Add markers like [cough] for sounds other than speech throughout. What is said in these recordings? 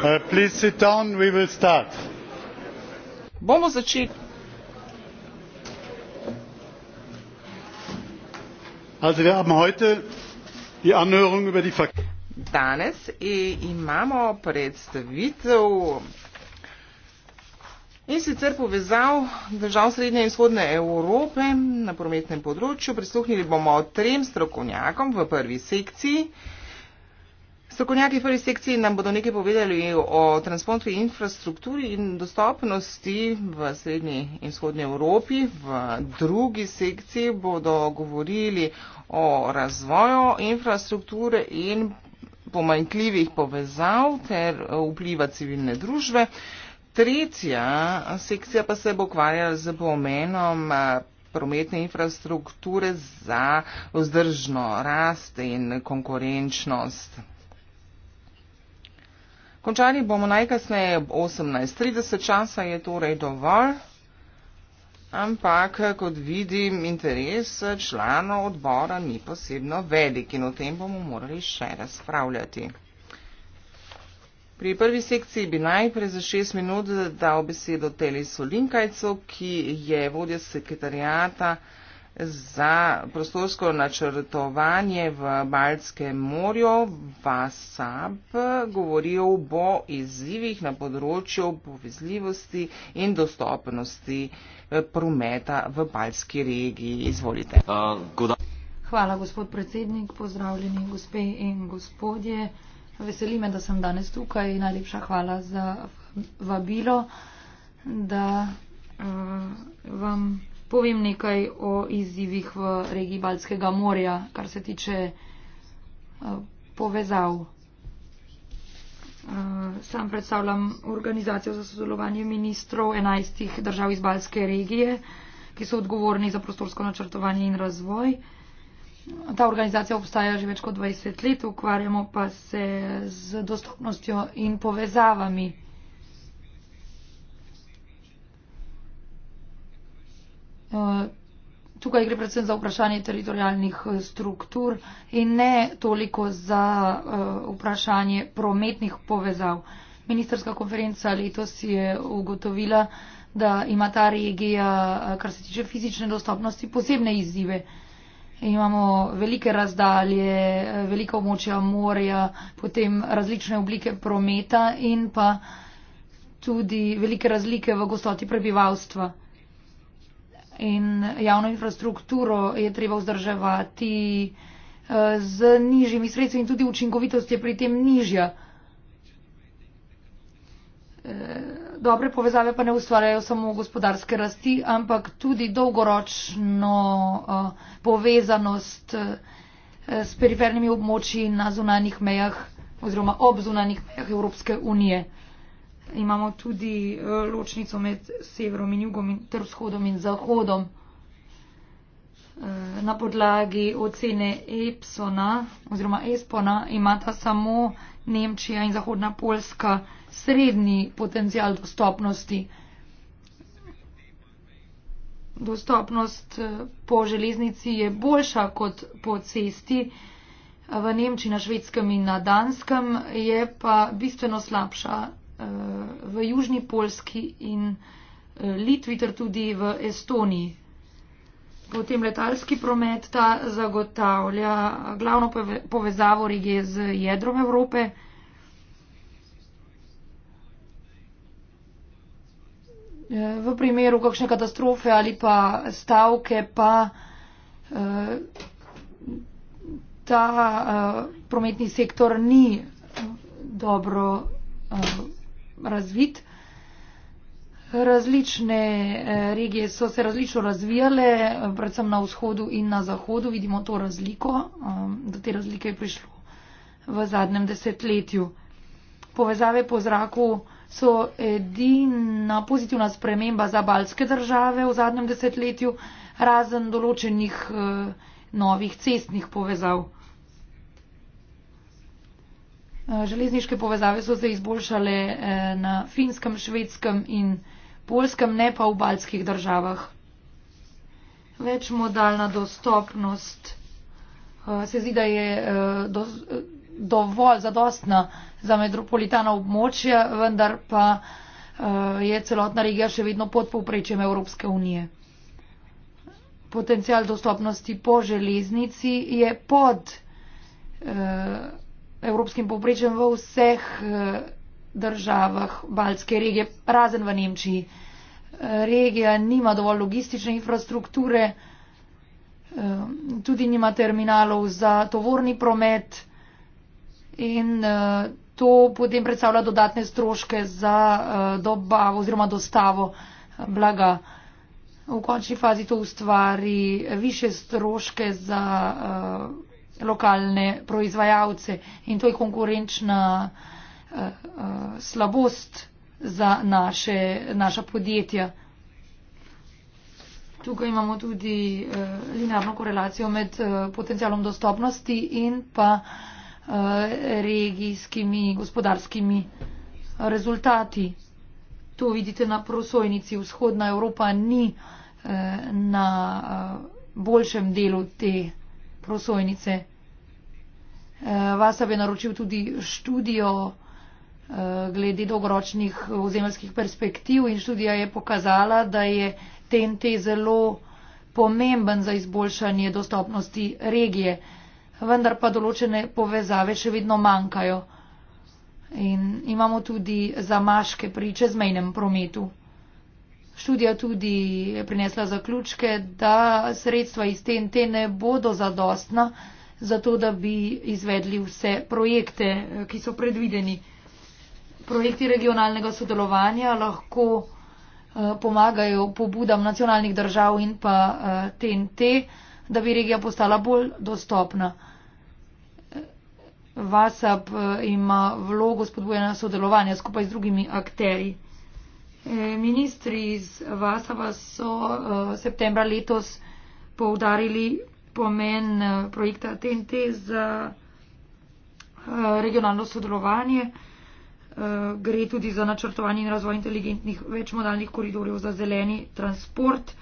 Uh, bomo začeli danes imamo predstavitev in sicer povezav držav srednje in vzhodne Evrope na prometnem področju. Prisluhnili bomo trem strokovnjakom v prvi sekciji. Strokovnjaki v prvi sekciji nam bodo nekaj povedali o transportni infrastrukturi in dostopnosti v srednji in vzhodnji Evropi. V drugi sekciji bodo govorili o razvoju infrastrukture in pomanjkljivih povezav ter vpliva civilne družbe. Tretja sekcija pa se bo ukvarjala z pomenom eh, prometne infrastrukture za vzdržno rast in konkurenčnost. Končali bomo najkasneje ob 18.30, časa je torej dovolj, ampak kot vidim, interes članov odbora ni posebno velik in o tem bomo morali še razpravljati. Pri prvi sekciji bi najprej za šest minut dal besedo Telesu Linkajcu, ki je vodja sekretarijata za prostorsko načrtovanje v Baltskem morju, VASAP, govoril bo o izzivih na področju povezljivosti in dostopnosti eh, prometa v Baltski regiji. Izvolite. Hvala, gospod predsednik. Pozdravljeni, gospe in gospodje. Veseli me, da sem danes tukaj. Najlepša hvala za vabilo, da uh, vam povem nekaj o izzivih v regiji Balskega morja, kar se tiče eh, povezav. Eh, sam predstavljam organizacijo za sodelovanje ministrov enajstih držav iz Balske regije, ki so odgovorni za prostorsko načrtovanje in razvoj. Ta organizacija obstaja že več kot 20 let, ukvarjamo pa se z dostopnostjo in povezavami. Eh, tukaj gre predvsem za vprašanje teritorijalnih eh, struktur in ne toliko za eh, vprašanje prometnih povezav. Ministrska konferenca letos je ugotovila, da ima ta regija, kar se tiče fizične dostopnosti, posebne izzive. Imamo velike razdalje, velika območja morja, potem različne oblike prometa in pa tudi velike razlike v gostoti prebivalstva in javno infrastrukturo je treba vzdrževati eh, z nižjimi sredstvi in tudi učinkovitost je pri tem nižja. Eh, dobre povezave pa ne ustvarjajo samo gospodarske rasti, ampak tudi dolgoročno eh, povezanost s perifernimi območji na zunanjih mejah oziroma ob zunanjih mejah Evropske unije imamo tudi eh, ločnico med severom in jugom in ter vzhodom in zahodom. Eh, na podlagi ocene Epsona oziroma Espona imata samo Nemčija in Zahodna Polska srednji potencial dostopnosti. Dostopnost eh, po železnici je boljša kot po cesti v Nemčiji, na švedskem in na danskem, je pa bistveno slabša Eh, v Južni Polski in eh, Litvi ter tudi v Estoniji. Potem letalski promet ta zagotavlja glavno povezavo regije z jedrom Evrope. Eh, v primeru kakšne katastrofe ali pa stavke pa ta prometni sektor ni dobro razvit. Različne eh, regije so se različno razvijale, predvsem na vzhodu in na zahodu. Vidimo to razliko, ehm, da te razlike je prišlo v zadnjem desetletju. Povezave po zraku so edina pozitivna sprememba za balske države v zadnjem desetletju, razen določenih eh, novih cestnih povezav. Eh, železniške povezave so se izboljšale eh, na finskem, švedskem in polskem, ne pa v baltskih državah. Večmodalna dostopnost eh, se zdi, da je do, dovolj zadostna za metropolitana območja, vendar pa je celotna regija še vedno pod povprečjem Evropske unije. Potencial dostopnosti po železnici je pod. Uh, evropskim povprečjem v vseh eh, državah Baltske regije, razen v Nemčiji. Eh, regija nima dovolj logistične infrastrukture, eh, tudi nima terminalov za tovorni promet in to potem predstavlja dodatne stroške za dobavo oziroma dostavo blaga. V končni fazi to ustvari više stroške za uh, lokalne proizvajalce in to je konkurenčna eh, eh, slabost za naše, naša podjetja. Tukaj imamo tudi eh, linearno korelacijo med eh, potencialom dostopnosti in pa eh, regijskimi gospodarskimi rezultati. To vidite na prosojnici. Vzhodna Evropa ni eh, na eh, boljšem delu te prosojnice. Eh, Vasa bi naročil tudi študijo eh, glede dolgoročnih ozemeljskih perspektiv in študija je pokazala, da je TNT zelo pomemben za izboljšanje dostopnosti regije, vendar pa določene povezave še vedno manjkajo. In imamo tudi zamaške pri čezmejnem prometu. Študija tudi je prinesla zaključke, da sredstva iz TNT ne bodo zadostna, zato da bi izvedli vse projekte, eh, ki so predvideni. Projekti regionalnega sodelovanja lahko eh, pomagajo pobudam nacionalnih držav in pa TNT, eh, da bi regija postala bolj dostopna. VASAP ima vlogo spodbujanja sodelovanja skupaj z drugimi akteri. Ministri iz VASAPA so septembra letos poudarili pomen eh, projekta TNT za eh, regionalno sodelovanje. Eh, gre tudi za načrtovanje in razvoj inteligentnih večmodalnih koridorjev za zeleni transport.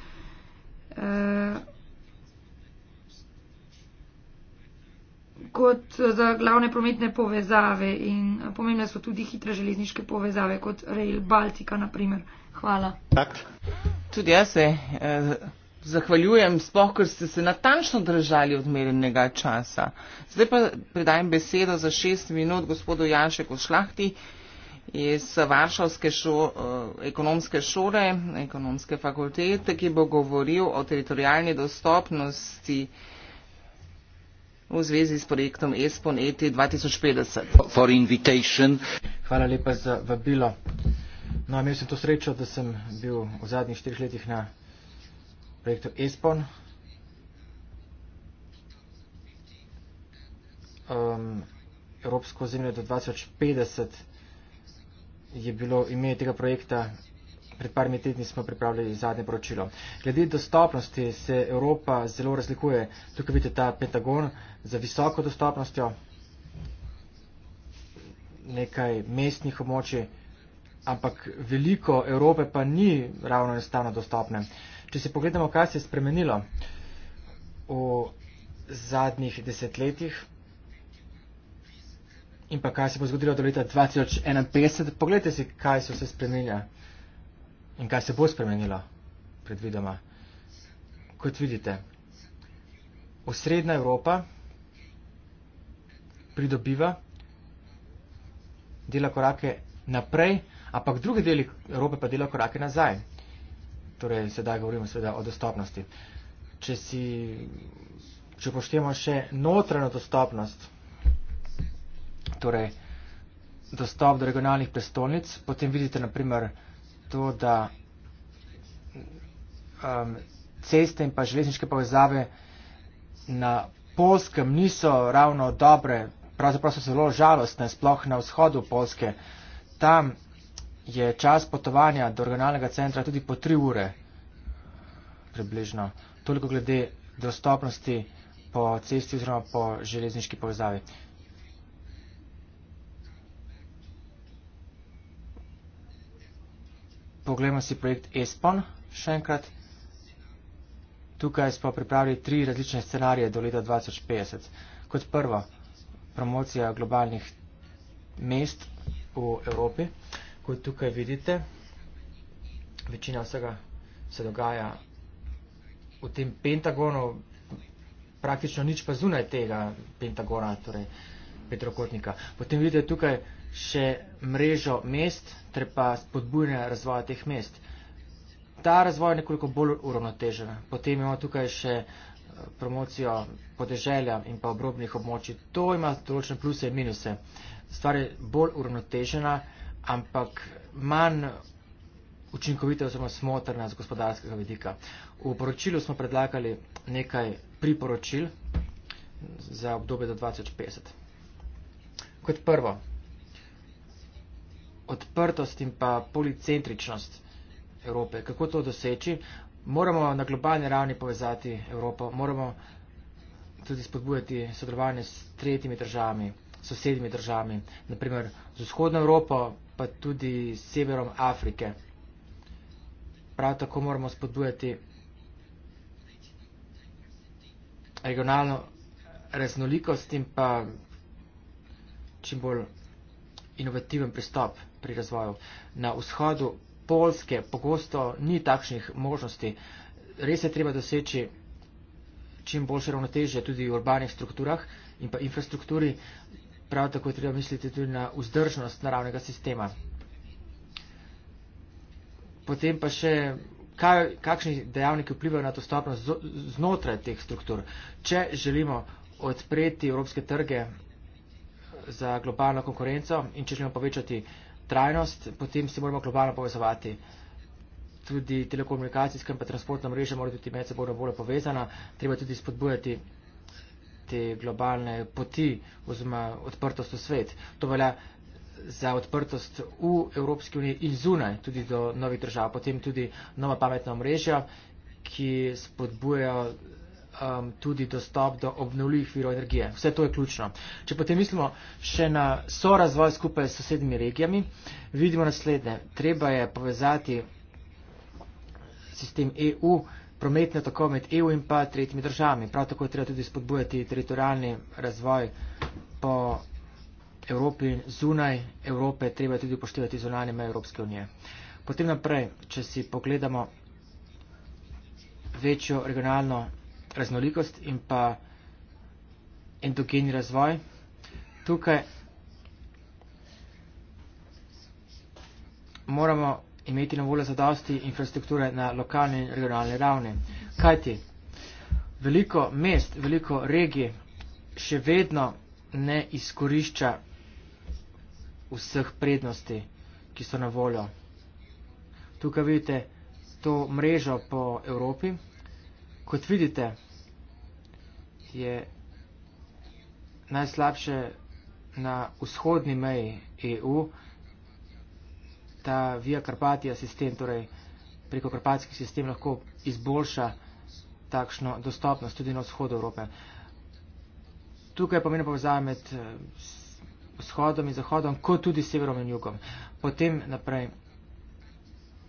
kot za glavne prometne povezave in pomembne so tudi hitre železniške povezave, kot Rail Baltica, naprimer. Hvala. Tudi jaz se Zahvaljujem, spoh, ker ste se natančno držali odmerjenega časa. Zdaj pa predajem besedo za šest minut gospodu Janšeku Šlahti iz Varšavske šo, eh, ekonomske šole, ekonomske fakultete, ki bo govoril o teritorijalni dostopnosti v zvezi s projektom ESPON e ET 2050. Hvala lepa za vabilo. No, imel sem to srečo, da sem bil v zadnjih štirih letih na Viktor Espon. Um, Evropsko zemljo do 2050 je bilo ime tega projekta. Pred parmi tedni smo pripravili zadnje poročilo. Glede dostopnosti se Evropa zelo razlikuje. Tukaj vidite ta Pentagon z visoko dostopnostjo nekaj mestnih območij, ampak veliko Evrope pa ni ravno enostavno dostopne. Uh, Če se pogledamo, kaj se je spremenilo v zadnjih desetletjih in pa kaj se bo zgodilo do leta 2051, pogledajte si, kaj so se spremenila in kaj se bo spremenilo predvidoma. Kot vidite, osrednja Evropa pridobiva, dela korake naprej, ampak druge deli Evrope pa dela korake nazaj torej sedaj govorimo seveda o dostopnosti. Če si, če poštemo še notranjo dostopnost, torej dostop do regionalnih prestolnic, potem vidite naprimer to, da um, ceste in pa železniške povezave na Polskem niso ravno dobre, pravzaprav so zelo žalostne, sploh na vzhodu Polske. Tam je čas potovanja do regionalnega centra tudi po tri ure približno. Toliko glede dostopnosti po cesti oziroma po železniški povezavi. Poglejmo si projekt ESPON še enkrat. Tukaj smo pripravili tri različne scenarije do leta 2050. Kot prvo, promocija globalnih mest v Evropi kot tukaj vidite, večina vsega se dogaja v tem Pentagonu, praktično nič pa zunaj tega Pentagona, torej Petrokotnika. Potem vidite tukaj še mrežo mest, ter pa spodbujanje razvoja teh mest. Ta razvoj je nekoliko bolj uravnotežen. Potem imamo tukaj še eh, promocijo podeželja in pa obrobnih območij. To ima določene pluse in minuse. Stvar je bolj uravnotežena ampak manj učinkovita oziroma smotrna z gospodarskega vidika. V poročilu smo predlagali nekaj priporočil za obdobje do 2050. Kot prvo, odprtost in pa policentričnost Evrope. Kako to doseči? Moramo na globalni ravni povezati Evropo, moramo tudi spodbujati sodelovanje s tretjimi državami sosednjimi državami, naprimer z vzhodno Evropo, pa tudi s severom Afrike. Prav tako moramo spodbujati regionalno raznolikost in pa čim bolj inovativen pristop pri razvoju. Na vzhodu Polske pogosto ni takšnih možnosti. Res je treba doseči čim boljše ravnoteže tudi v urbanih strukturah in pa infrastrukturi, prav tako je treba misliti tudi na vzdržnost naravnega sistema. Potem pa še, kaj, kakšni dejavniki vplivajo na to stopnost znotraj teh struktur. Če želimo odpreti evropske trge za globalno konkurenco in če želimo povečati trajnost, potem se moramo globalno povezovati. Tudi telekomunikacijska in pa transportna mreža mora biti medsebojno bolj povezana, treba tudi spodbujati te globalne poti oziroma odprtost v svet. To velja za odprtost v Evropski uniji in zunaj, tudi do novih držav, potem tudi nova pametna mreža, ki spodbujajo um, tudi dostop do obnovljivih virov energije. Vse to je ključno. Če potem mislimo še na sorazvoj skupaj s sosednjimi regijami, vidimo naslednje. Treba je povezati sistem EU prometne tako med EU in pa tretjimi državami. Prav tako je treba tudi spodbujati teritorijalni razvoj po Evropi zunaj Evrope, treba je tudi upoštevati zunanje meje Evropske unije. Potem naprej, če si pogledamo večjo regionalno raznolikost in pa endogeni razvoj, tukaj moramo imeti na voljo zadosti infrastrukture na lokalni in regionalni ravni. Kajti, veliko mest, veliko regij še vedno ne izkorišča vseh prednosti, ki so na voljo. Tukaj vidite to mrežo po Evropi. Kot vidite, je najslabše na vzhodni meji EU, ta Via Carpatia sistem, torej preko karpatskih sistem lahko izboljša takšno dostopnost tudi na vzhodu Evrope. Tukaj pomeni povezave med eh, vzhodom in zahodom, kot tudi severom in jugom. Potem naprej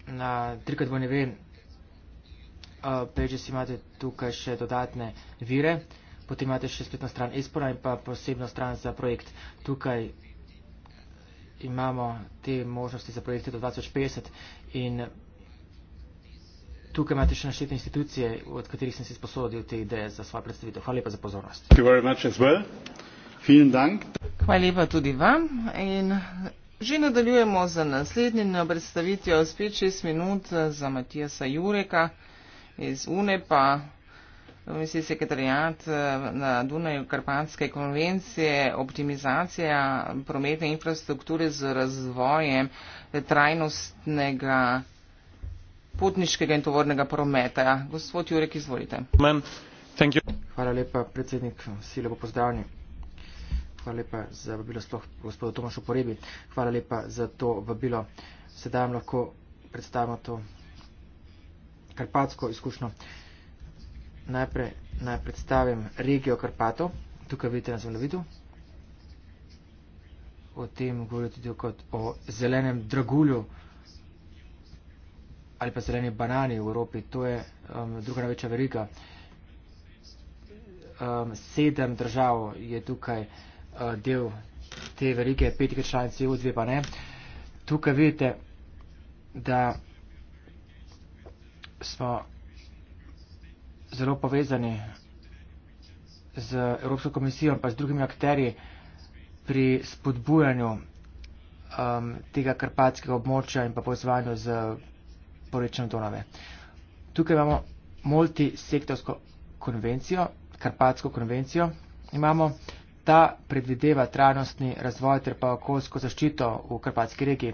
na trikrat ne vem, eh, peče si imate tukaj še dodatne vire, potem imate še spletno stran Espora in pa posebno stran za projekt. Tukaj imamo te možnosti za projekte do 2050 in tukaj imate še naštete institucije, od katerih sem si sposodil te ideje za svojo predstavitev. Hvala lepa za pozornost. Hvala lepa tudi vam in že nadaljujemo za naslednjo predstavitev spet 6 minut za Matijasa Jureka iz UNEPA komisiji sekretarijat eh, na Dunaju Karpatske konvencije optimizacija prometne infrastrukture z razvojem trajnostnega potniškega in tovornega prometa. Gospod Jurek, izvolite. Hvala lepa, predsednik, vsi lepo pozdravljeni. Hvala lepa za vabilo sploh gospodu Tomašu Porebi. Hvala lepa za to vabilo. Sedaj vam lahko predstavimo to karpatsko izkušnjo najprej naj predstavim regijo Karpato, tukaj vidite na zemljevidu. O tem govorijo tudi kot o zelenem dragulju ali pa zeleni banani v Evropi. To je um, druga največja veriga. Um, sedem držav je tukaj uh, del te verige, petih članic EU, dve pa ne. Tukaj vidite, da smo zelo povezani z Evropsko komisijo in pa z drugimi akterji pri spodbujanju um, tega karpatskega območja in pa povezovanju z porečem Donave. Tukaj imamo multisektorsko konvencijo, karpatsko konvencijo. Imamo ta predvideva trajnostni razvoj ter pa okoljsko zaščito v karpatski regiji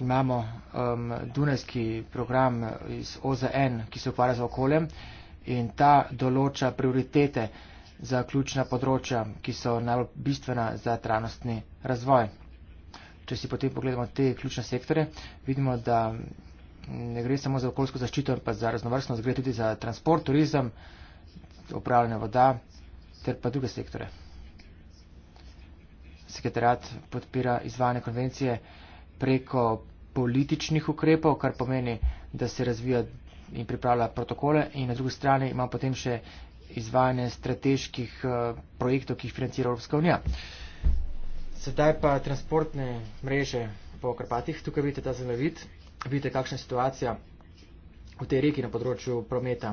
imamo um, Dunajski program iz OZN, ki se ukvarja z okoljem in ta določa prioritete za ključna področja, ki so najbolj bistvena za trajnostni razvoj. Če si potem pogledamo te ključne sektore, vidimo, da ne gre samo za okoljsko zaščito, ampak za raznovrstnost, gre tudi za transport, turizem, upravljanje voda ter pa druge sektore. Sekretariat podpira izvajanje konvencije preko političnih ukrepov, kar pomeni, da se razvija in pripravlja protokole in na drugi strani ima potem še izvajanje strateških uh, projektov, ki jih financira Evropska unija. Sedaj pa transportne mreže po Karpatih, tukaj vidite ta zemljevid, vidite kakšna je situacija v tej reki na področju prometa.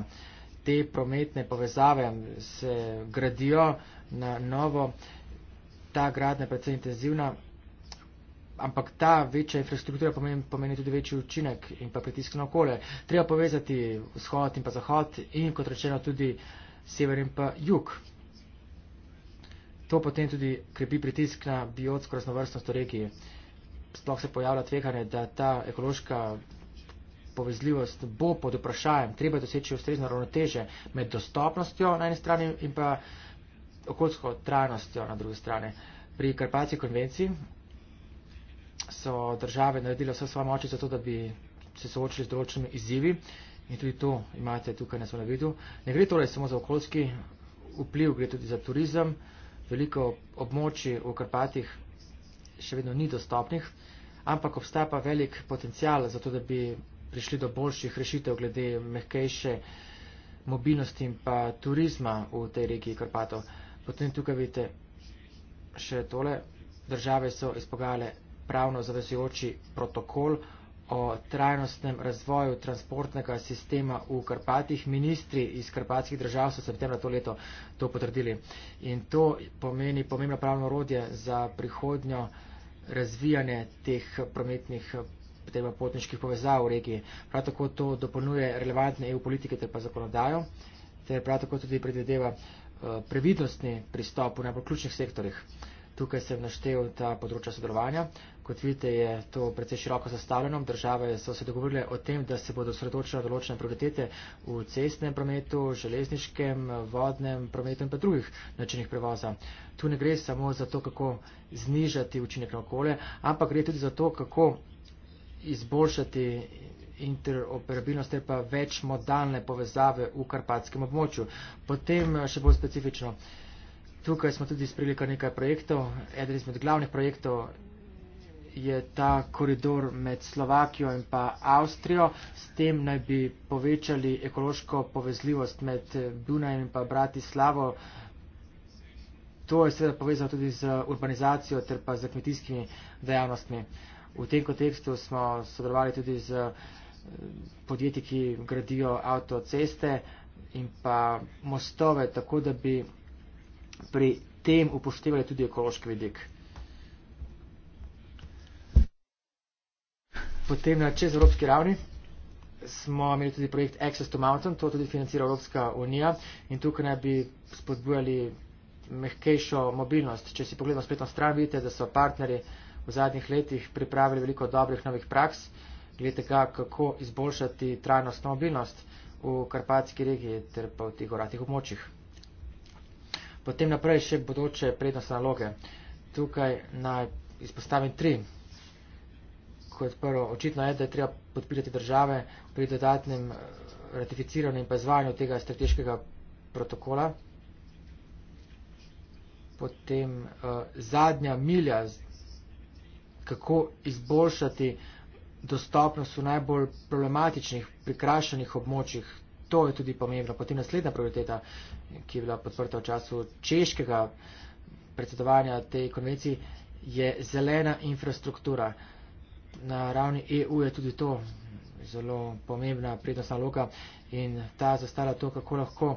Te prometne povezave se gradijo na novo, ta gradna je predvsem intenzivna, ampak ta večja infrastruktura pomeni, pomeni tudi večji učinek in pa pritisk na okolje. Treba povezati vzhod in pa zahod in kot rečeno tudi sever in pa jug. To potem tudi krepi pritisk na biotsko raznovrstnost v regiji. Sploh se pojavlja tveganje, da ta ekološka povezljivost bo pod vprašajem. Treba doseči ustrezno ravnoteže med dostopnostjo na eni strani in pa okoljsko trajnostjo na drugi strani. Pri Karpatski konvenciji so države naredile vse svoje moči za to, da bi se soočili z določenimi izzivi in tudi to imate tukaj na svojem vidu. Ne gre torej samo za okoljski vpliv, gre tudi za turizem. Veliko območij v Karpatih še vedno ni dostopnih, ampak obstaja pa velik potencial za to, da bi prišli do boljših rešitev glede mehkejše mobilnosti in pa turizma v tej regiji Karpatov. Potem tukaj vidite še tole. Države so izpogajale pravno zavezujoči protokol o trajnostnem razvoju transportnega sistema v Karpatih. Ministri iz karpatskih držav so septembra to leto to potrdili. In to pomeni pomembno pravno orodje za prihodnjo razvijanje teh prometnih teba potniških povezav v regiji. Prav tako to dopolnjuje relevantne EU politike ter pa zakonodajo, ter prav tako tudi predvedeva eh, previdnostni pristop v najbolj ključnih sektorjih. Tukaj sem naštel ta področja sodelovanja. Kot vidite, je to precej široko zastavljeno. Države so se dogovorile o tem, da se bodo sredočile določene prioritete v cestnem prometu, železniškem, vodnem prometu in pa drugih načinih prevoza. Tu ne gre samo za to, kako znižati učinek na okolje, ampak gre tudi za to, kako izboljšati interoperabilnost ter pa več modalne povezave v karpatskem območju. Potem še bolj specifično. Tukaj smo tudi sprejeli kar nekaj projektov. Eden izmed glavnih projektov je ta koridor med Slovakijo in pa Avstrijo. S tem naj bi povečali ekološko povezljivost med eh, Dunajem in pa Bratislavo. To je seveda povezano tudi z urbanizacijo ter pa z kmetijskimi dejavnostmi. V tem kontekstu smo sodelovali tudi z eh, podjetji, ki gradijo avtoceste in pa mostove, tako da bi pri tem upoštevali tudi ekološki vidik. Potem na čez evropski ravni smo imeli tudi projekt Access to Mountain, to tudi financira Evropska unija in tukaj naj bi spodbujali mehkejšo mobilnost. Če si pogledamo spletno stran, vidite, da so partnerji v zadnjih letih pripravili veliko dobrih novih praks, glede tega, kako izboljšati trajnostno mobilnost v karpatski regiji ter pa v tih goratih območjih. Potem naprej še bodoče prednostne naloge. Tukaj naj izpostavim tri kot prvo, očitno je, da je treba podpirati države pri dodatnem eh, ratificiranju in pa izvajanju tega strateškega protokola. Potem uh, zadnja milja, kako izboljšati dostopnost v najbolj problematičnih, prikrašenih območjih. To je tudi pomembno. Potem naslednja prioriteta, ki je bila podprta v času češkega predsedovanja tej konvenciji, je zelena infrastruktura. Uh, na ravni EU je tudi to zelo pomembna prednostna loka in ta zastala to, kako lahko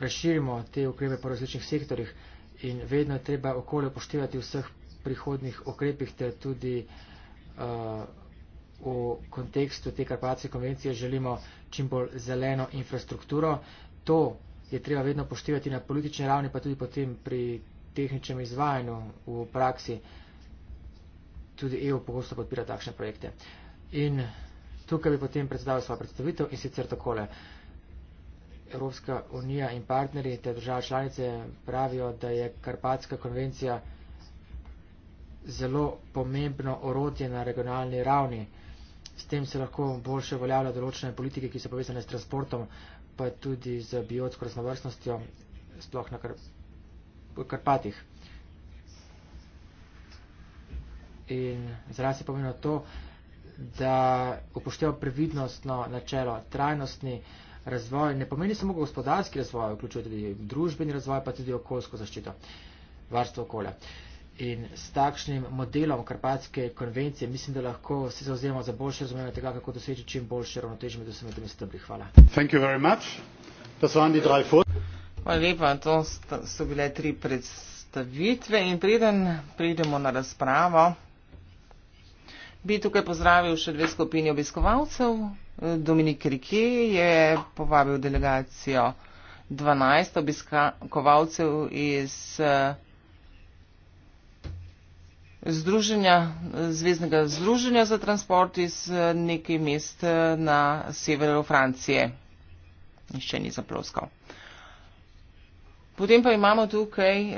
razširimo te ukrepe po različnih sektorjih in vedno je treba okolje upoštevati v vseh prihodnih ukrepih ter tudi uh, v kontekstu te Karpatske konvencije želimo čim bolj zeleno infrastrukturo. To je treba vedno upoštevati na politični ravni, pa tudi potem pri tehničnem izvajanju v praksi. Uh, tudi EU pogosto podpira takšne projekte. In tukaj bi potem predstavil svojo predstavitev in sicer takole. Evropska unija in partneri te države članice pravijo, da je Karpatska konvencija zelo pomembno orodje na regionalni ravni. S tem se lahko boljše uveljavlja določene politike, ki so povezane s transportom, pa tudi z biotsko raznovrstnostjo, sploh na Kar Karpatih. In zrasti pomeni to, da upošteva previdnostno načelo, trajnostni razvoj, ne pomeni samo gospodarski razvoj, vključuje tudi družbeni razvoj, pa tudi okoljsko zaščito, varstvo okolja. In s takšnim modelom Karpatske konvencije mislim, da lahko se zauzemamo za boljše razumevanje tega, kako doseči čim boljše ravnotežje med vsemi temi stebri. Hvala. Hvala lepa, to sta, so bile tri predstavitve in preden pridemo na razpravo bi tukaj pozdravil še dve skupini obiskovalcev. Dominik Rike je povabil delegacijo 12 obiskovalcev iz eh, Združenja, Zvezdnega združenja za transport iz eh, nekaj mest eh, na severu Francije. Nišče ni zaploskal. Potem pa imamo tukaj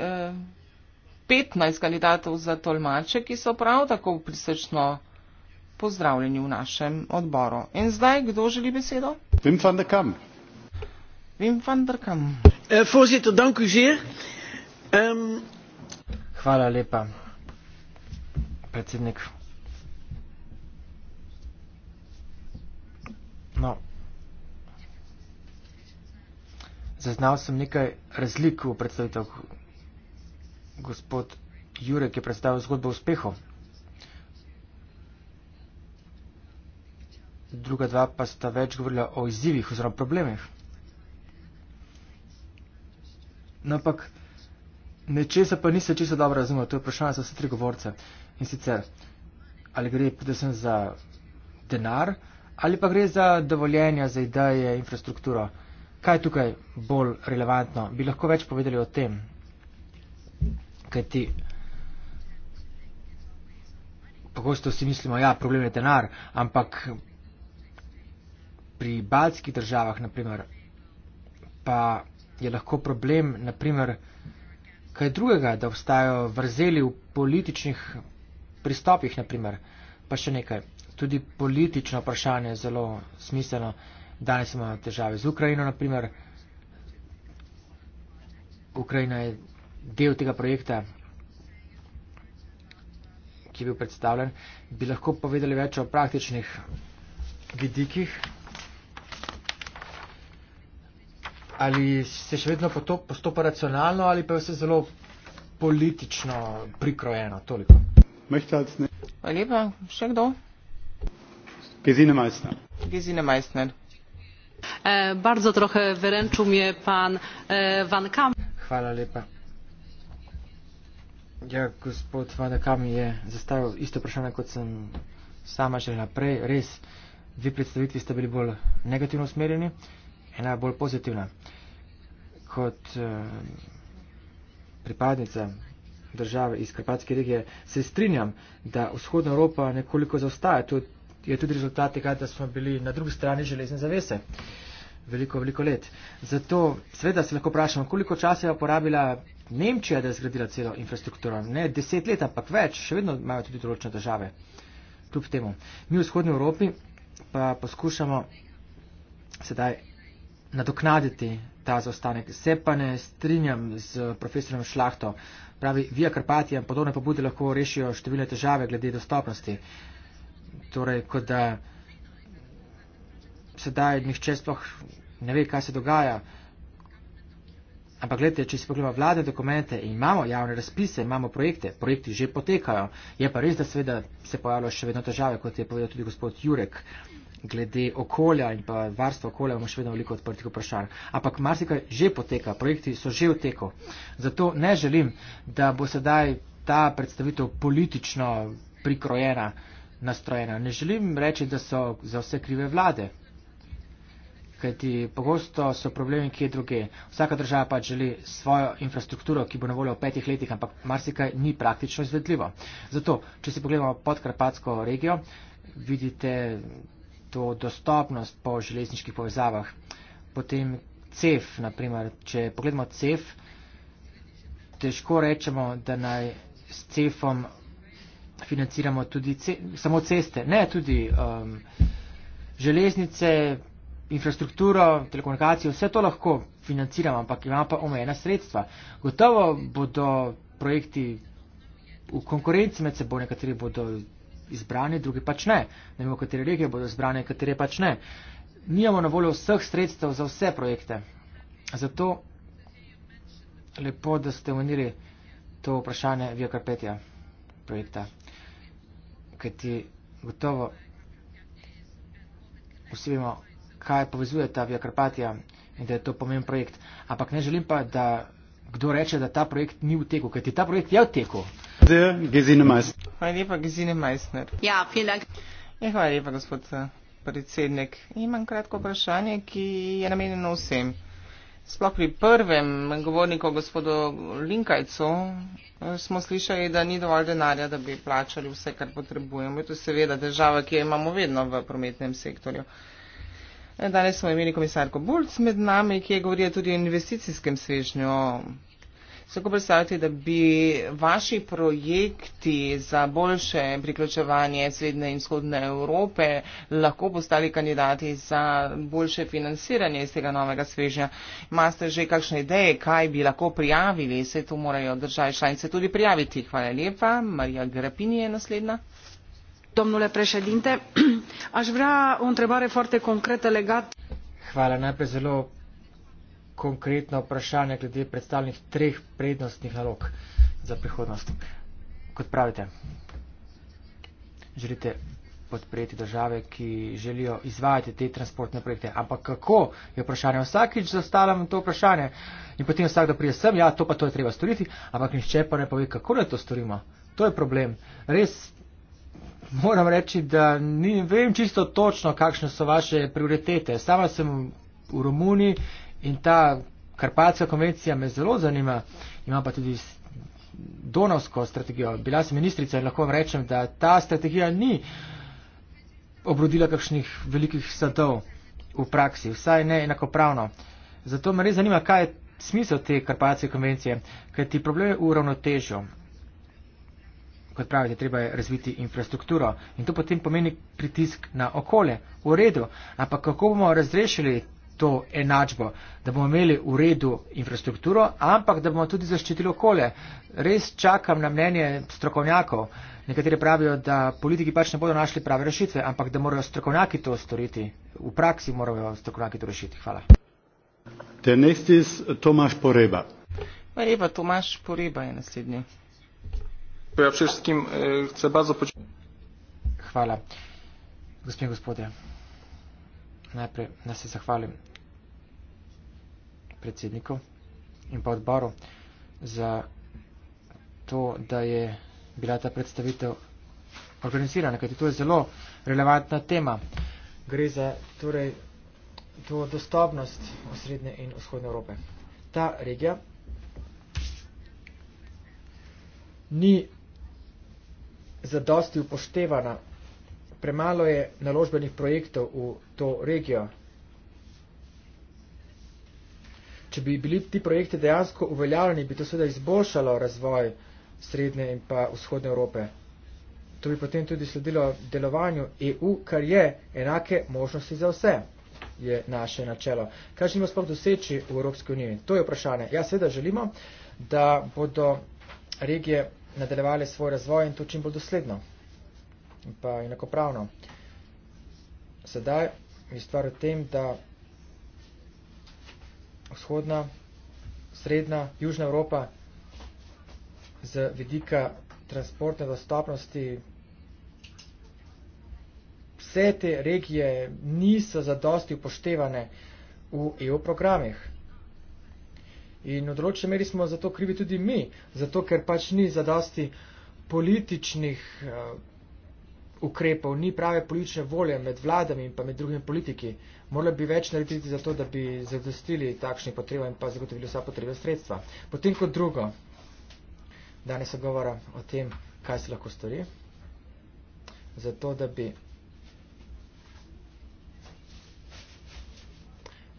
15 kandidatov za tolmače, ki so prav tako prisrčno pozdravljeni v našem odboru. In zdaj, kdo želi besedo? Vim van der Kam. Vim van der Kam. Uh, eh, voorzitter, dank u zeer. Um... Hvala lepa, predsednik. No. Zaznal sem nekaj razlik v predstavitev. Gospod Jurek je predstavil zgodbo uspehov. druga dva pa sta več govorila o izzivih oziroma problemih. No, ampak nečesa pa niste čisto dobro razumeli, to je vprašanje za vse tri govorce. In sicer, ali gre predvsem za denar, ali pa gre za dovoljenja, za ideje, infrastrukturo. Kaj je tukaj bolj relevantno? Bi lahko več povedali o tem? Kaj ti? Pogosto si mislimo, ja, problem je denar, ampak pri baltskih državah, naprimer, pa je lahko problem, naprimer, kaj drugega, da obstajajo vrzeli v političnih pristopih, naprimer. Pa še nekaj, tudi politično vprašanje je zelo smiselno. Danes imamo težave z Ukrajino, naprimer. Ukrajina je del tega projekta, ki je bil predstavljen. Bi lahko povedali več o praktičnih vidikih? ali se še vedno postopa racionalno ali pa vse zelo politično prikrojeno. Toliko. Hvala lepa. Še kdo? Gesine Meissner. Gesine Meissner. E, bardzo trochę wyręczył mnie pan e, Van Kam. Hvala lepa. Ja, gospod Van Kam je zastavil isto vprašanje, kot sem sama že naprej. Res, vi predstavitvi ste bili bolj negativno usmerjeni ena bolj pozitivna. Kot eh, pripadnica države iz Karpatske regije se strinjam, da vzhodna Evropa nekoliko zaostaja. To je tudi rezultat tega, da smo bili na drugi strani železne zavese. Veliko, veliko let. Zato sveda se lahko vprašamo, koliko časa je uporabila Nemčija, da je zgradila celo infrastrukturo. Ne deset let, ampak več, še vedno imajo tudi določene države. Kljub temu. Mi v vzhodni Evropi pa poskušamo sedaj nadoknaditi ta zaostanek. Se pa ne strinjam z profesorjem Šlahto. Pravi, Via Karpatija in podobne pobude lahko rešijo številne težave glede dostopnosti. Torej, kot da sedaj nihče sploh ne ve, kaj se dogaja. Ampak gledajte, če si pogledamo vlade dokumente in imamo javne razpise, imamo projekte, projekti že potekajo. Je pa res, da seveda se pojavljajo še vedno težave, kot je povedal tudi gospod Jurek glede okolja in pa varstva okolja imamo še vedno veliko odprtih vprašanj. Ampak marsikaj že poteka, projekti so že v teku. Zato ne želim, da bo sedaj ta predstavitev politično prikrojena, nastrojena. Ne želim reči, da so za vse krive vlade. Kajti pogosto so problemi kje druge. Vsaka država pa želi svojo infrastrukturo, ki bo na voljo v petih letih, ampak marsikaj ni praktično izvedljivo. Zato, če si pogledamo podkarpatsko regijo, vidite to dostopnost po železniških povezavah. Potem CEF, naprimer, če pogledamo CEF, težko rečemo, da naj s CEF-om financiramo tudi ce samo ceste, ne tudi um, železnice, infrastrukturo, telekomunikacijo, vse to lahko financiramo, ampak imamo pa omejena sredstva. Gotovo bodo projekti v konkurenci med seboj, nekateri bodo izbrane, druge pač ne. Ne vemo, katere regije bodo izbrane, katere pač ne. Nijemo na voljo vseh sredstev za vse projekte. Zato lepo, da ste omenili to vprašanje Viokarpetja projekta. Kaj ti gotovo vsi vemo, kaj povezuje ta Viokarpatija in da je to pomemben projekt. Ampak ne želim pa, da kdo reče, da ta projekt ni v teku, kaj ti ta projekt je v teku. Hvala lepa, Gesine Meissner. Ja, vielen Dank. Ja, hvala lepa, gospod eh, predsednik. Imam kratko vprašanje, ki je namenjeno vsem. Sploh pri prvem govorniku, gospodu Linkajcu, eh, smo slišali, da ni dovolj denarja, da bi plačali vse, kar potrebujemo. To je seveda država, ki jo imamo vedno v prometnem sektorju. Eh, danes smo imeli komisarko Bulc med nami, ki je govorila tudi o investicijskem svežnju lahko predstavljate, da bi vaši projekti za boljše priključevanje srednje in vzhodne Evrope lahko postali kandidati za boljše financiranje iz tega novega svežnja? Imate že kakšne ideje, kaj bi lahko prijavili? Se to morajo države članice tudi prijaviti. Hvala lepa. Marija Grapini je naslednja. Domnule președinte, [clears throat] aș vrea o întrebare foarte concretă legat. Hvala, najprej zelo konkretna vprašanja glede predstavljenih treh prednostnih nalog za prihodnost. Kot pravite, želite podpreti države, ki želijo izvajati te transportne projekte. Ampak kako je vprašanje? Vsakič zastavljam to vprašanje in potem vsak, da prije sem, ja, to pa to je treba storiti, ampak nišče pa ne pove, kako ne to storimo. To je problem. Res moram reči, da ne vem čisto točno, kakšne so vaše prioritete. Sama sem v Romuniji In ta Karpatska konvencija me zelo zanima, imam pa tudi Donovsko strategijo. Bila sem ministrica in lahko vam rečem, da ta strategija ni obrodila kakšnih velikih sadov v praksi, vsaj ne enakopravno. Zato me res zanima, kaj je smisel te Karpatske konvencije, ker ti problem je v ravnotežju. Kot pravite, treba je razviti infrastrukturo in to potem pomeni pritisk na okolje. V redu, ampak kako bomo razrešili to enačbo, da bomo imeli v redu infrastrukturo, ampak da bomo tudi zaščitili okolje. Res čakam na mnenje strokovnjakov. Nekateri pravijo, da politiki pač ne bodo našli prave rešitve, ampak da morajo strokovnjaki to storiti. V praksi morajo strokovnjaki to rešiti. Hvala. Tenestis Tomaš Poreba. Eva Tomaš Poreba je naslednji. Ja, všestkim, eh, poč- Hvala. Gospod in gospodje, najprej nas se zahvalim predsedniku in pa odboru za to, da je bila ta predstavitev organizirana, kajti to je zelo relevantna tema. Gre za torej to dostopnost osrednje in vzhodne Evrope. Ta regija ni zadosti upoštevana, premalo je naložbenih projektov v to regijo, če bi bili ti projekti dejansko uveljavljeni, bi to seveda izboljšalo razvoj srednje in pa vzhodne Evrope. To bi potem tudi sledilo delovanju EU, kar je enake možnosti za vse, je naše načelo. Kaj želimo sploh doseči v Evropski uniji? To je vprašanje. Ja, seveda želimo, da bodo regije nadaljevali svoj razvoj in to čim bolj dosledno in pa enakopravno. Sedaj je stvar v tem, da vzhodna, srednja, južna Evropa z vidika transportne dostopnosti. Vse te regije niso zadosti upoštevane v EU programih. In v določeni meri smo zato krivi tudi mi, zato ker pač ni zadosti političnih. Uh, ukrepov, ni prave politične volje med vladami in pa med drugimi politiki. Morali bi več narediti za to, da bi zadostili takšnih potreb in pa zagotovili vsa potrebna sredstva. Potem kot drugo, danes se govora o tem, kaj se lahko stori, za to, da bi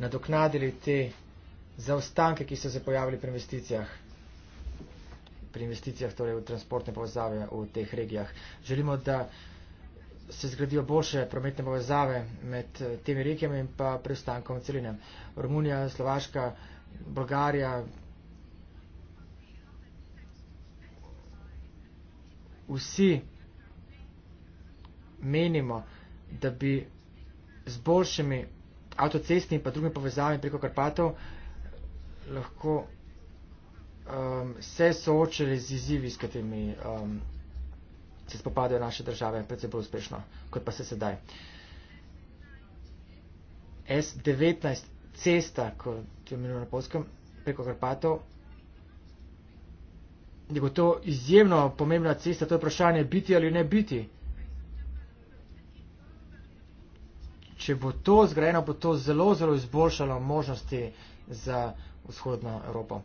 nadoknadili te zaostanke, ki so se pojavili pri investicijah pri investicijah, torej v transportne povezave v teh regijah. Želimo, da se zgradijo boljše prometne povezave med eh, temi rekami in pa preostankom celine. Romunija, Slovaška, Bolgarija, vsi menimo, da bi z boljšimi avtocestni in pa drugimi povezavami preko Karpatov lahko um, se soočili z izzivi, s katerimi um, se spopadajo naše države predvsem bolj uspešno, kot pa se sedaj. S-19 cesta, kot je imenovano na polskem, preko Karpatov, je to izjemno pomembna cesta, to je vprašanje biti ali ne biti. Če bo to zgrajeno, bo to zelo, zelo izboljšalo možnosti za vzhodno Evropo.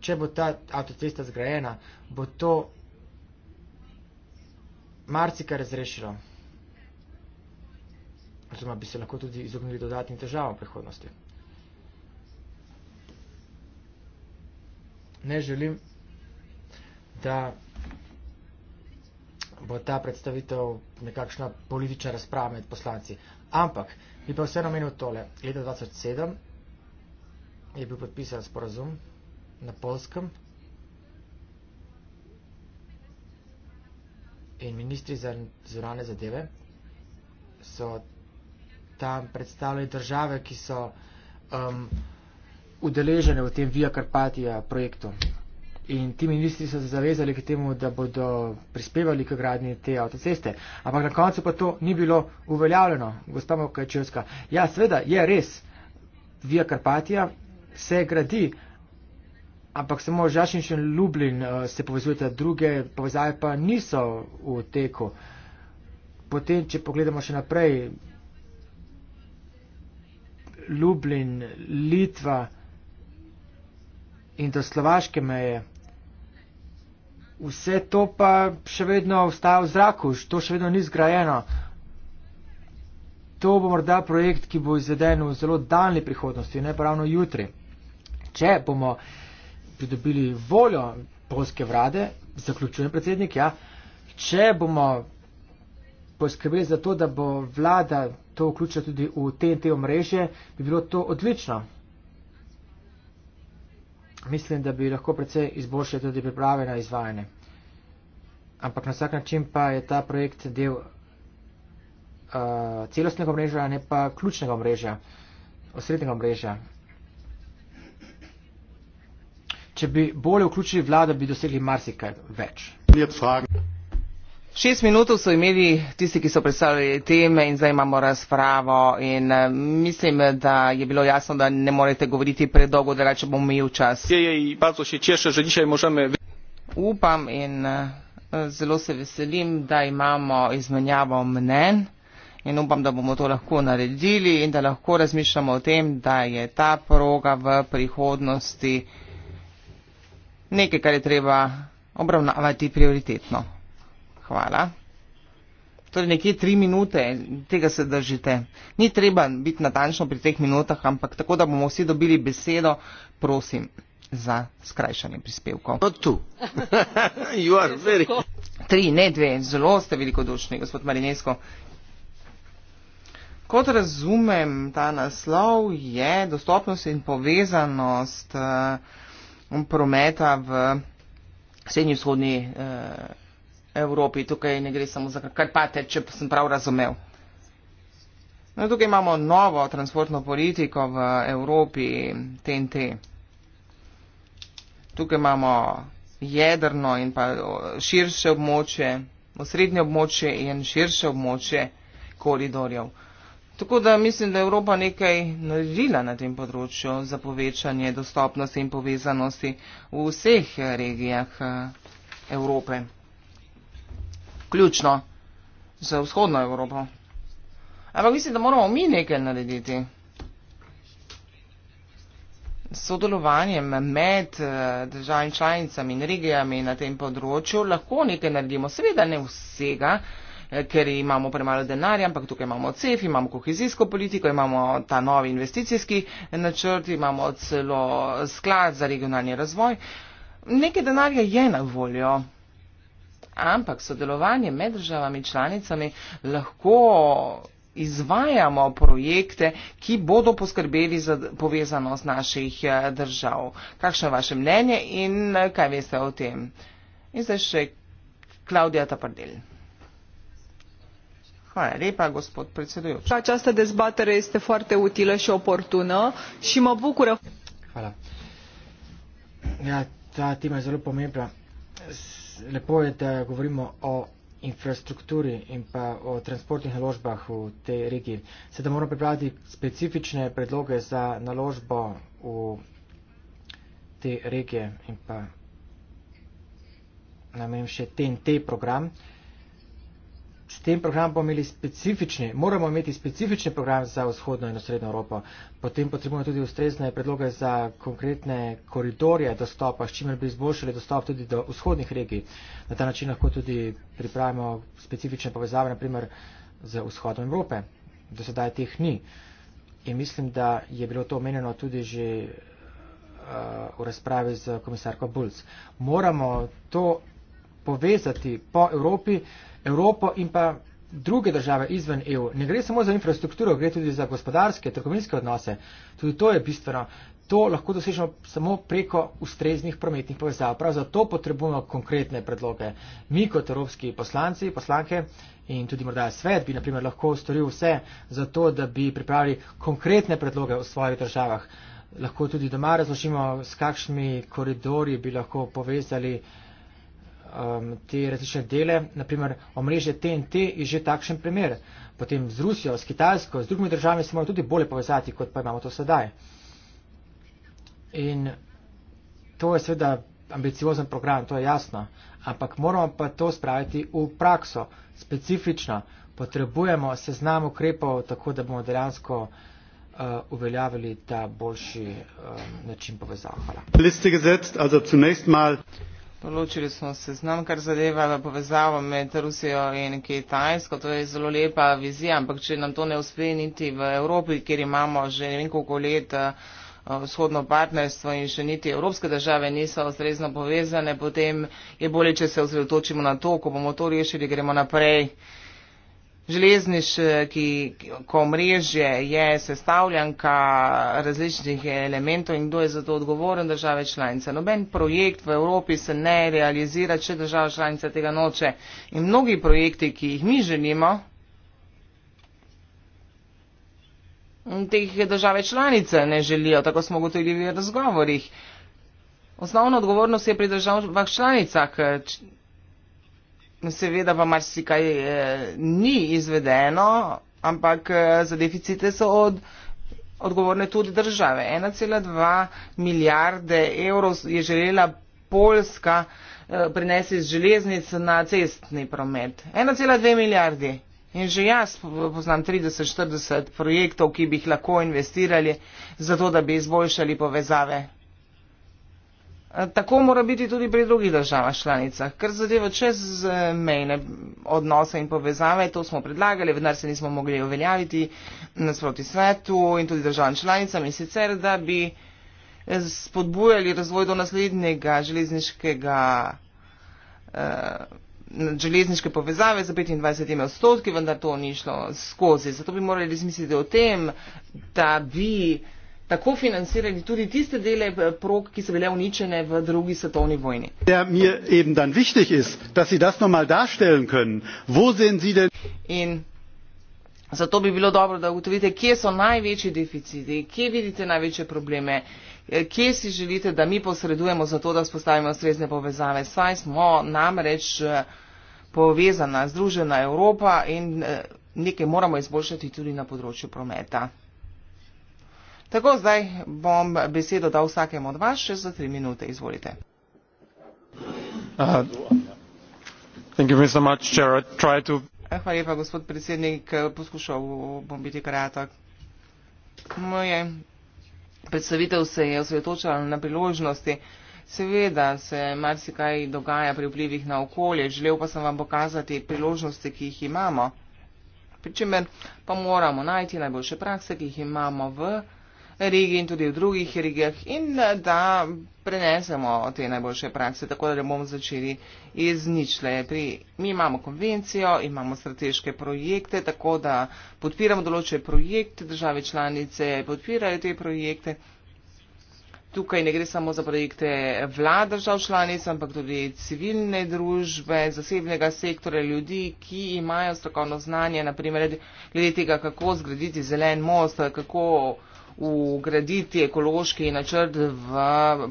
Če bo ta avtocesta zgrajena, bo to marsikaj razrešilo. Oziroma bi se lahko tudi izognili dodatnim težavam v prihodnosti. Ne želim, da bo ta predstavitev nekakšna politična razprava med poslanci. Ampak bi pa vseeno menil tole. Leta 2007 je bil podpisan sporazum na polskem. in ministri za zorane zadeve so tam predstavljali države, ki so um, udeležene v tem Via Carpatia projektu. In ti ministri so se zavezali k temu, da bodo prispevali k gradnji te avtoceste. Ampak na koncu pa to ni bilo uveljavljeno, gospod Kajčevska. Ja, sveda, je res, Via Carpatia se gradi, ampak samo Žašin in Lublin uh, se povezujeta, druge povezave pa niso v teku. Potem, če pogledamo še naprej, Lublin, Litva in do slovaške meje. Vse to pa še vedno ostaja v zraku, to še vedno ni zgrajeno. To bo morda projekt, ki bo izveden v zelo daljni prihodnosti, ne pa ravno jutri. Če bomo uh, pridobili voljo polske vlade, zaključujem predsednik, ja, če bomo poskrbeli za to, da bo vlada to vključila tudi v TNT omrežje, bi bilo to odlično. Mislim, da bi lahko predvsej izboljšali tudi priprave na izvajanje. Ampak na vsak način pa je ta projekt del uh, celostnega mreža, ne pa ključnega mreža, osrednjega mreža. Če bi bolje vključili vlado, bi dosegli marsikaj več. Šest minut so imeli tisti, ki so predstavljali teme in zdaj imamo razpravo in eh, mislim, da je bilo jasno, da ne morete govoriti predolgo, da reče bom imel čas. Upam in eh, zelo se veselim, da imamo izmenjavo mnen in upam, da bomo to lahko naredili in da lahko razmišljamo o tem, da je ta proga v prihodnosti nekaj, kar je treba obravnavati prioritetno. Hvala. Torej nekje tri minute, tega se držite. Ni treba biti natančno pri teh minutah, ampak tako, da bomo vsi dobili besedo, prosim za skrajšanje prispevkov. Not two. [laughs] you are very... Tri, ne dve. Zelo ste velikodušni, gospod Marinesko. Kot razumem ta naslov, je dostopnost in povezanost uh, prometa v srednji vzhodni eh, Evropi. Tukaj ne gre samo za Karpate, če sem prav razumel. No, tukaj imamo novo transportno politiko v Evropi, TNT. Tukaj imamo jedrno in pa širše območje, osrednje območje in širše območje koridorjev. Tako da mislim, da je Evropa nekaj naredila na tem področju za povečanje dostopnosti in povezanosti v vseh regijah eh, Evrope. Ključno za vzhodno Evropo. Ampak mislim, da moramo mi nekaj narediti. Sodelovanjem med eh, državami članicami in regijami na tem področju lahko nekaj naredimo. Seveda ne vsega. Eh, ker imamo premalo denarja, ampak tukaj imamo CEF, imamo kohezijsko politiko, imamo ta novi investicijski načrt, imamo celo sklad za regionalni razvoj. Nekaj denarja je na voljo, ampak sodelovanje med državami članicami lahko izvajamo projekte, ki bodo poskrbeli za povezanost naših eh, držav. Kakšno je vaše mnenje in eh, kaj veste o tem? In zdaj še Klaudija Tapardelj această dezbatere este foarte utilă și oportună și mă bucură le ja, poet govorimo o infrastrukturi in pa o transportnih naložbah v tej regiji. Sedaj moramo pripraviti specifične predloge za naložbo v te regije in pa namenim še TNT program. Uh, tem programom bomo imeli specifični, moramo imeti specifični program za vzhodno in osrednjo Evropo. Potem potrebujemo tudi ustrezne predloge za konkretne koridorje dostopa, s čimer bi izboljšali dostop tudi do vzhodnih regij. Na ta način lahko tudi pripravimo specifične povezave, naprimer z vzhodom Evrope. Do sedaj teh ni. In mislim, da je bilo to omenjeno tudi že uh, v razpravi z komisarko Bulc. Moramo to povezati po Evropi Evropo in pa druge države izven EU. Ne gre samo za infrastrukturo, gre tudi za gospodarske, trgovinske odnose. Tudi to je bistveno. To lahko dosežemo samo preko ustreznih prometnih povezav. Prav zato potrebujemo konkretne predloge. Mi kot evropski poslanci, poslanke in tudi morda svet bi naprimer lahko storil vse za to, da bi pripravili konkretne predloge v svojih državah. Lahko tudi doma razložimo, s kakšnimi koridori bi lahko povezali uh, um, te različne dele, naprimer omrežje TNT je že takšen primer. Potem z Rusijo, s Kitajsko, z drugimi državami se moramo tudi bolje povezati, kot pa imamo to sedaj. In to je seveda ambiciozen program, to je jasno, ampak moramo pa to spraviti v prakso, specifično. Potrebujemo seznam ukrepov, tako da bomo dejansko uh, uveljavili ta boljši um, način povezav. Hvala. Določili smo se z nam, kar zadeva povezavo med Rusijo in Kitajsko. To je zelo lepa vizija, ampak če nam to ne uspe niti v Evropi, kjer imamo že ne vem koliko let eh, vzhodno partnerstvo in še niti evropske države niso ustrezno povezane, potem je bolje, če se osredotočimo na to, ko bomo to rešili, gremo naprej železniško eh, mrežje je sestavljanka različnih elementov in kdo je za to odgovoren, države članice. Noben projekt v Evropi se ne realizira, če država članica tega noče. In mnogi projekti, ki jih mi želimo, teh države članice ne želijo, tako smo gotovili v razgovorih. Osnovna odgovornost je pri državah članicah. Seveda pa marsikaj eh, ni izvedeno, ampak eh, za deficite so od, odgovorne tudi države. 1,2 milijarde evrov je želela Poljska eh, prinesti iz železnic na cestni promet. 1,2 milijardi. In že jaz poznam 30-40 projektov, ki bi jih lahko investirali, zato da bi izboljšali povezave. Eh, tako mora biti tudi pri drugih državah članicah, ker zadeva čezmejne eh, odnose in povezave, to smo predlagali, vendar se nismo mogli uveljaviti nasproti svetu in tudi državam članicam in sicer, da bi eh, spodbujali razvoj do naslednjega železniškega. železniške povezave za 25 odstotki, vendar to ni šlo skozi. Zato bi morali razmisliti o tem, da bi tako finanzirali tudi tiste dele eh, prog, ki so bile uničene v drugi svetovni vojni. Ist, In zato bi bilo dobro, da ugotovite, kje so največji deficiti, kje vidite največje probleme, eh, kje si želite, da mi posredujemo za to, da spostavimo strezne povezave. Saj smo namreč eh, povezana, združena Evropa in nekaj moramo izboljšati tudi na področju prometa. Tako, zdaj bom besedo dal vsakemu od vas še za tri minute. Izvolite. Uh, Hvala lepa, gospod predsednik. Poskušal bom biti kratek. Moje predstavitev se je osvetočala na priložnosti. Seveda se marsikaj dogaja pri vplivih na okolje, želel pa sem vam pokazati priložnosti, ki jih imamo. Pričemer pa moramo najti najboljše prakse, ki jih imamo v regiji in tudi v drugih regijah in da prenesemo te najboljše prakse, tako da ne bomo začeli iz ničle. Pri, mi imamo konvencijo, imamo strateške projekte, tako da podpiramo določene projekte, države članice podpirajo te projekte. Tukaj ne gre samo za projekte vlad držav članic, ampak tudi civilne družbe, zasebnega sektora, ljudi, ki imajo strokovno znanje, naprimer glede tega, kako zgraditi zelen most, kako ugraditi ekološki načrt v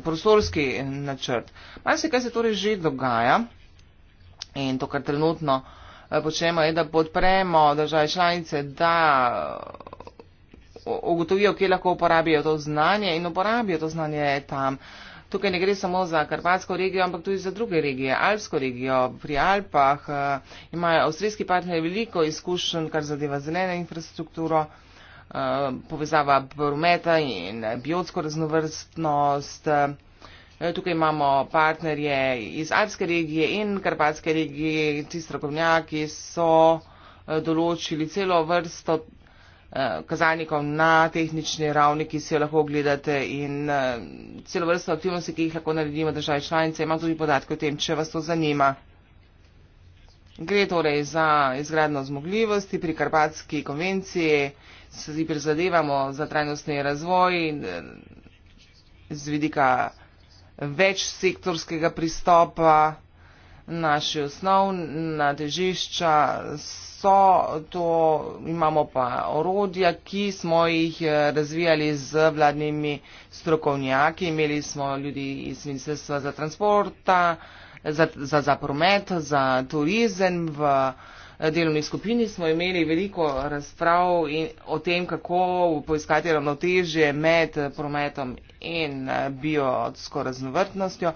prostorski načrt. Malo se kaj se torej že dogaja in to, kar trenutno eh, počnemo, je, da podpremo države članice, da ugotovijo, kje lahko uporabijo to znanje in uporabijo to znanje tam. Tukaj ne gre samo za karpatsko regijo, ampak tudi za druge regije. Alpsko regijo pri Alpah eh, imajo avstrijski partnerji veliko izkušenj, kar zadeva zeleno infrastrukturo. Eh, povezava barometa in biotsko raznovrstnost. Eh, tukaj imamo partnerje iz Alpske regije in Karpatske regije, ti strokovnjaki so eh, določili celo vrsto kazalnikov na tehnični ravni, ki si jo lahko ogledate in celo vrsto aktivnosti, ki jih lahko naredimo države članice. Imam tudi podatke o tem, če vas to zanima. Gre torej za izgradno zmogljivosti pri Karpatski konvenciji se zdi prizadevamo za trajnostni razvoj in eh, z vidika več sektorskega pristopa naše osnovna težišča so to, imamo pa orodja, ki smo jih eh, razvijali z vladnimi strokovnjaki. Imeli smo ljudi iz Ministrstva za transporta, za, za, za promet, za turizem v delovni skupini smo imeli veliko razprav in, o tem, kako poiskati ravnotežje med eh, prometom in eh, biotsko raznovrtnostjo.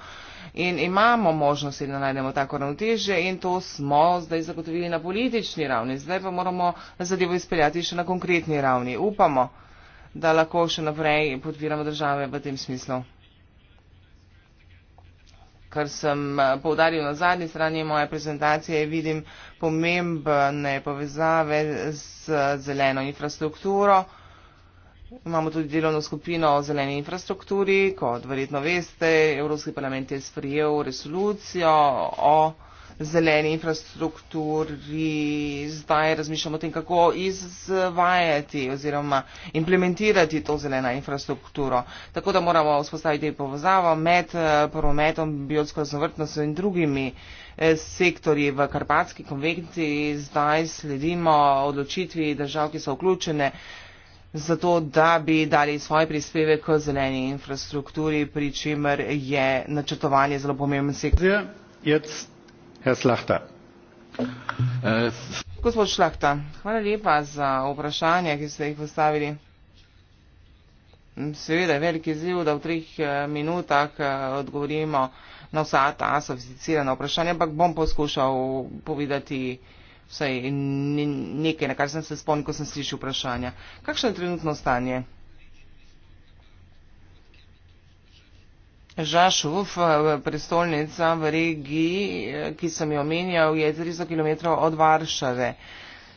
In imamo možnosti, da najdemo tako ravnotežje in to smo zdaj zagotovili na politični ravni. Zdaj pa moramo zadevo izpeljati še na konkretni ravni. Upamo, da lahko še naprej podpiramo države v tem smislu kar sem eh, povdaril na zadnji strani moje prezentacije, vidim pomembne povezave z zeleno infrastrukturo. Imamo tudi delovno skupino o zeleni infrastrukturi, kot verjetno veste, Evropski parlament je sprijel resolucijo o zeleni infrastrukturi. Zdaj razmišljamo o tem, kako izvajati oziroma implementirati to zeleno infrastrukturo. Tako da moramo vzpostaviti povezavo med eh, prometom, biotsko zavrtnostjo in drugimi eh, sektorji v Karpatski konvenciji. Zdaj sledimo odločitvi držav, ki so vključene zato da bi dali svoje prispeve k zeleni infrastrukturi, pri čemer je načrtovanje zelo pomemben sektor. Äh, Gospod Šlahta, hvala lepa za vprašanje, ki ste jih postavili. Seveda je veliki ziv, da v treh eh, minutah eh, odgovorimo na vsa ta sofisticirana vprašanja, ampak bom poskušal povedati vsaj nekaj, na kar sem se spomnil, ko sem slišal vprašanja. Kakšno je trenutno stanje? Žašuf, eh, prestolnica v regiji, eh, ki sem jo omenjal, je 300 km od Varšave.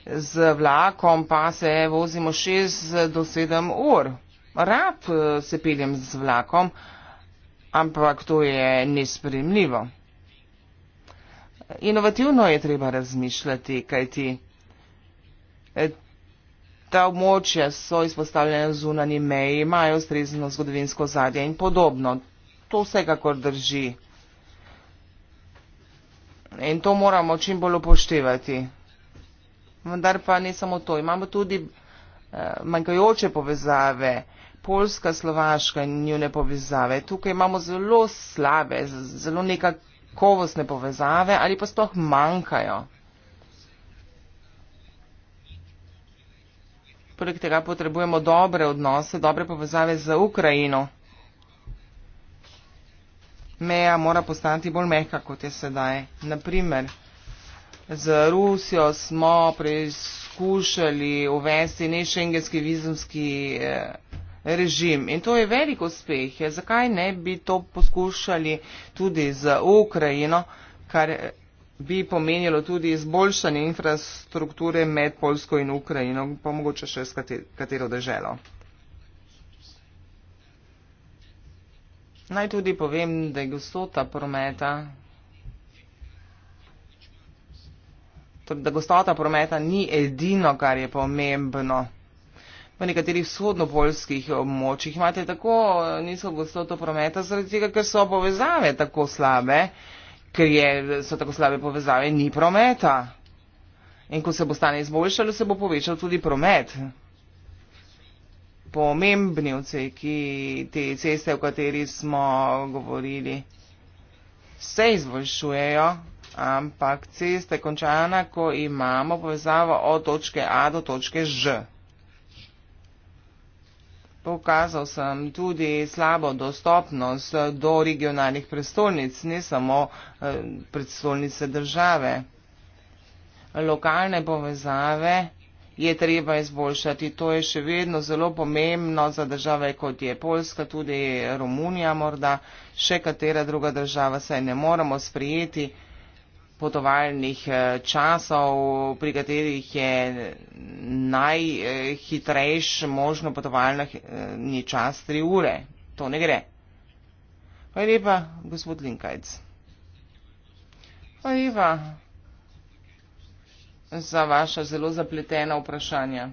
Z vlakom pa se vozimo 6 do 7 ur. Rad eh, se peljem z vlakom, ampak to je nespremljivo. Inovativno je treba razmišljati, kaj ti. Ta območja so izpostavljena zunanji meji, imajo strezno zgodovinsko zadje in podobno to vsekakor drži. In to moramo čim bolj upoštevati. Vendar pa ne samo to. Imamo tudi eh, manjkajoče povezave, Poljska, Slovaška in njune povezave. Tukaj imamo zelo slabe, zelo nekakovostne povezave ali pa sploh manjkajo. Poleg tega potrebujemo dobre odnose, dobre povezave z Ukrajino meja mora postati bolj mehka, kot je sedaj. Naprimer, z Rusijo smo preizkušali uvesti nešengenski vizumski eh, režim in to je velik uspeh. Zakaj ne bi to poskušali tudi z Ukrajino, kar eh, bi pomenilo tudi izboljšanje infrastrukture med Polsko in Ukrajino, pa mogoče še s katero državo. Naj tudi povem, da je gostota prometa, torej, da gostota prometa ni edino, kar je pomembno. V nekaterih vzhodnopolskih območjih imate tako eh, nizko gostoto prometa, zaradi tega, ker so povezave tako slabe, ker je, so tako slabe povezave, ni prometa. In ko se bo stanje izboljšalo, se bo povečal tudi promet pomembni odseki te ceste, o kateri smo govorili, se izboljšujejo, ampak cesta je končana, ko imamo povezavo od točke A do točke Ž. Pokazal sem tudi slabo dostopnost do regionalnih prestolnic, ne samo eh, prestolnice države. Lokalne povezave je treba izboljšati. To je še vedno zelo pomembno za države, kot je Poljska, tudi Romunija morda, še katera druga država, saj ne moramo sprijeti potovalnih eh, časov, pri katerih je najhitrejš možno potovalni čas tri ure. To ne gre. Hvala lepa, gospod Linkajc. Hvala lepa za vaša zelo zapletena vprašanja.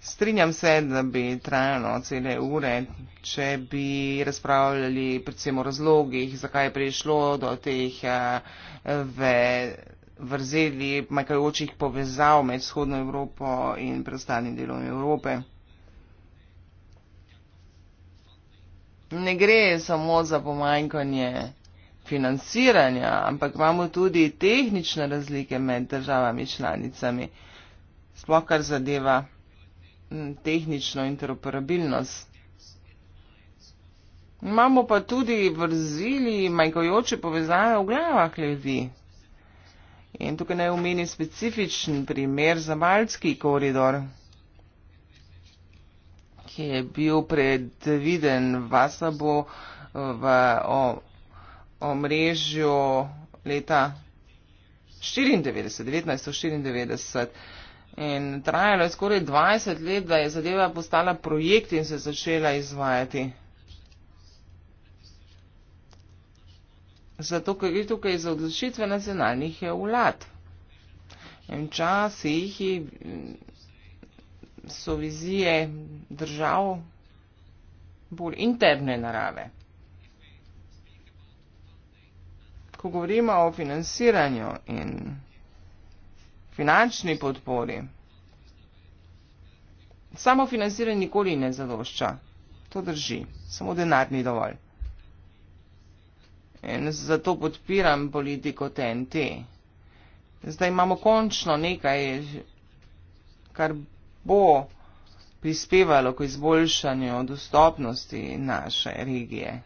Strinjam se, da bi trajalo cele ure, če bi razpravljali predvsem o razlogih, zakaj je prišlo do teh eh, vrzeli majkajočih povezav med vzhodno Evropo in preostalim delom Evrope. Ne gre samo za pomanjkanje financiranja, ampak imamo tudi tehnične razlike med državami članicami, sploh kar zadeva hm, tehnično interoperabilnost. Imamo pa tudi vrzili majkajoče povezave v glavah ljudi. In tukaj naj omeni specifičen primer za Baltski koridor, ki je bil predviden Vasabo v, v o, omrežju leta 1994. In trajalo je skoraj 20 let, da je zadeva postala projekt in se začela izvajati. Zato, ker gre tukaj za odločitve nacionalnih vlad. In včasih so vizije držav bolj interne narave. ko govorimo o financiranju in finančni podpori, samo financiranje nikoli ne zadošča. To drži, samo denar ni dovolj. In zato podpiram politiko TNT. Zdaj imamo končno nekaj, kar bo prispevalo k izboljšanju dostopnosti naše regije.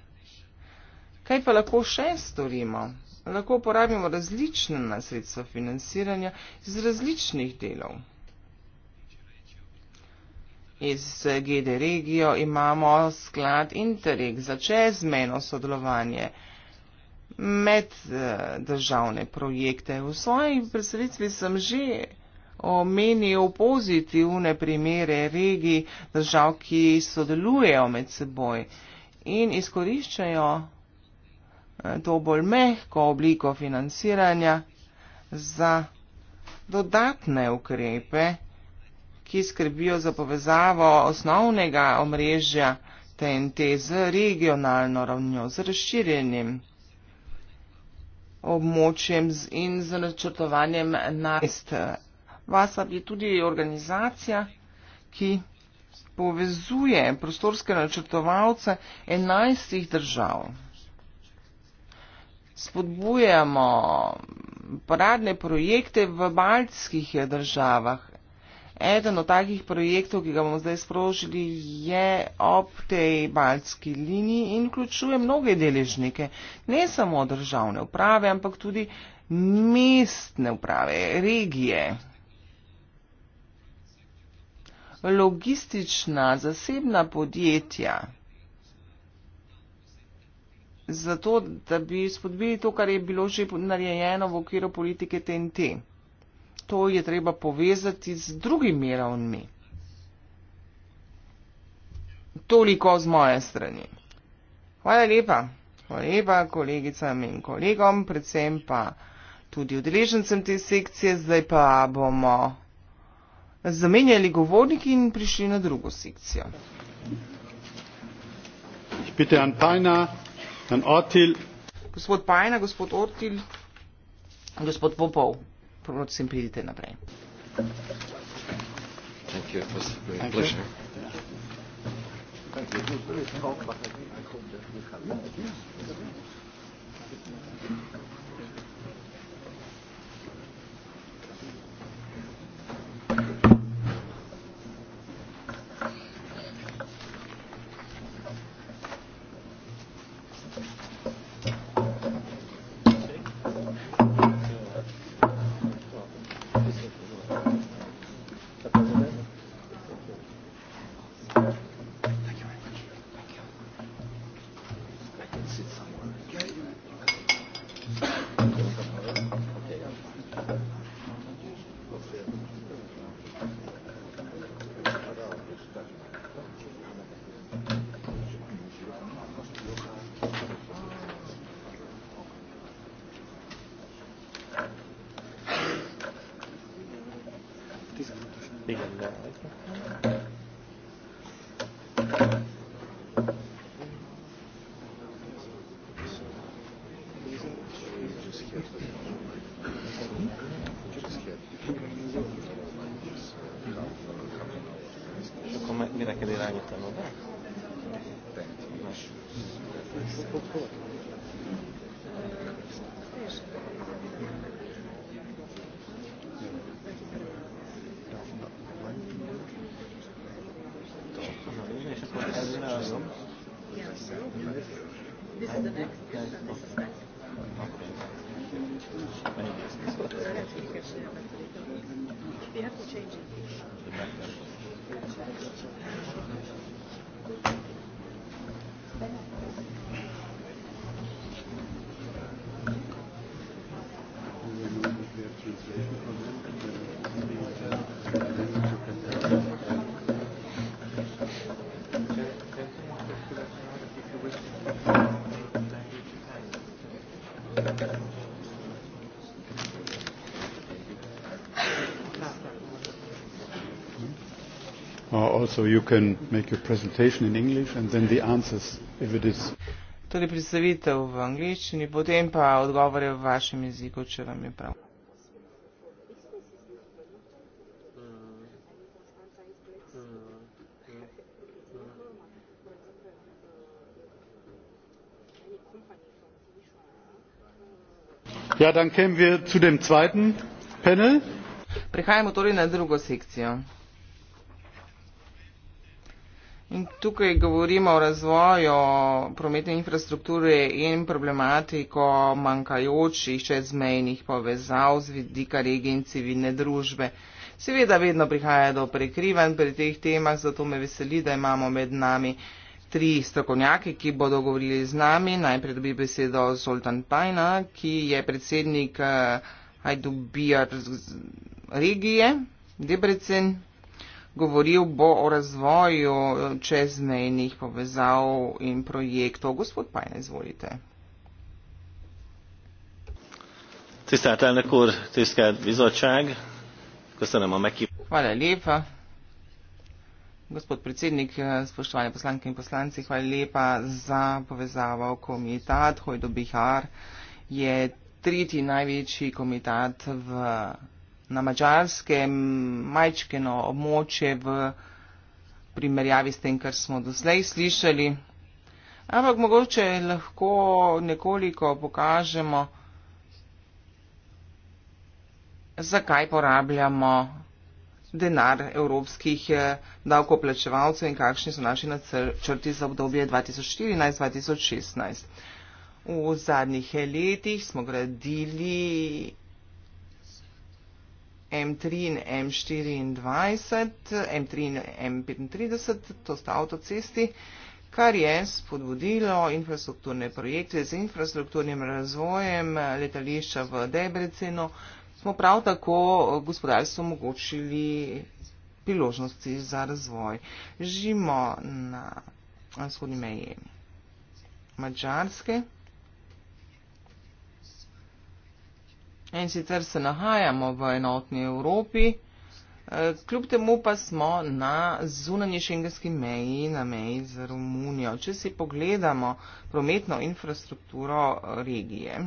Kaj pa lahko še storimo? lahko uporabimo različna sredstva financiranja iz različnih delov. Iz eh, GD regijo imamo sklad Interreg za čezmeno sodelovanje med eh, državne projekte. V svoji predstavitvi sem že omenil pozitivne primere regij držav, ki sodelujejo med seboj in izkoriščajo Eh, to bolj mehko obliko financiranja za dodatne ukrepe, ki skrbijo za povezavo osnovnega omrežja TNT z regionalno ravnjo, z razširjenim območjem in z načrtovanjem na mest. VASA je tudi organizacija, ki povezuje prostorske načrtovalce enajstih držav spodbujamo paradne projekte v baltskih državah. Eden od takih projektov, ki ga bomo zdaj sprožili, je ob tej baltski liniji in vključuje mnoge deležnike, ne samo državne uprave, ampak tudi mestne uprave, regije. Logistična, zasebna podjetja, zato, da bi spodbili to, kar je bilo že narejeno v okviru politike TNT. To je treba povezati z drugimi ravnmi. Toliko z moje strani. Hvala lepa. Hvala lepa kolegicam in kolegom, predvsem pa tudi odeležencem te sekcije. Zdaj pa bomo zamenjali govorniki in prišli na drugo sekcijo. Ich bitte Herrn Peiner, Ortil. Gospod Pajna, gospod Ortil, gospod Popov, prosim, pridite naprej. Thank you. so you can make your presentation in English and then the answers if it is. Torej predstavitev v angliščini, potem pa odgovore v vašem jeziku, če vam je prav. Ja, Prehajamo torej na drugo sekcijo. Tukaj govorimo o razvoju prometne infrastrukture in problematiko manjkajočih čezmejnih povezav z vidika regije in civilne družbe. Seveda vedno prihaja do prekrivanj pri teh temah, zato me veseli, da imamo med nami tri strokovnjake, ki bodo govorili z nami. Najprej dobi besedo Zoltan Pajna, ki je predsednik eh, Hajdubijar regije, Debrecen. Govoril bo o razvoju eh, čezmejnih povezav in projektov. Gospod Pajne, izvolite. Tisztelt elnök úr, tisztelt bizottság, köszönöm a meghívást. Hvala lépa. Gospod predsednik, eh, spoštovane poslanke in poslanci, hvala lépa za povezavo komitát. Hojdo Bihar je tretji največji komitát v na mačarskem majčkeno območje v primerjavi s tem, kar smo doslej slišali. Ampak mogoče lahko nekoliko pokažemo, zakaj porabljamo denar evropskih eh, davkoplačevalcev in kakšni so naši načrti za obdobje 2014-2016. V zadnjih letih smo gradili M3 in M24, M3 in M35, to sta avtocesti, kar je spodbudilo infrastrukturne projekte z infrastrukturnim razvojem letališča v Debrecenu, smo prav tako gospodarstvo omogočili priložnosti za razvoj. Žimo na vzhodni meji Mačarske. In sicer se nahajamo v enotni Evropi, eh, kljub temu pa smo na zunanji šengenski meji, na meji z Romunijo. Če si pogledamo prometno infrastrukturo eh, regije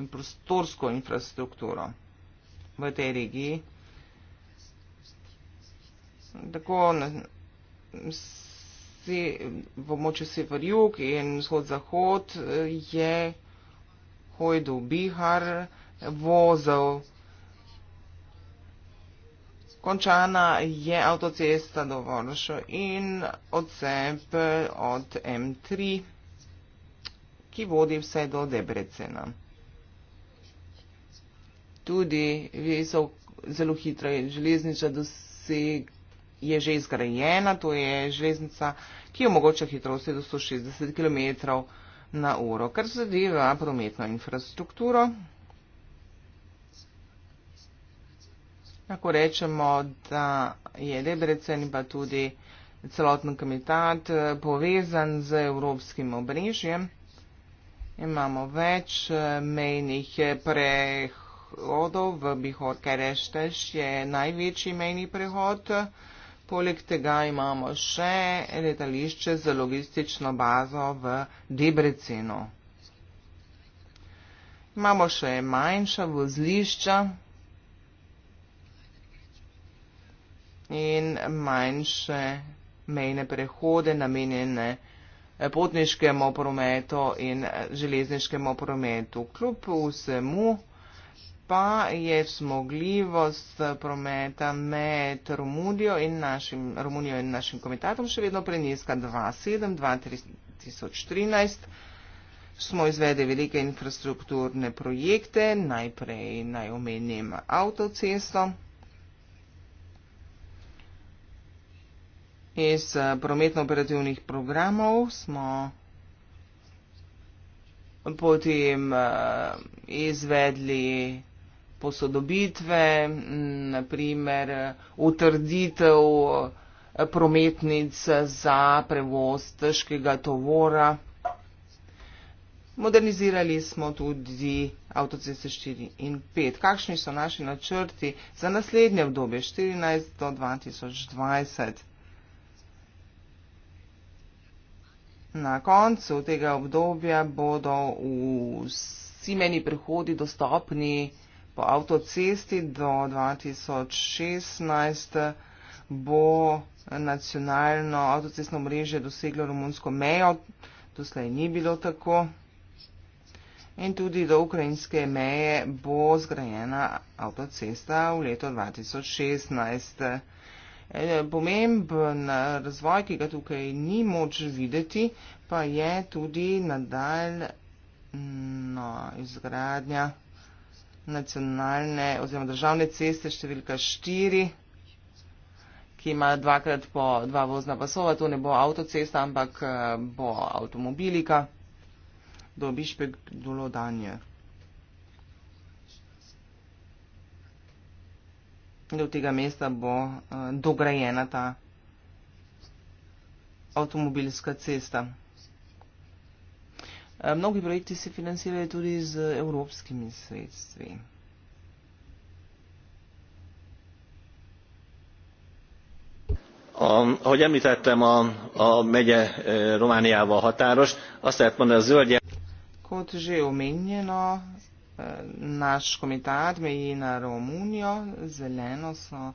in prostorsko infrastrukturo v tej regiji, tako se v območju severjug in vzhod-zahod eh, je pojdu bihar, vozel. Končana je avtocesta do Voršo in odsep od M3, ki vodi vse do Debrecena. Tudi zelo hitra železnica je že izgrajena, to je železnica, ki omogoča hitrosti do 160 km na uro. Kar zadeva prometno infrastrukturo, lahko rečemo, da je Debrecen pa tudi celoten komitat eh, povezan z evropskim obrežjem. Imamo več eh, mejnih eh, prehodov, v Bihor Kerešteš je največji mejni prehod. Poleg tega imamo še letališče z logistično bazo v Debrecenu. Imamo še manjša vozlišča in manjše mejne prehode namenjene potniškemu prometu in železniškemu prometu. Kljub vsemu pa je zmogljivost prometa med Romunijo in našim, Romunijo in našim komitatom še vedno preniska 2.7.2013. Smo izvedli velike infrastrukturne projekte, najprej naj omenim avtocesto. Iz prometno-operativnih programov smo potem uh, izvedli posodobitve, mm, naprimer utrditev prometnic za prevoz težkega tovora. Modernizirali smo tudi avtoceste 4 in 5. Kakšni so naši načrti za naslednje obdobje 2014 do 2020? Na koncu tega obdobja bodo vsi meni prihodi dostopni po avtocesti do 2016 bo nacionalno avtocestno mreže doseglo romunsko mejo. Doslej ni bilo tako. In tudi do ukrajinske meje bo zgrajena avtocesta v letu 2016. Pomemben razvoj, ki ga tukaj ni moč videti, pa je tudi nadaljno izgradnja nacionalne oziroma državne ceste številka 4, ki ima dvakrat po dva vozna pasova. To ne bo avtocesta, ampak eh, bo avtomobilika do Bišpek Dolodanje. Do tega mesta bo eh, dograjena ta avtomobilska cesta. Eh, mnogi projekti se financirajo tudi z evropskimi sredstvi. Ahogy említettem, a, a megye e, Romániával határos, azt lehet mondani, a zöldje... Kot že omenjeno, e, naš komitát mejí na Romúnio, zeleno so... So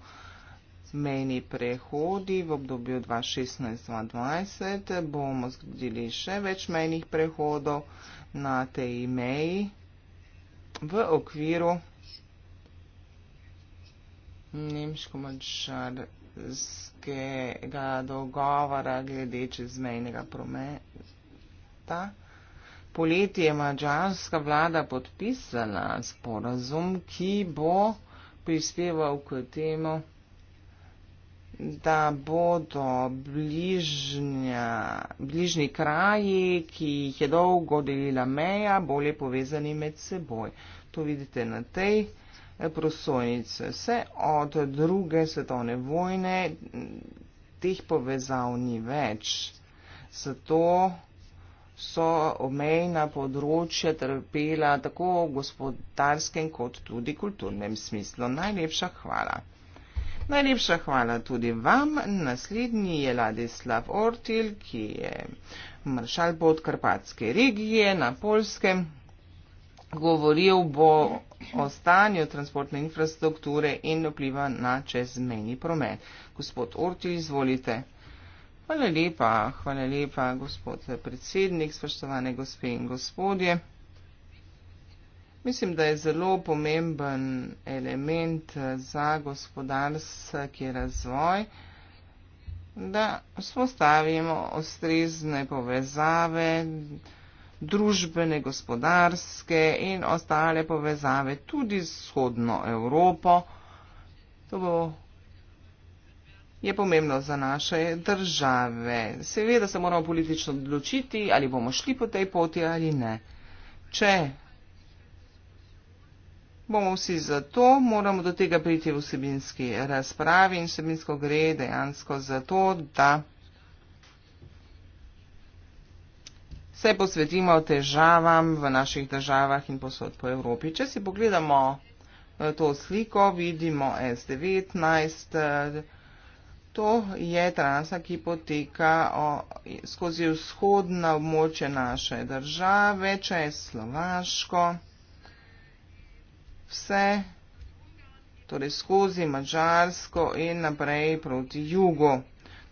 mejni prehodi v obdobju 2016-2020. Bomo zgradili še več mejnih prehodov na tej meji v okviru nemško-mačarskega dogovora glede čezmejnega prometa. Poleti je mačarska vlada podpisala sporazum, ki bo prispeval k temu, da bodo bližnja, bližnji kraji, ki jih je dolgo delila meja, bolje povezani med seboj. To vidite na tej eh, prosojnici. Vse od druge svetovne vojne teh povezav ni več. Zato so omejna področja trpela tako v gospodarskem kot tudi kulturnem smislu. Najlepša hvala. Najlepša hvala tudi vam. Naslednji je Ladislav Ortil, ki je maršal podkarpatske regije na Polskem. Govoril bo o stanju transportne infrastrukture in vpliva na čezmeni promet. Gospod Ortil, izvolite. Hvala lepa, hvala lepa, gospod predsednik, spoštovane gospe in gospodje. Mislim, da je zelo pomemben element eh, za gospodarski razvoj, da vzpostavimo ustrezne povezave, družbene, gospodarske in ostale povezave tudi z vzhodno Evropo. To bo, je pomembno za naše države. Seveda se moramo politično odločiti, ali bomo šli po tej poti ali ne. Če bomo vsi za to, moramo do tega priti v vsebinski razpravi in vsebinsko gre dejansko za to, da se posvetimo težavam v naših državah in posod po Evropi. Če si pogledamo eh, to sliko, vidimo S19, eh, to je trasa, ki poteka skozi vzhodna območja naše države, če je Slovaško, vse, torej skozi Mačarsko in naprej proti jugu.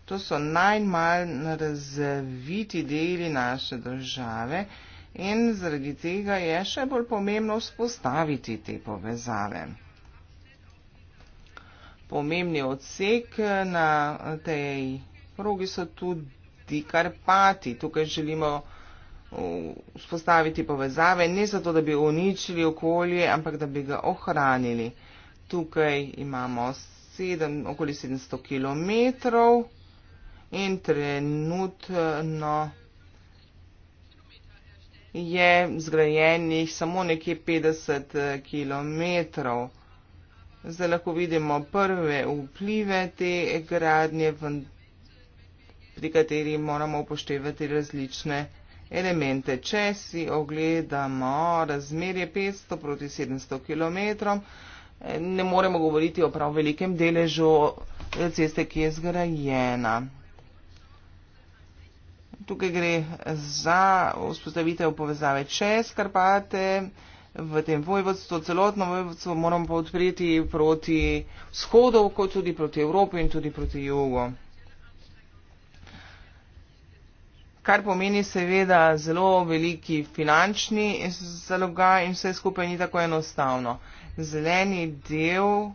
To so najmanj razviti deli naše države in zaradi tega je še bolj pomembno vzpostaviti te povezave. Pomembni odsek na tej progi so tudi Karpati. Tukaj želimo vzpostaviti povezave, ne zato, da bi uničili okolje, ampak da bi ga ohranili. Tukaj imamo sedem, okoli 700 km in trenutno je zgrajenih samo nekje 50 km. Zdaj lahko vidimo prve vplive te gradnje, pri kateri moramo upoštevati različne elemente. Če si ogledamo razmerje 500 proti 700 km, ne moremo govoriti o prav velikem deležu ceste, ki je zgrajena. Tukaj gre za vzpostavitev povezave čez Karpate v tem vojvodstvu, celotno vojvodstvo moramo pa odpreti proti vzhodu, kot tudi proti Evropi in tudi proti jugu. kar pomeni seveda zelo veliki finančni zaloga in vse skupaj ni tako enostavno. Zeleni del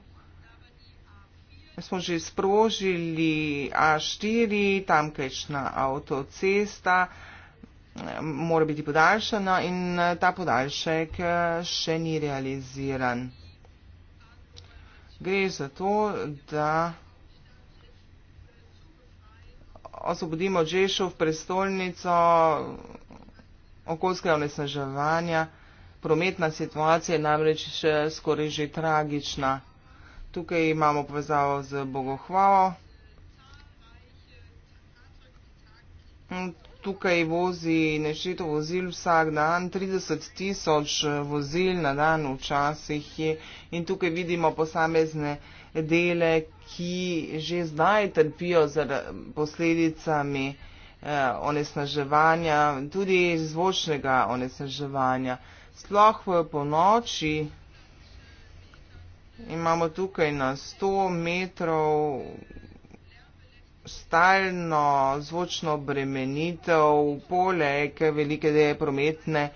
smo že sprožili A4, tamkajšna avtocesta, mora biti podaljšana in eh, ta podaljšek eh, še ni realiziran. Gre za to, da osvobodimo Žešov, prestolnico, okoljske onesnaževanja. Prometna situacija je namreč še skoraj že tragična. Tukaj imamo povezavo z Bogohvalo. Tukaj vozi nešteto vozil vsak dan, 30 tisoč vozil na dan včasih je. In tukaj vidimo posamezne vzpore dele, ki že zdaj trpijo za posledicami eh, onesnaževanja, tudi zvočnega onesnaževanja. Sploh v ponoči imamo tukaj na 100 metrov stalno zvočno obremenitev, poleg velike deje prometne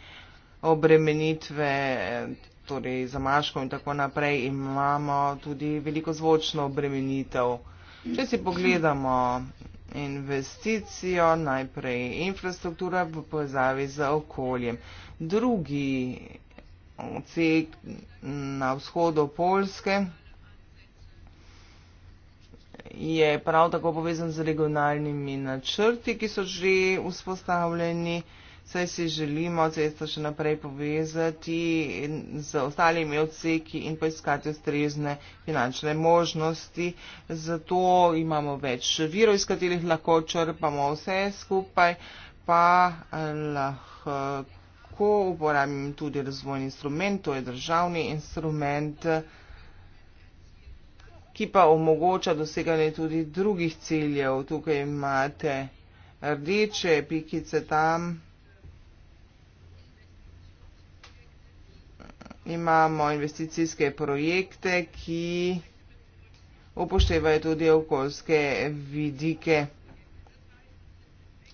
obremenitve. Eh, torej zamaškov in tako naprej, imamo tudi veliko zvočno obremenitev. Če si pogledamo investicijo, najprej infrastruktura v povezavi z okoljem. Drugi odsek na vzhodu Polske je prav tako povezan z regionalnimi načrti, ki so že vzpostavljeni saj si želimo cesto še naprej povezati z ostalimi odseki in poiskati ustrezne finančne možnosti. Zato imamo več virov, iz katerih lahko črpamo vse skupaj, pa eh, lahko uporabim tudi razvojni instrument, to je državni instrument ki pa omogoča doseganje tudi drugih ciljev. Tukaj imate rdeče pikice tam. imamo investicijske projekte, ki upoštevajo tudi okoljske vidike,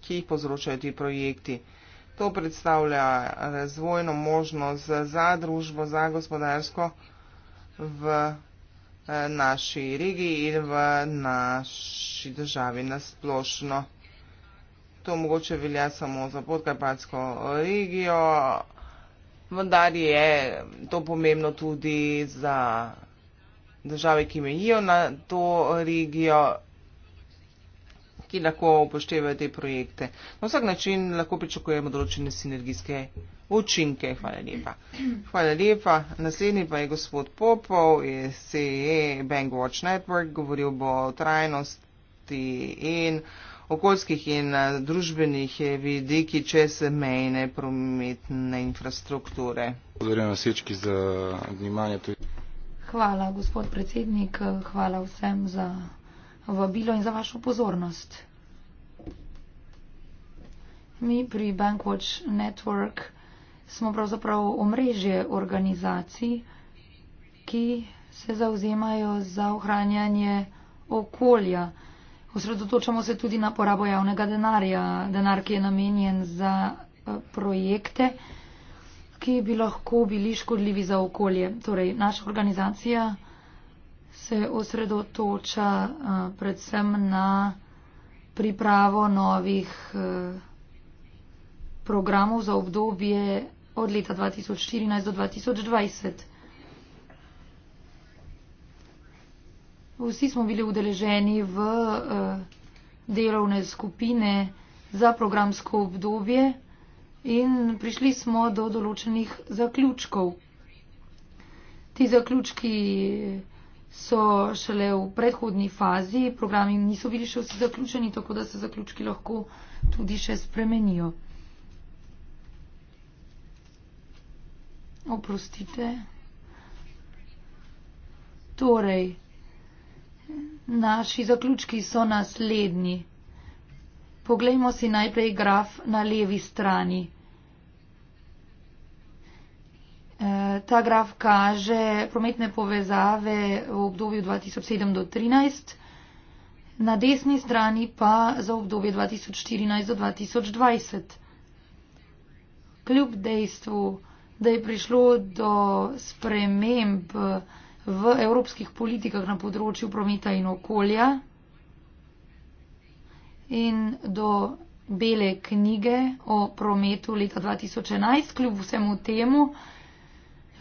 ki jih povzročajo ti projekti. To predstavlja razvojno možnost za družbo, za gospodarsko v eh, naši regiji in v naši državi nasplošno. To mogoče velja samo za podkarpatsko regijo vendar je to pomembno tudi za države, ki mejijo na to regijo, ki lahko upoštevajo te projekte. Na vsak način lahko pričakujemo določene sinergijske učinke. Hvala lepa. Hvala lepa. Naslednji pa je gospod Popov iz CE e Bankwatch Network, govoril bo o trajnosti in okoljskih in eh, družbenih eh, vidiki čez mejne prometne infrastrukture. Hvala, gospod predsednik. Hvala vsem za vabilo in za vašo pozornost. Mi pri Bankwatch Network smo pravzaprav omrežje organizacij, ki se zauzemajo za ohranjanje okolja. Osredotočamo se tudi na porabo javnega denarja, denar, ki je namenjen za eh, projekte, ki bi lahko bili škodljivi za okolje. Torej, naša organizacija se osredotoča eh, predvsem na pripravo novih eh, programov za obdobje od leta 2014 do 2020. Vsi smo bili udeleženi v eh, delovne skupine za programsko obdobje in prišli smo do določenih zaključkov. Ti zaključki so šele v predhodni fazi, programi niso bili še vsi zaključeni, tako da se zaključki lahko tudi še spremenijo. Oprostite. Torej, Naši zaključki so naslednji. Poglejmo si najprej graf na levi strani. E, ta graf kaže prometne povezave v obdobju 2007 do 2013, na desni strani pa za obdobje 2014 do 2020. Kljub dejstvu, da je prišlo do sprememb v evropskih politikah na področju prometa in okolja in do bele knjige o prometu leta 2011. Kljub vsemu temu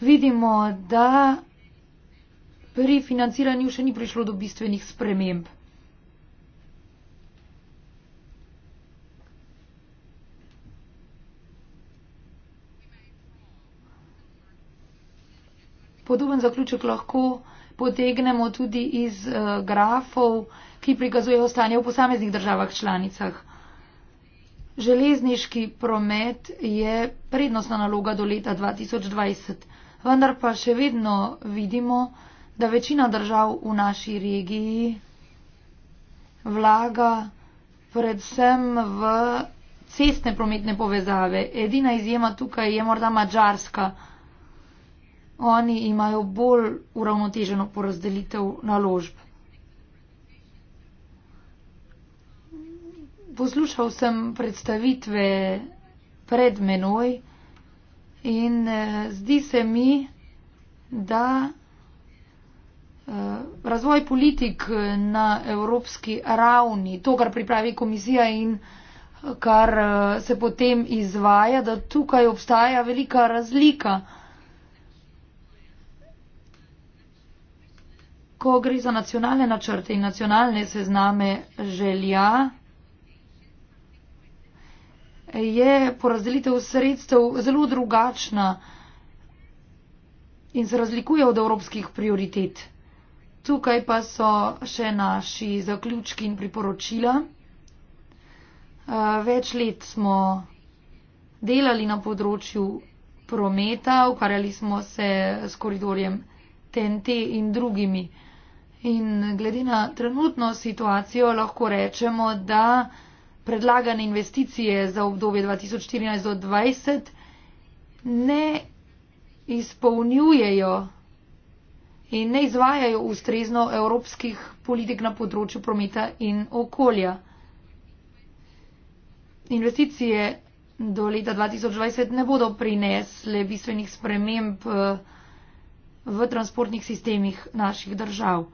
vidimo, da pri financiranju še ni prišlo do bistvenih sprememb. Podoben zaključek lahko potegnemo tudi iz uh, grafov, ki prikazujejo stanje v posameznih državah članicah. Železniški promet je prednostna naloga do leta 2020, vendar pa še vedno vidimo, da večina držav v naši regiji vlaga predvsem v cestne prometne povezave. Edina izjema tukaj je morda Mačarska oni imajo bolj uravnoteženo porazdelitev naložb. Poslušal sem predstavitve pred menoj in eh, zdi se mi, da eh, razvoj politik eh, na evropski ravni, to, kar pripravi komisija in kar se potem izvaja, da tukaj obstaja velika razlika. ko gre za nacionalne načrte in nacionalne sezname želja, je porazdelitev sredstev zelo drugačna in se razlikuje od evropskih prioritet. Tukaj pa so še naši zaključki in priporočila. Eh, več let smo delali na področju prometa, ukvarjali smo se s koridorjem TNT in drugimi. In glede na trenutno situacijo lahko rečemo, da predlagane investicije za obdobje 2014 do 2020 ne izpolnjujejo in ne izvajajo ustrezno evropskih politik na področju prometa in okolja. Investicije do leta 2020 ne bodo prinesle bistvenih sprememb eh, v transportnih sistemih naših držav.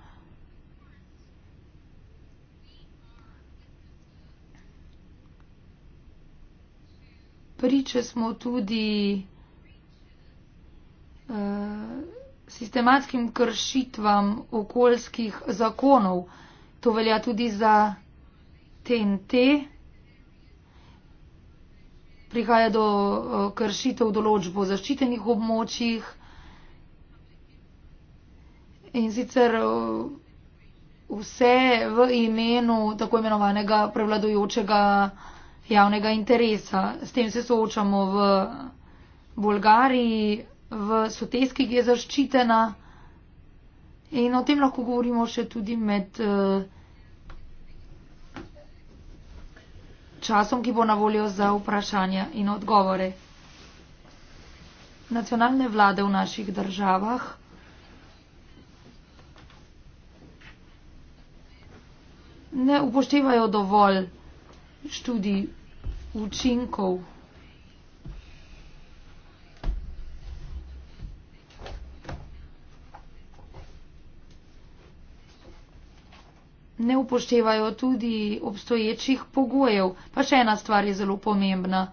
priče smo tudi uh, sistematskim kršitvam okoljskih zakonov. To velja tudi za TNT. Prihaja do uh, kršitev določb o zaščitenih območjih. In sicer eh, vse v imenu tako imenovanega prevladojočega uh, javnega interesa. S tem se soočamo v Bolgariji, v Soteski, ki je zaščitena in o tem lahko govorimo še tudi med eh, časom, ki bo na voljo za vprašanja in odgovore. Nacionalne vlade v naših državah ne upoštevajo dovolj študij učinkov. Ne upoštevajo tudi obstoječih pogojev. Pa še ena stvar je zelo pomembna.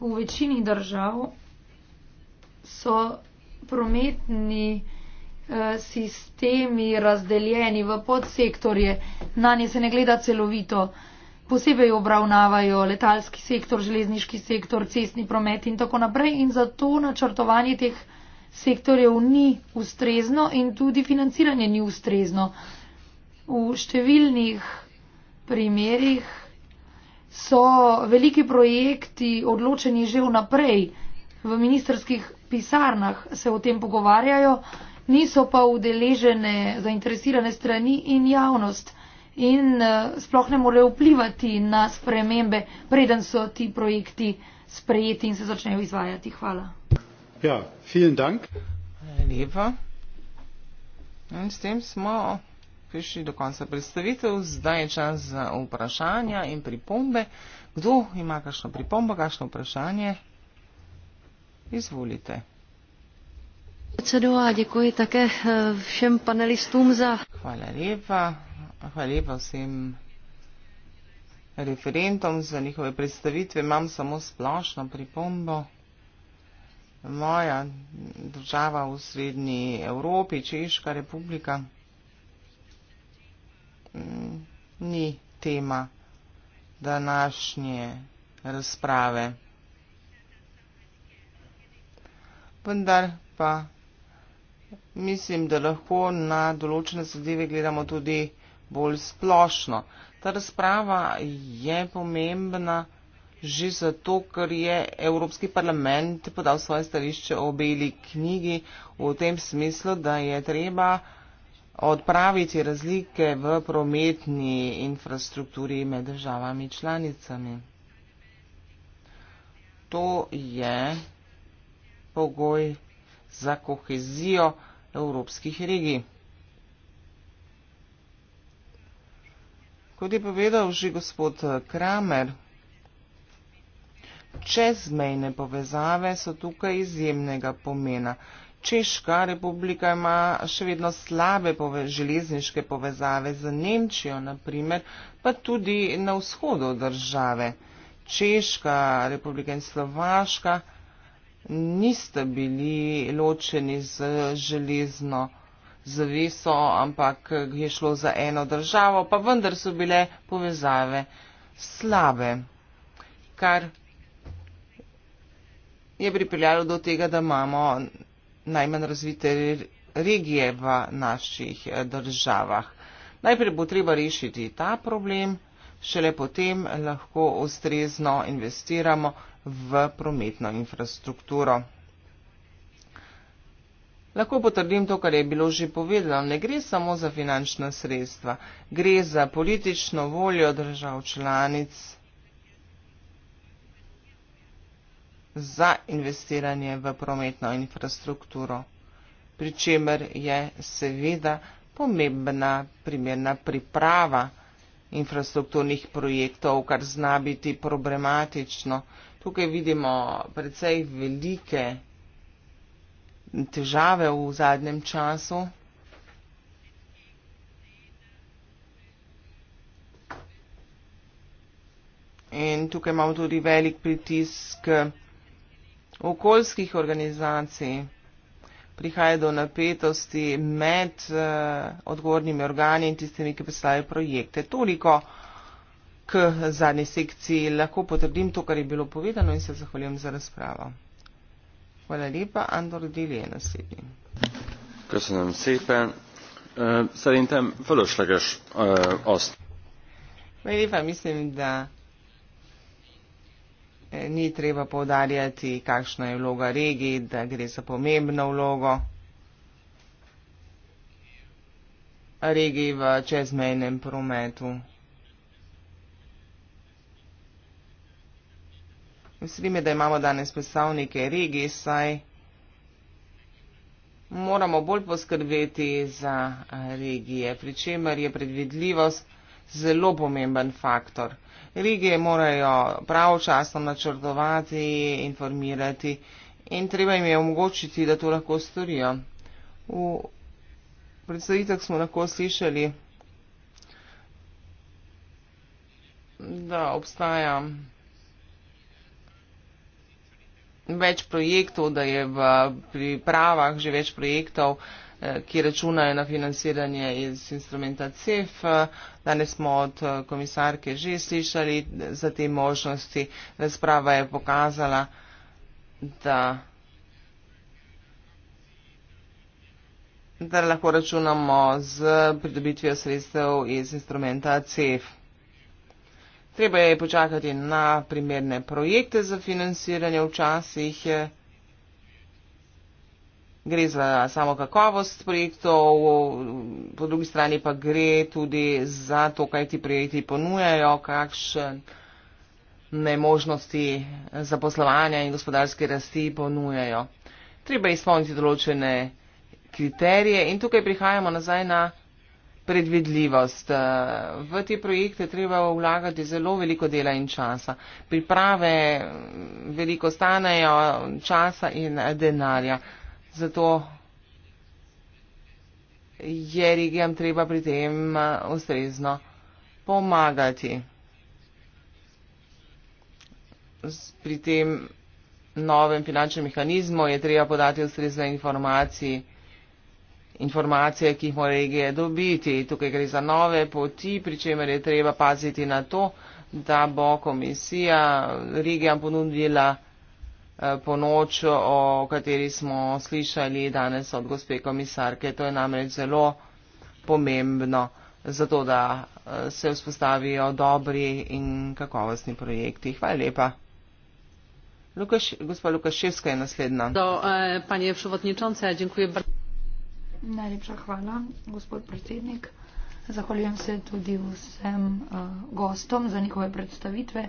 V večini držav so prometni eh, sistemi razdeljeni v podsektorje, na nje se ne gleda celovito posebej obravnavajo letalski sektor, železniški sektor, cestni promet in tako naprej in zato načrtovanje teh sektorjev ni ustrezno in tudi financiranje ni ustrezno. V številnih primerjih so veliki projekti odločeni že vnaprej, v ministerskih pisarnah se o tem pogovarjajo, niso pa udeležene zainteresirane strani in javnost in eh, sploh ne morejo vplivati na spremembe, preden so ti projekti sprejeti in se začnejo izvajati. Hvala. Ja, vielen dank. Lepa. In s tem smo prišli do konca predstavitev. Zdaj je čas za vprašanja in pripombe. Kdo ima kakšno pripombo, kakšno vprašanje? Izvolite. Predsedo, a děkuji také eh, všem panelistům za. Hvala lepa. Hvala lepa vsem referentom za njihove predstavitve. Imam samo splošno pripombo. Moja država v srednji Evropi, Češka republika, mm, ni tema današnje razprave. Vendar pa mislim, da lahko na določene zadeve gledamo tudi bolj splošno. Ta razprava je pomembna že zato, ker je Evropski parlament podal svoje stališče o beli knjigi v tem smislu, da je treba odpraviti razlike v prometni infrastrukturi med državami članicami. To je pogoj za kohezijo evropskih regij. Kot je povedal že gospod eh, Kramer, čezmejne povezave so tukaj izjemnega pomena. Češka republika ima še vedno slabe pove, železniške povezave z Nemčijo, naprimer, pa tudi na vzhodu države. Češka republika in Slovaška nista bili ločeni z železno povezavo zaveso, ampak je šlo za eno državo, pa vendar so bile povezave slabe, kar je pripeljalo do tega, da imamo najmanj razvite regije v naših eh, državah. Najprej bo treba rešiti ta problem, šele potem lahko ustrezno investiramo v prometno infrastrukturo. Lahko potrdim to, kar je bilo že povedano. Ne gre samo za finančna sredstva, gre za politično voljo držav članic za investiranje v prometno infrastrukturo, pri čemer je seveda pomembna primerna priprava infrastrukturnih projektov, kar zna biti problematično. Tukaj vidimo precej velike težave v zadnjem času. In tukaj imamo tudi velik pritisk okoljskih organizacij. Prihaja do napetosti med uh, odgovornimi organi in tistimi, ki predstavljajo projekte. Toliko k zadnji sekciji. Lahko potrdim to, kar je bilo povedano in se zahvaljujem za razpravo. Hvala lepa. Andor Deli je naslednji. Köszönöm szépen. Szerintem fölösleges azt. Melyéva, mislim, da e, ni treba poudarjati, kakšna je vloga regij, da gre za pomembno vlogo regij v čezmejnem prometu. Veseli me, da imamo danes predstavnike regije, saj moramo bolj poskrbeti za regije, pri čemer je predvidljivost zelo pomemben faktor. Regije morajo pravočasno načrtovati, informirati in treba jim je omogočiti, da to lahko storijo. V predstavitvah smo lahko slišali, da obstaja več projektov, da je v pripravah že več projektov, eh, ki računajo na financiranje iz instrumenta CEF. Danes smo od eh, komisarke že slišali za te možnosti. Razprava je pokazala, da, da lahko računamo z pridobitvijo sredstev iz instrumenta CEF. Treba je počakati na primerne projekte za financiranje, včasih je. Eh, gre za samo kakovost projektov, po drugi strani pa gre tudi za to, kaj ti projekti ponujajo, kakšne možnosti zaposlovanja in gospodarske rasti ponujajo. Treba je izpolniti določene kriterije in tukaj prihajamo nazaj na predvidljivost. V te projekte treba vlagati zelo veliko dela in časa. Priprave veliko stanejo časa in denarja. Zato je regijam treba pri tem ustrezno pomagati. Pri tem novem finančnem mehanizmu je treba podati ustrezne informacije informacije, ki jih mora regije dobiti. Tukaj gre za nove poti, pri čemer je treba paziti na to, da bo komisija regijam ponudila eh, po noč, o kateri smo slišali danes od gospe komisarke. To je namreč zelo pomembno, zato da eh, se vzpostavijo dobri in kakovostni projekti. Hvala lepa. Lukaš, gospa Lukaševska je naslednja. Do, eh, panje Przewodnicząca, ja dziękuję bardzo. Najlepša hvala, gospod predsednik. Zahvaljujem se tudi vsem uh, gostom za njihove predstavitve.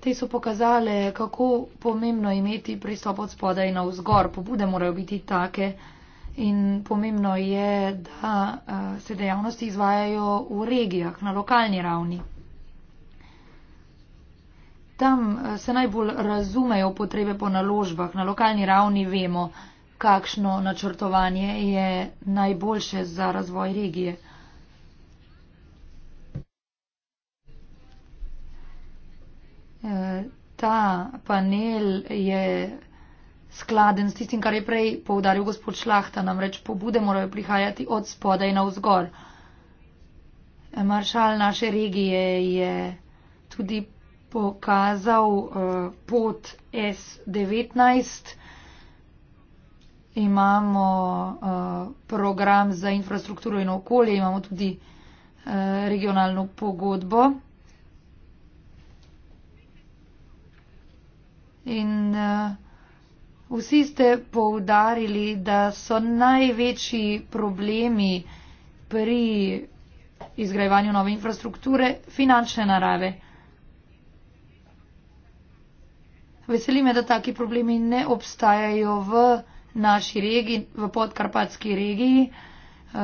Te so pokazale, kako pomembno je imeti pristop od spodaj na vzgor. Pobude morajo biti take in pomembno je, da uh, se dejavnosti izvajajo v regijah, na lokalni ravni. Tam uh, se najbolj razumejo potrebe po naložbah, na lokalni ravni vemo, kakšno načrtovanje je najboljše za razvoj regije. E, ta panel je skladen s tistim, kar je prej povdaril gospod Šlahta, namreč pobude morajo prihajati od spodaj na vzgor. E, maršal naše regije je tudi pokazal uh, pot S19. Uh, imamo uh, program za infrastrukturo in okolje, imamo tudi eh, regionalno pogodbo. In uh, vsi ste poudarili, da so največji problemi pri izgrajevanju nove infrastrukture finančne narave. Veseli me, da taki problemi ne obstajajo v naši regiji, v podkarpatski regiji. Eh,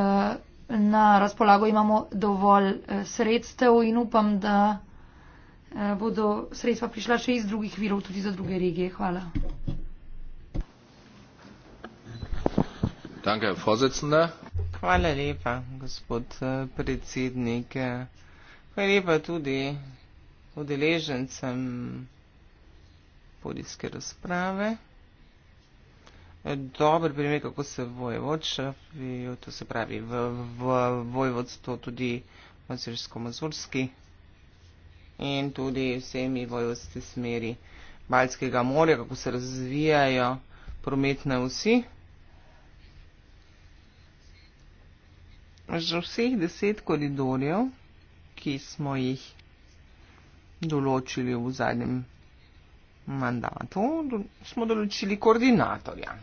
na razpolago imamo dovolj eh, sredstev in upam, da eh, bodo sredstva prišla še iz drugih virov, tudi za druge regije. Hvala. Hvala lepa, gospod predsednik. Hvala lepa tudi udeležencem podiske razprave. Dober primer, kako se vojvodšavijo, to se pravi v, v vojvodstvo tudi mazursko-mazurski in tudi vsemi vojvodstvi smeri Baljskega morja, kako se razvijajo prometne vsi. Že vseh deset koridorjev, ki smo jih določili v zadnjem mandatu, smo določili koordinatorja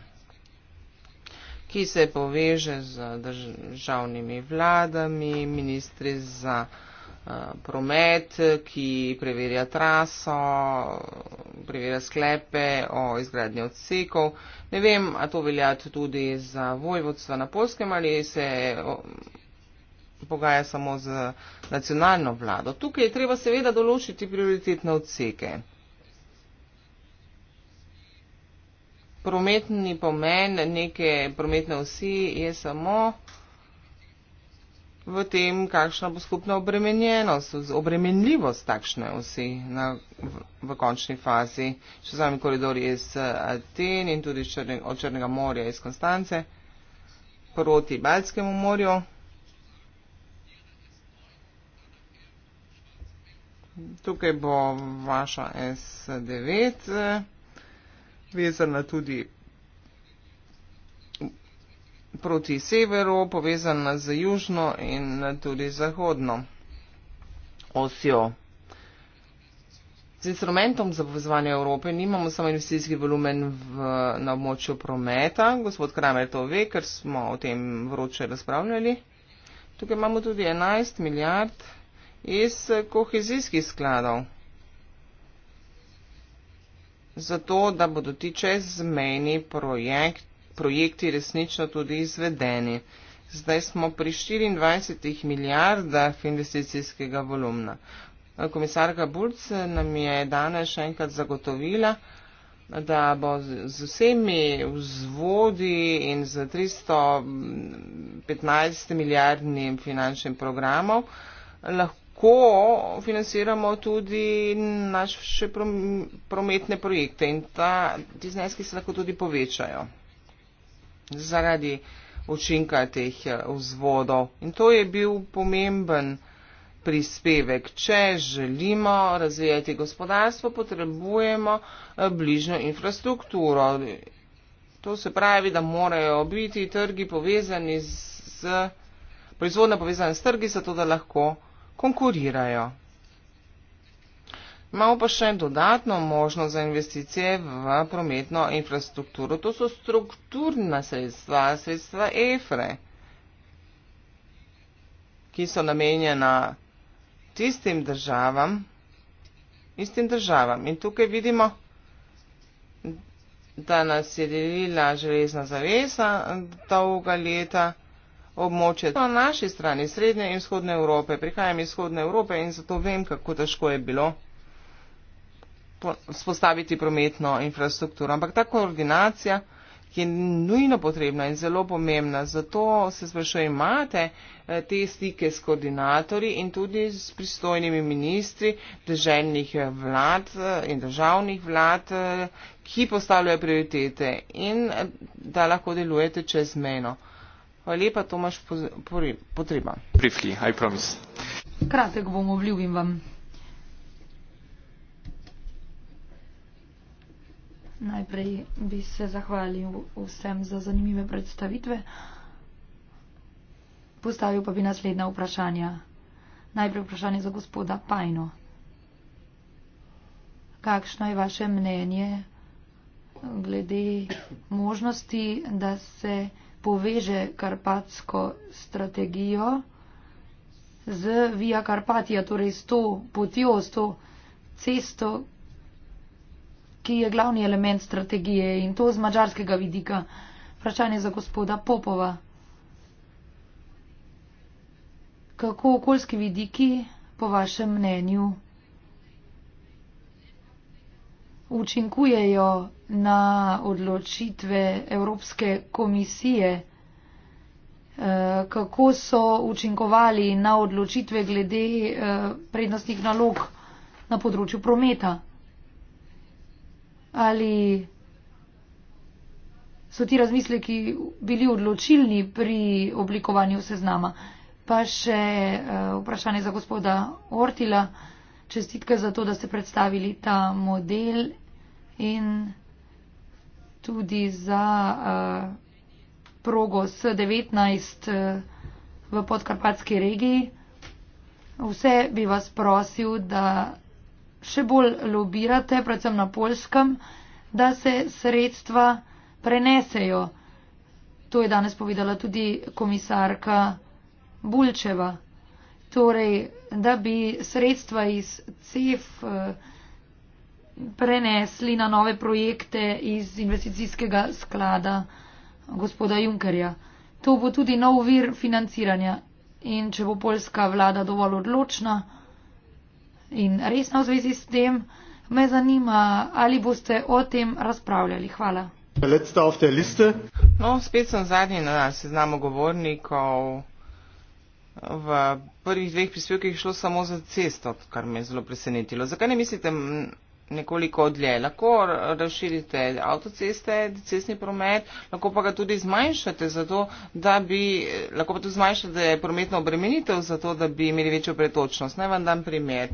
ki se poveže z državnimi vladami, ministri za eh, promet, ki preverja traso, preverja sklepe o izgradnji odsekov. Ne vem, a to velja tudi za vojvodstva na polskem ali se pogaja samo z nacionalno vlado. Tukaj je treba seveda določiti prioritetne odseke. prometni pomen neke prometne vsi je samo v tem, kakšna bo skupna obremenjenost, obremenljivost takšne vsi na, v, v končni fazi. Še zami koridor je iz eh, Aten in tudi črne, od Črnega morja iz Konstance proti Baltskemu morju. Tukaj bo vaša S9. Eh, vezana tudi proti severu, povezana z južno in tudi zahodno osjo. Z instrumentom za povezovanje Evrope nimamo samo investicijski volumen v, na območju prometa. Gospod Kramer to ve, ker smo o tem vroče razpravljali. Tukaj imamo tudi 11 milijard iz kohezijskih skladov zato da bodo ti čez zmeni projekt, projekti resnično tudi izvedeni. Zdaj smo pri 24 milijardah investicijskega volumna. Komisarka Bulc nam je danes še enkrat zagotovila, da bo z vsemi vzvodi in z 315 milijardnim finančnim programom lahko lahko financiramo tudi naše prometne projekte in ta, ti zneski se lahko tudi povečajo zaradi učinka teh vzvodov. In to je bil pomemben prispevek. Če želimo razvijati gospodarstvo, potrebujemo bližno infrastrukturo. To se pravi, da morajo biti trgi povezani z. Proizvodna povezana s trgi, zato da lahko konkurirajo. Imamo pa še dodatno možnost za investicije v prometno infrastrukturo. To so strukturna sredstva, sredstva EFRE, ki so namenjena tistim državam, istim državam. In tukaj vidimo, da nas je delila železna zavesa dolga leta 2014-2020 območje. Na naši strani, srednje in vzhodne Evrope, prihajam iz vzhodne Evrope in zato vem, kako težko je bilo spostaviti prometno infrastrukturo. Ampak ta koordinacija je nujno potrebna in zelo pomembna. Zato se sprašujem, imate eh, te stike s koordinatorji in tudi s pristojnimi ministri državnih eh, vlad eh, in državnih vlad, ki postavljajo prioritete in da lahko delujete čezmeno. Hvala lepa, Tomaš Potreba. Briefly, I promise. Kratek bom, obljubim vam. Najprej bi se zahvalil vsem za zanimive predstavitve. Postavil pa bi naslednja vprašanja. Najprej vprašanje za gospoda Pajno. Kakšno je vaše mnenje glede možnosti, da se poveže karpatsko strategijo z Via Carpatia, torej s to potjo, s to cesto, ki je glavni element strategije in to z mačarskega vidika. Vprašanje za gospoda Popova. Kako okoljski vidiki, po vašem mnenju, učinkujejo na odločitve Evropske komisije, eh, kako so učinkovali na odločitve glede eh, prednostnih nalog na področju prometa. Ali so ti razmisleki bili odločilni pri oblikovanju seznama? Pa še eh, vprašanje za gospoda Ortila. Čestitke za to, da ste predstavili ta model in tudi za uh, progo S19 uh, eh, v podkarpatski regiji. Vse bi vas prosil, da še bolj lobirate, predvsem na polskem, da se sredstva prenesejo. To je danes povedala tudi komisarka Bulčeva. Torej, da bi sredstva iz CEF. Uh, eh, prenesli na nove projekte iz investicijskega sklada gospoda Junkerja. To bo tudi nov vir financiranja in če bo polska vlada dovolj odločna in resna v zvezi s tem, me zanima, ali boste o tem razpravljali. Hvala. No, spet sem zadnji na seznamu govornikov. V prvih dveh prispevkih je šlo samo za cesto, kar me je zelo presenetilo. Zakaj ne mislite nekoliko dlje. Lahko razširite avtoceste, cestni promet, lahko pa ga tudi zmanjšate, zato, da bi, lahko pa tudi zmanjšate prometno obremenitev, zato da bi imeli večjo pretočnost. Naj vam dam primer.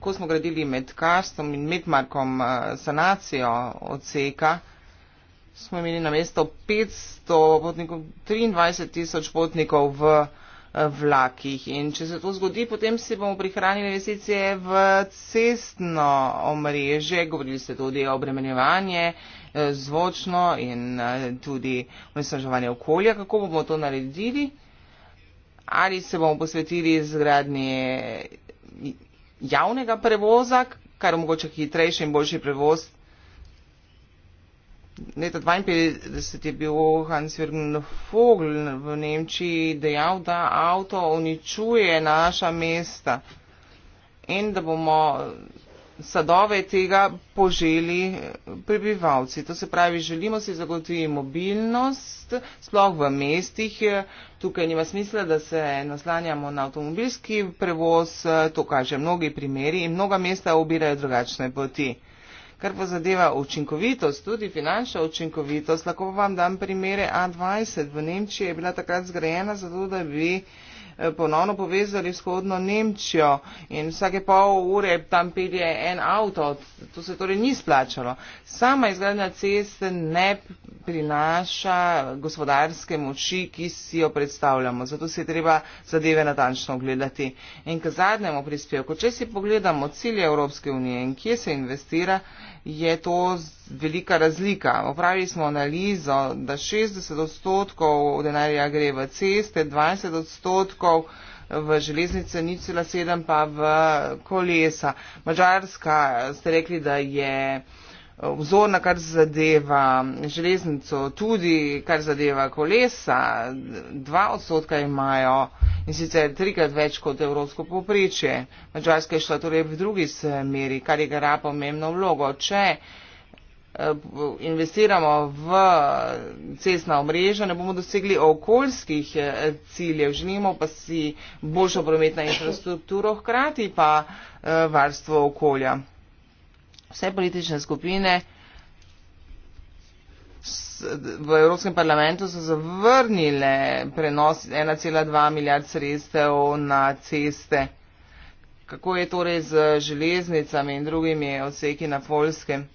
Ko smo gradili med Karstom in Medmarkom eh, sanacijo odseka, smo imeli na mesto 500 potnikov, 23 tisoč potnikov v vlakih. In če se to zgodi, potem si bomo prihranili investicije v cestno omrežje, govorili ste tudi o obremenjevanju eh, zvočno in eh, tudi onesnaževanje okolja. Kako bomo to naredili? Ali se bomo posvetili zgradnje javnega prevoza, kar omogoča hitrejši in boljši prevoz leta 1952 je bil Hans Jürgen Vogel v Nemčiji dejal, da avto uničuje naša mesta in da bomo sadove tega poželi prebivalci. To se pravi, želimo si zagotoviti mobilnost, sploh v mestih. Tukaj nima smisla, da se naslanjamo na avtomobilski prevoz, to kaže mnogi primeri in mnoga mesta obirajo drugačne poti. Kar pa zadeva učinkovitost, tudi finančna učinkovitost, lahko vam dam primere A20. V Nemčiji je bila takrat zgrajena zato, da bi Eh, ponovno povezali vzhodno Nemčijo in vsake pol ure tam pelje en avto. To se torej ni splačalo. Sama izgradnja ceste ne prinaša gospodarske moči, ki si jo predstavljamo. Zato se je treba zadeve natančno ogledati. In k zadnjemu prispevku, če si pogledamo cilje Evropske unije in kje se investira, je to velika razlika. Opravili smo analizo, da 60 odstotkov denarja gre v ceste, 20 odstotkov v železnice, nič cela sedem pa v kolesa. Mačarska ste rekli, da je eh, vzorna, kar zadeva železnico, tudi kar zadeva kolesa, dva odstotka imajo in sicer trikrat več kot evropsko poprečje. Mačarska je šla torej v drugi smeri, kar igra pomembno vlogo. Če Eh, investiramo v cestna omrežja, ne bomo dosegli okoljskih eh, ciljev, želimo pa si boljšo prometno infrastrukturo, hkrati pa eh, varstvo okolja. Vse politične skupine v Evropskem parlamentu so zavrnile prenos 1,2 milijard sredstev na ceste. Kako je torej z železnicami in drugimi odseki na Polskem?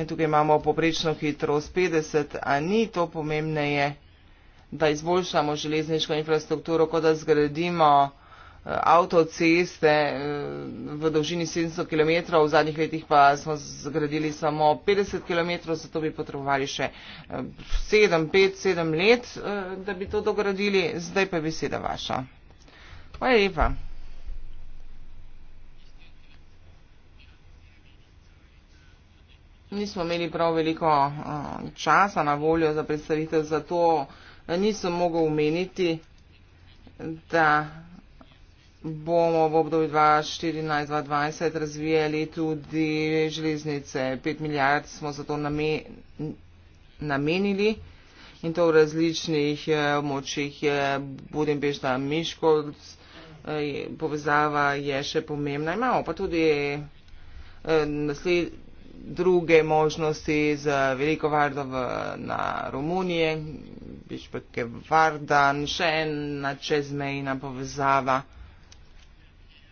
in tukaj imamo poprečno hitrost 50, a ni to pomembneje, da izboljšamo železniško infrastrukturo, kot da zgradimo eh, avtoceste eh, v dolžini 700 km, v zadnjih letih pa smo zgradili samo 50 km, zato bi potrebovali še 7, 5, 7 let, eh, da bi to dogradili, zdaj pa je beseda vaša. Hvala lepa. nismo imeli prav veliko eh, časa na voljo za predstavitev, zato nisem mogel umeniti, da bomo v obdobju 2014-2020 razvijali tudi železnice. 5 milijard smo za to name, namenili in to v različnih eh, močih Budimpešta Miškolc. Eh, povezava je še pomembna. Imamo pa tudi naslednji druge možnosti z veliko vardo v, na Romunije, Bišpeke Vardan, še ena čezmejna povezava.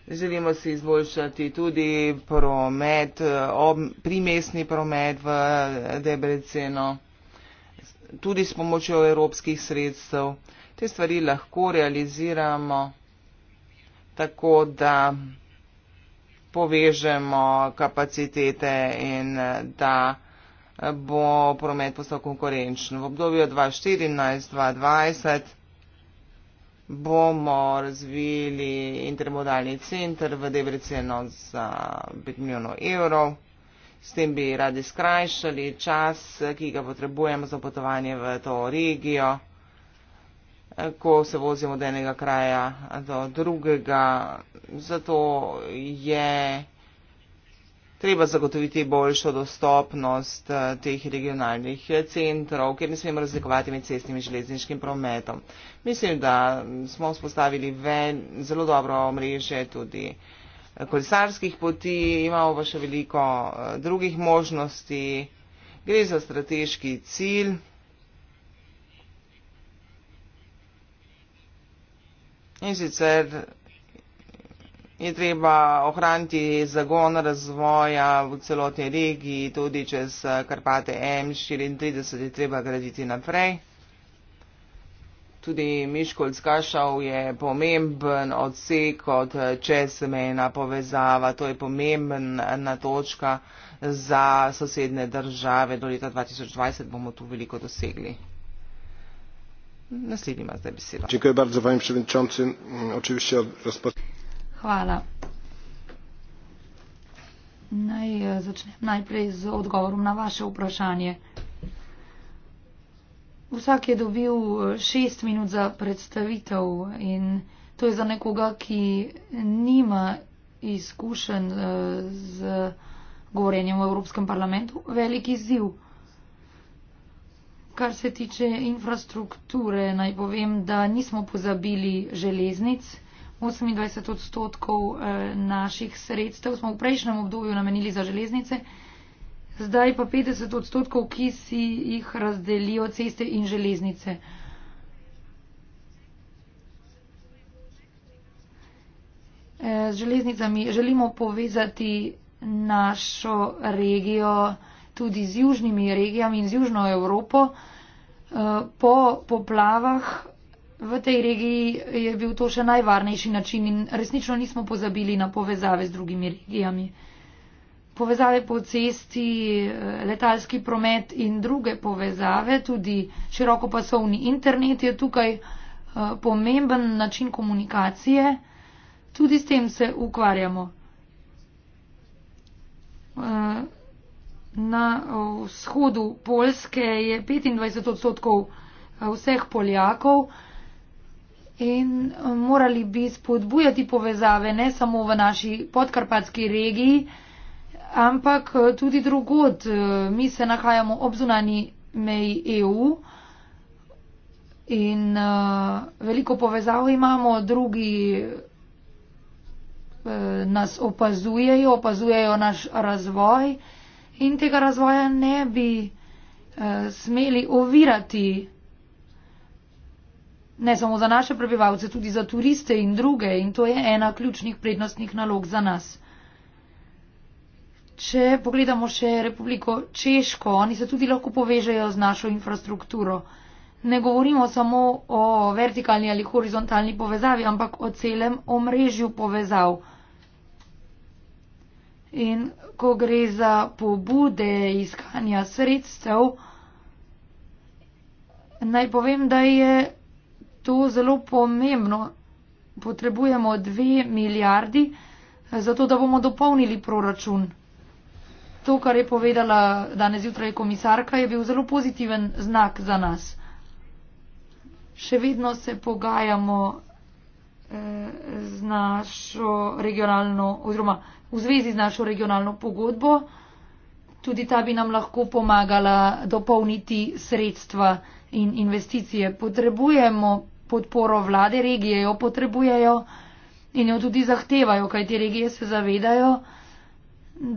Želimo si izboljšati tudi promet, ob, primesni promet v Debreceno, tudi s pomočjo evropskih sredstev. Te stvari lahko realiziramo tako, da povežemo kapacitete in da bo promet postal konkurenčen. V obdobju 2014-2020 bomo razvili intermodalni center v Debreceno za 5 milijonov evrov. S tem bi radi skrajšali čas, ki ga potrebujemo za potovanje v to regijo. Eh, ko se vozimo od enega kraja do drugega. Zato je treba zagotoviti boljšo dostopnost eh, teh regionalnih eh, centrov, kjer ne smemo razlikovati med cestnim in železniškim prometom. Mislim, da smo vzpostavili ven, zelo dobro mreže tudi kolesarskih poti, imamo pa še veliko drugih možnosti. Gre za strateški cilj. In sicer je treba ohraniti zagon razvoja v celotni regiji, tudi čez eh, Karpate M34 je treba graditi naprej. Tudi Miškolc-Kašov je pomemben odsek kot eh, česmejna povezava. To je pomembna točka za sosedne države. Do leta 2020 bomo tu veliko dosegli. Hvala. Naj e, začnem najprej z odgovorom na vaše vprašanje. Vsak je dobil e, šest minut za predstavitev in to je za nekoga, ki nima izkušen e, z govorjenjem v Evropskem parlamentu, velik izziv. Kar se tiče infrastrukture, naj povem, da nismo pozabili železnic. 28 odstotkov eh, naših sredstev smo v prejšnjem obdobju namenili za železnice, zdaj pa 50 odstotkov, ki si jih razdelijo ceste in železnice. Eh, z železnicami želimo povezati našo regijo tudi z južnimi regijami in z južno Evropo. Eh, po poplavah v tej regiji je bil to še najvarnejši način in resnično nismo pozabili na povezave z drugimi regijami. Povezave po cesti, eh, letalski promet in druge povezave, tudi širokopasovni internet je tukaj eh, pomemben način komunikacije. Tudi s tem se ukvarjamo na vzhodu Polske je 25 odstotkov e, vseh Poljakov in e, morali bi spodbujati povezave ne samo v naši podkarpatski regiji, ampak e, tudi drugod. Mi se nahajamo ob zunani meji EU in veliko povezav imamo, drugi nas opazujejo, opazujejo naš razvoj in tega razvoja ne bi uh, smeli ovirati ne samo za naše prebivalce, tudi za turiste in druge in to je ena ključnih prednostnih nalog za nas. Če pogledamo še Republiko Češko, oni se tudi lahko povežejo z našo infrastrukturo. Ne govorimo samo o vertikalni ali horizontalni povezavi, ampak o celem omrežju povezav. In ko gre za pobude iskanja sredstev, naj povem, da je to zelo pomembno. Potrebujemo dve milijardi, zato da bomo dopolnili proračun. To, kar je povedala danes jutraj komisarka, je bil zelo pozitiven znak za nas. Še vedno se pogajamo eh, z našo regionalno oziroma v zvezi z našo regionalno pogodbo. Tudi ta bi nam lahko pomagala dopolniti sredstva in investicije. Potrebujemo podporo vlade, regije jo potrebujejo in jo tudi zahtevajo, kaj te regije se zavedajo,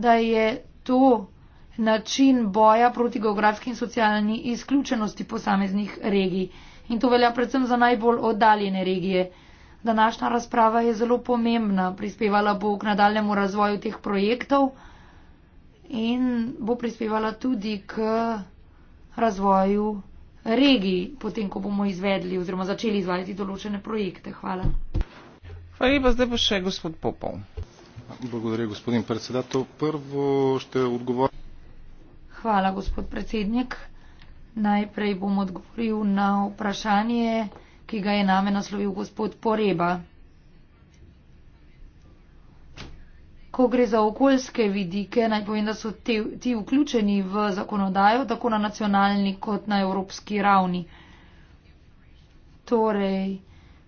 da je to način boja proti geografski in socialni izključenosti posameznih regij. In to velja predvsem za najbolj oddaljene regije. Današnja razprava je zelo pomembna, prispevala bo k nadaljemu razvoju teh projektov in bo prispevala tudi k razvoju regij, potem ko bomo izvedli oziroma začeli izvajati določene projekte. Hvala. Hvala lepa, zdaj pa še gospod Popov. Благодаря, господин председател. Първо ще отговоря. Хвала, господ председник. Най-пре бом отговорил на упрашание ki ga je name naslovil gospod Poreba. Ko gre za okoljske vidike, naj povem, da so te, ti vključeni v zakonodajo tako na nacionalni kot na evropski ravni. Torej,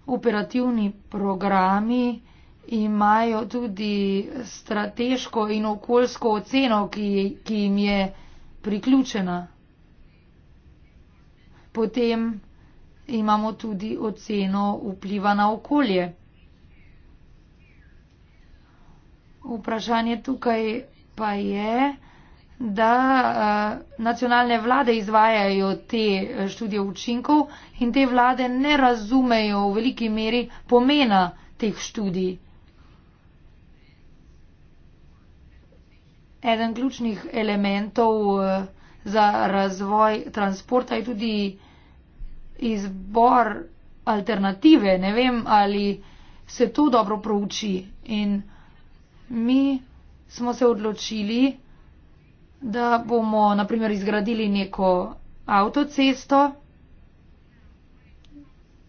operativni programi imajo tudi strateško in okoljsko oceno, ki, ki jim je priključena. Potem imamo tudi oceno vpliva na okolje. Vprašanje tukaj pa je, da eh, nacionalne vlade izvajajo te eh, študije učinkov in te vlade ne razumejo v veliki meri pomena teh študij. Eden ključnih elementov eh, za razvoj transporta je tudi izbor alternative, ne vem, ali se to dobro prouči. In mi smo se odločili, da bomo, naprimer, izgradili neko avtocesto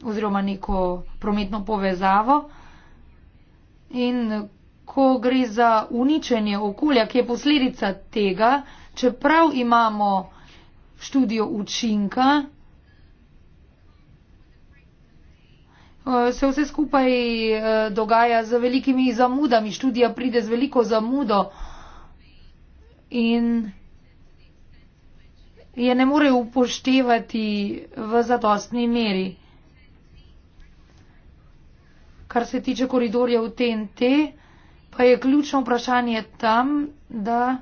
oziroma neko prometno povezavo. In ko gre za uničenje okolja, ki je posledica tega, čeprav imamo študijo učinka, Eh, se vse skupaj eh, dogaja z velikimi zamudami, študija pride z veliko zamudo in je ne more upoštevati v zadostni meri. Kar se tiče koridorja v TNT, pa je ključno vprašanje tam, da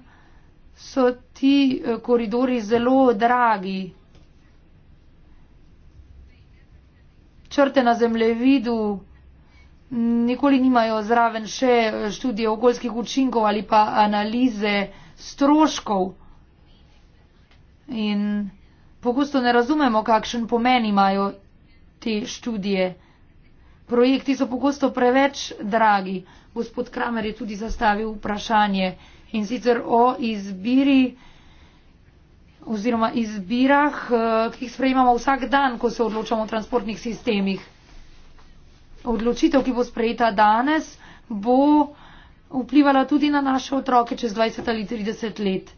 so ti eh, koridori zelo dragi. črte na zemljevidu nikoli nimajo zraven še študije okoljskih učinkov ali pa analize stroškov. In pogosto ne razumemo, kakšen pomen imajo te študije. Projekti so pogosto preveč dragi. Gospod Kramer je tudi zastavil vprašanje in sicer o izbiri oziroma izbirah, eh, ki jih sprejemamo vsak dan, ko se odločamo o transportnih sistemih. Odločitev, ki bo sprejeta danes, bo vplivala tudi na naše otroke čez 20 ali 30 let.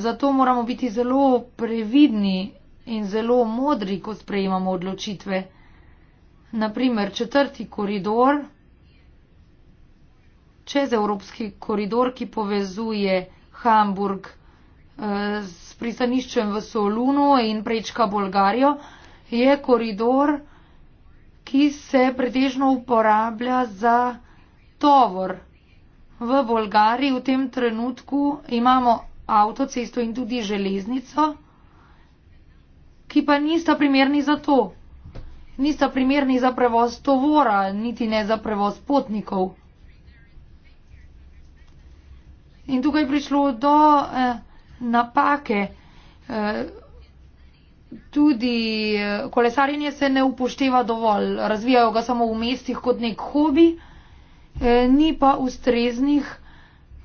Zato moramo biti zelo previdni in zelo modri, ko sprejemamo odločitve. Naprimer, četrti koridor, čez Evropski koridor, ki povezuje Hamburg eh, s pristaniščem v Solunu in prečka Bolgarijo, je koridor, ki se pretežno uporablja za tovor. V Bolgariji v tem trenutku imamo avtocesto in tudi železnico, ki pa nista primerni za to. Nista primerni za prevoz tovora, niti ne za prevoz potnikov. In tukaj je prišlo do eh, napake. Eh, tudi eh, kolesarjenje se ne upošteva dovolj. Razvijajo ga samo v mestih kot nek hobi, eh, ni pa ustreznih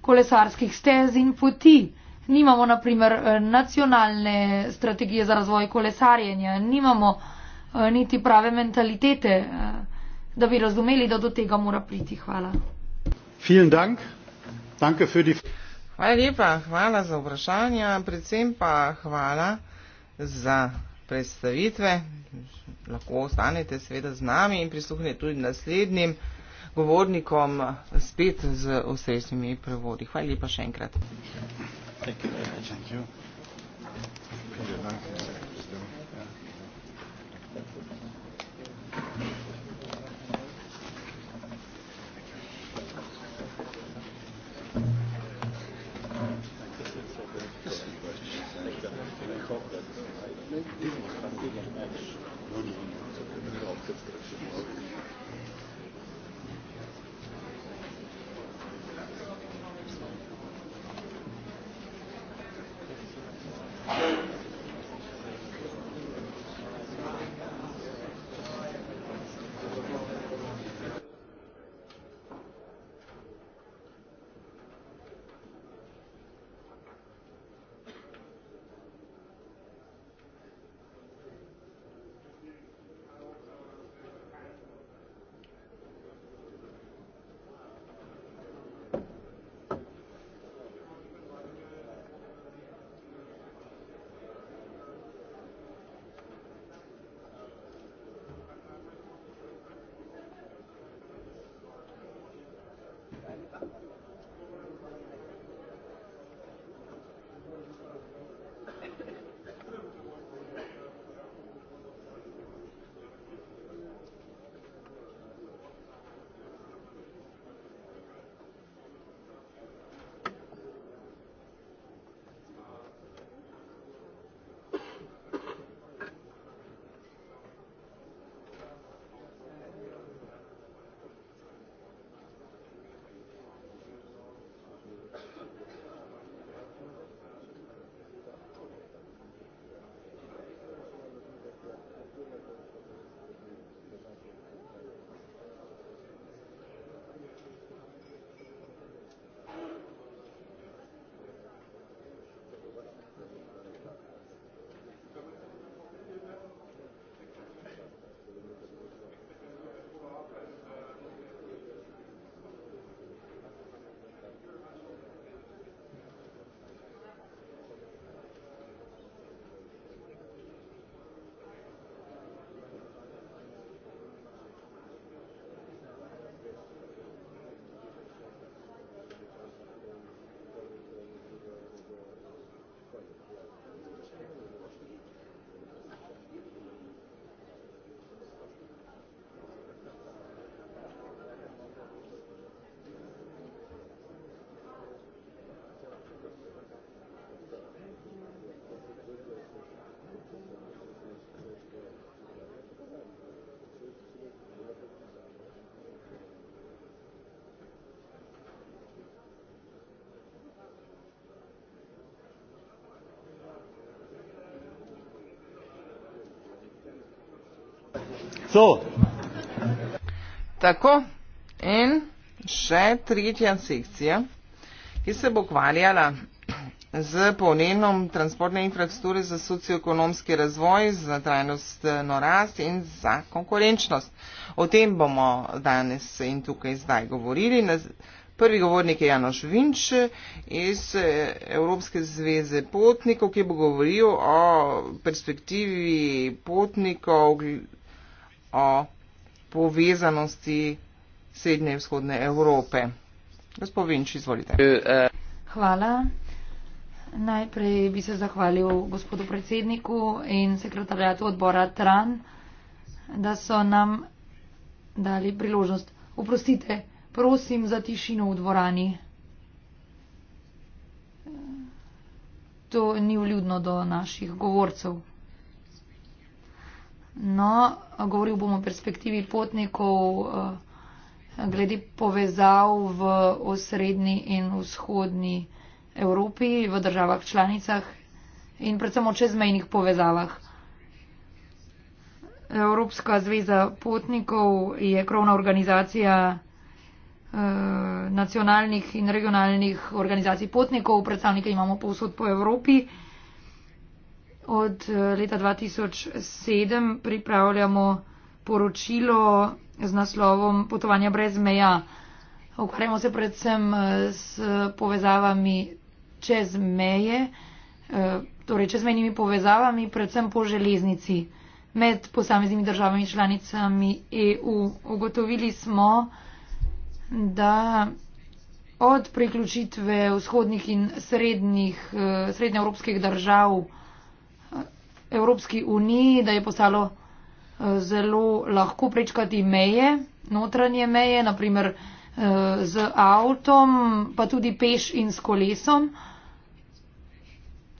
kolesarskih stez in poti. Nimamo naprimer eh, nacionalne strategije za razvoj kolesarjenja, nimamo eh, niti prave mentalitete, eh, da bi razumeli, da do tega mora priti. Hvala. Hvala lepa, hvala za vprašanja, predvsem pa hvala za predstavitve. Lahko ostanete seveda z nami in prisluhnete tudi naslednjim govornikom spet z ustreznimi prevodi. Hvala lepa še enkrat. Thank you very much. Thank you. Thank you very much. so. Tako in še tretja sekcija, ki se bo kvarjala z polnenom transportne infrastrukture za socioekonomski razvoj, za trajnost norast in za konkurenčnost. O tem bomo danes in tukaj zdaj govorili. Prvi govornik je Janoš Vinč iz Evropske zveze potnikov, ki bo govoril o perspektivi potnikov o povezanosti srednje in vzhodne Evrope. Gospod Vinč, izvolite. Hvala. Najprej bi se zahvalil gospodu predsedniku in sekretarjatu odbora Tran, da so nam dali priložnost. Oprostite, prosim za tišino v dvorani. To ni vljudno do naših govorcev. No, govoril bom o perspektivi potnikov eh, glede povezav v osrednji in vzhodni Evropi, v državah članicah in predvsem o čezmejnih povezavah. Evropska zveza potnikov je krovna organizacija eh, nacionalnih in regionalnih organizacij potnikov, predstavnike imamo povsod po Evropi od eh, leta 2007 pripravljamo poročilo z naslovom Potovanja brez meja. Ukvarjamo se predvsem eh, s povezavami čez meje, eh, torej čez mejnimi povezavami, predvsem po železnici med posameznimi državami članicami EU. Ugotovili smo, da od priključitve vzhodnih in srednjih, srednjeevropskih držav Evropski uniji, da je postalo eh, zelo lahko prečkati meje, notranje meje, naprimer eh, z avtom, pa tudi peš in s kolesom.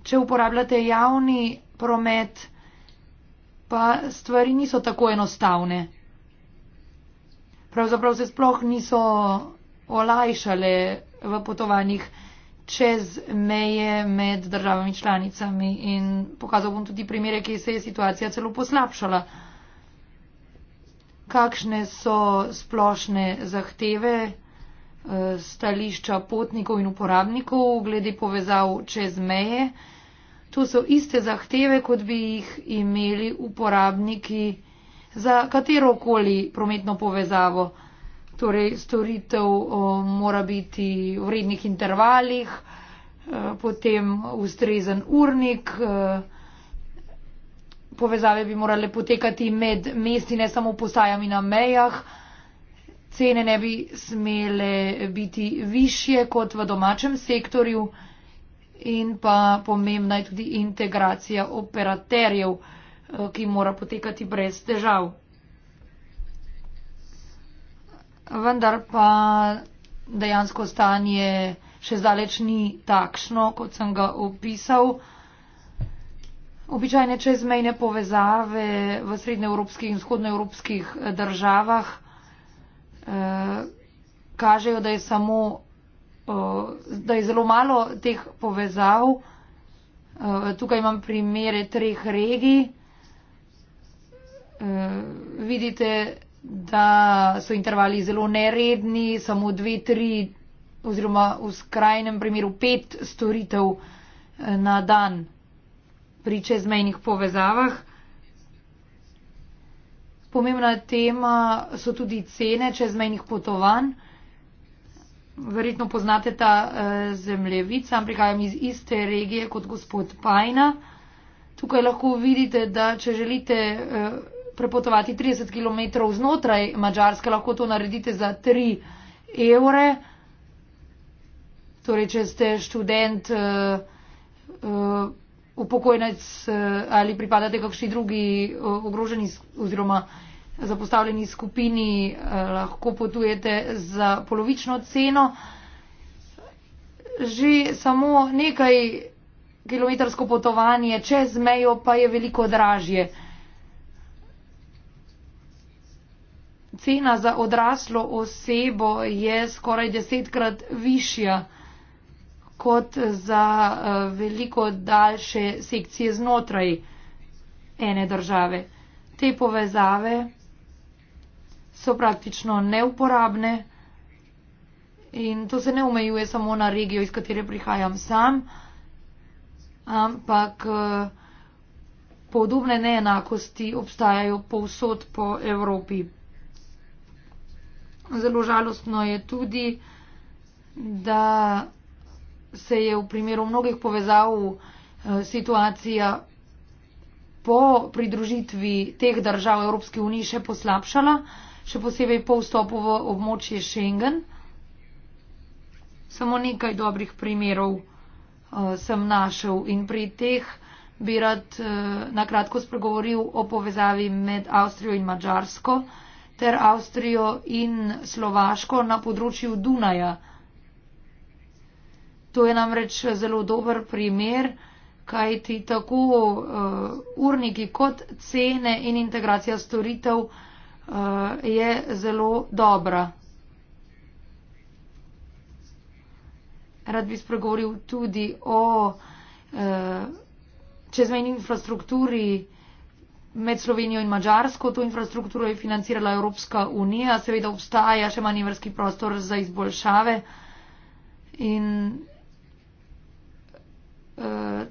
Če uporabljate javni promet, pa stvari niso tako enostavne. Pravzaprav se sploh niso olajšale v potovanjih čez meje med državami članicami in pokazal bom tudi primere, ki se je situacija celo poslabšala. Kakšne so splošne zahteve eh, stališča potnikov in uporabnikov glede povezav čez meje? To so iste zahteve, kot bi jih imeli uporabniki za katerokoli prometno povezavo torej storitev mora biti v rednih intervalih, e, potem ustrezen urnik, e, povezave bi morale potekati med mesti, ne samo postajami na mejah, cene ne bi smele biti više kot v domačem sektorju in pa pomembna je tudi integracija operaterjev, e, ki mora potekati brez težav vendar pa dejansko stanje še zdaleč ni takšno, kot sem ga opisal. Običajne čezmejne povezave v srednjeevropskih in vzhodnoevropskih državah eh, kažejo, da je, samo, eh, da je zelo malo teh povezav. Eh, tukaj imam primere treh regij. Eh, vidite, da so intervali zelo neredni, samo dve, tri oziroma v skrajnem primeru pet storitev eh, na dan pri čezmejnih povezavah. Pomembna tema so tudi cene čezmejnih potovanj. Verjetno poznate ta eh, zemljevid, sam prihajam iz iste regije kot gospod Pajna. Tukaj lahko vidite, da če želite eh, prepotovati 30 km znotraj Mačarske, lahko to naredite za 3 evre. Torej, če ste študent, eh, eh, upokojenec eh, ali pripadate kakšni drugi ogroženi oziroma zapostavljeni skupini, lahko potujete za polovično ceno. Že samo nekaj kilometrsko potovanje čez mejo pa je veliko dražje. cena za odraslo osebo je skoraj desetkrat višja kot za eh, veliko daljše sekcije znotraj ene države. Te povezave so praktično neuporabne in to se ne omejuje samo na regijo, iz katere prihajam sam, ampak eh, podobne neenakosti obstajajo povsod po Evropi. Zelo žalostno je tudi, da se je v primeru mnogih povezav eh, situacija po pridružitvi teh držav Evropske unije še poslabšala, še posebej po vstopu v območje Schengen. Samo nekaj dobrih primerov eh, sem našel in pri teh bi rad eh, nakratko spregovoril o povezavi med Avstrijo in Mačarsko ter Avstrijo in Slovaško na področju Dunaja. To je namreč zelo dober primer, kaj ti tako uh, urniki kot cene in integracija storitev uh, je zelo dobra. Rad bi spregovoril tudi o uh, čezmejni infrastrukturi med Slovenijo in Mačarsko. To infrastrukturo je financirala Evropska unija, seveda obstaja še manjvrski prostor za izboljšave. In uh,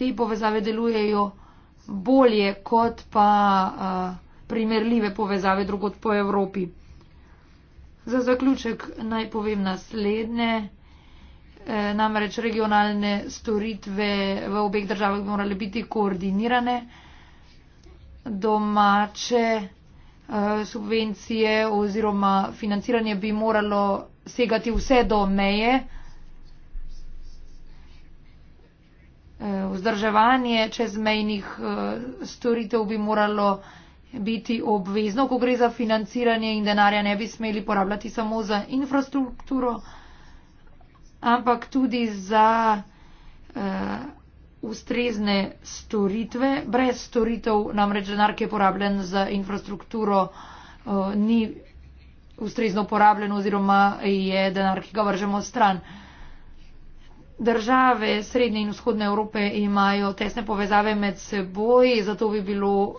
te povezave delujejo bolje kot pa uh, primerljive povezave drugot po Evropi. Za zaključek naj povem naslednje. E, namreč regionalne storitve v obeh državah bi morale biti koordinirane domače eh, subvencije oziroma financiranje bi moralo segati vse do meje. Eh, vzdrževanje čezmejnih eh, storitev bi moralo biti obvezno, ko gre za financiranje in denarja ne bi smeli porabljati samo za infrastrukturo, ampak tudi za eh, ustrezne storitve. Brez storitev namreč denar, ki je porabljen za infrastrukturo, eh, ni ustrezno porabljen oziroma je denar, ki ga vržemo stran. Države Srednje in Vzhodne Evrope imajo tesne povezave med seboj, zato bi bilo uh,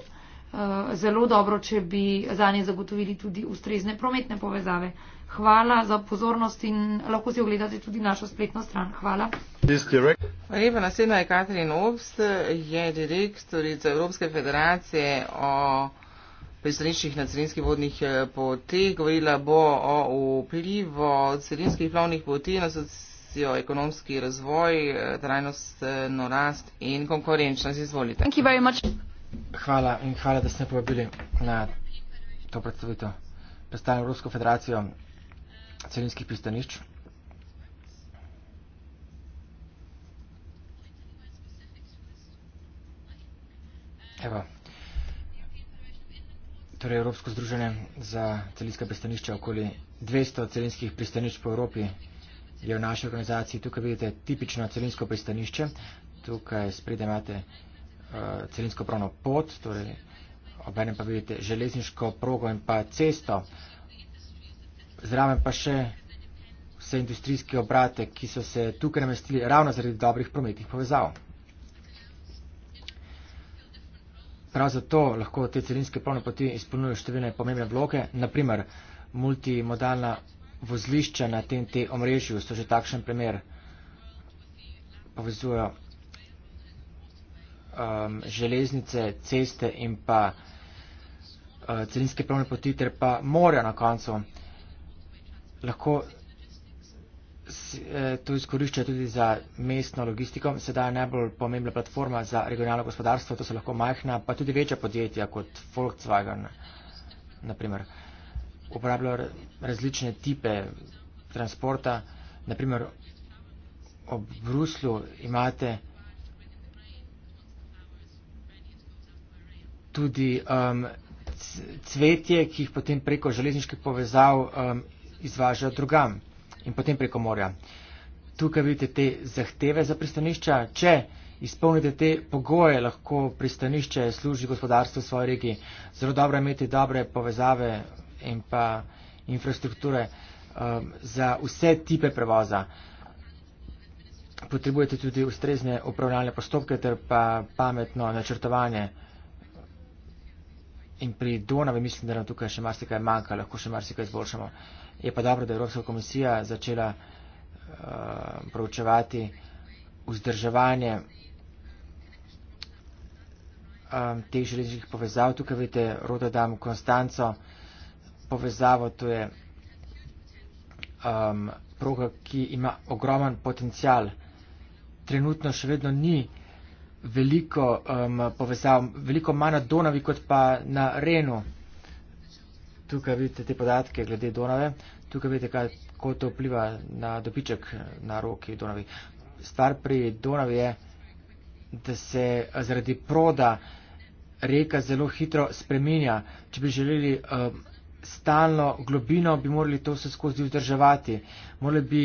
zelo dobro, če bi za nje zagotovili tudi ustrezne prometne povezave. Hvala za pozornost in lahko si ogledate tudi našo spletno stran. Hvala. Lepa naslednja je Katrin Obst, je direktorica Evropske federacije o pristaniščih na celinskih vodnih eh, poteh. Govorila bo o vplivu celinskih plovnih poti na socioekonomski razvoj, eh, trajnost, norast in konkurenčnost. Izvolite. Hvala in hvala, da ste me povabili na to predstavitev. Predstavljam Evropsko federacijo celinskih pristanišč. Evo. Torej, Evropsko združenje za celinska pristanišča, okoli 200 celinskih pristanišč po Evropi je v naši organizaciji. Tukaj vidite tipično celinsko pristanišče. Tukaj spredje imate uh, eh, celinsko pravno pot, torej, obenem pa vidite železniško progo in pa cesto. Uh, zraven pa še vse industrijske obrate, ki so se tukaj namestili ravno zaradi dobrih prometnih povezav. Prav zato lahko te celinske polno poti izpolnijo številne pomembne vloge, naprimer multimodalna vozlišča na tem te omrežju so že takšen primer povezujo um, železnice, ceste in pa uh, celinske plovne poti ter pa morja na koncu. Uh, lahko eh, to izkorišča tudi za mestno logistiko. Sedaj je najbolj pomembna platforma za regionalno gospodarstvo, to so lahko majhna, pa tudi večja podjetja kot Volkswagen, naprimer, uporabljajo različne tipe transporta. Naprimer, ob Bruslu imate tudi um, cvetje, ki jih potem preko železniških povezav um, izvažajo drugam in potem preko morja. Tukaj vidite te zahteve za pristanišča. Če izpolnite te pogoje, lahko pristanišče služi gospodarstvu svoje regije. Zelo dobro je imeti dobre povezave in pa infrastrukture um, za vse tipe prevoza. Potrebujete tudi ustrezne upravljalne postopke ter pa pametno načrtovanje. In pri Donavi mislim, da nam tukaj še marsikaj manjka, lahko še marsikaj izboljšamo. Uh, Je pa dobro, da je Evropska komisija začela uh, eh, pravčevati vzdrževanje um, teh železniških povezav. Tukaj vidite Rotterdam, Konstanco, povezavo, to je um, proga, ki ima ogroman potencial. Trenutno še vedno ni veliko um, povezav, veliko manj na Donavi, kot pa na Renu tukaj vidite te podatke glede Donave, tukaj vidite, kako to vpliva na dobiček na roki Donavi. Stvar pri Donavi je, da se zaradi proda reka zelo hitro spreminja. Če bi želeli um, stalno globino, bi morali to vse skozi vzdrževati. Morali bi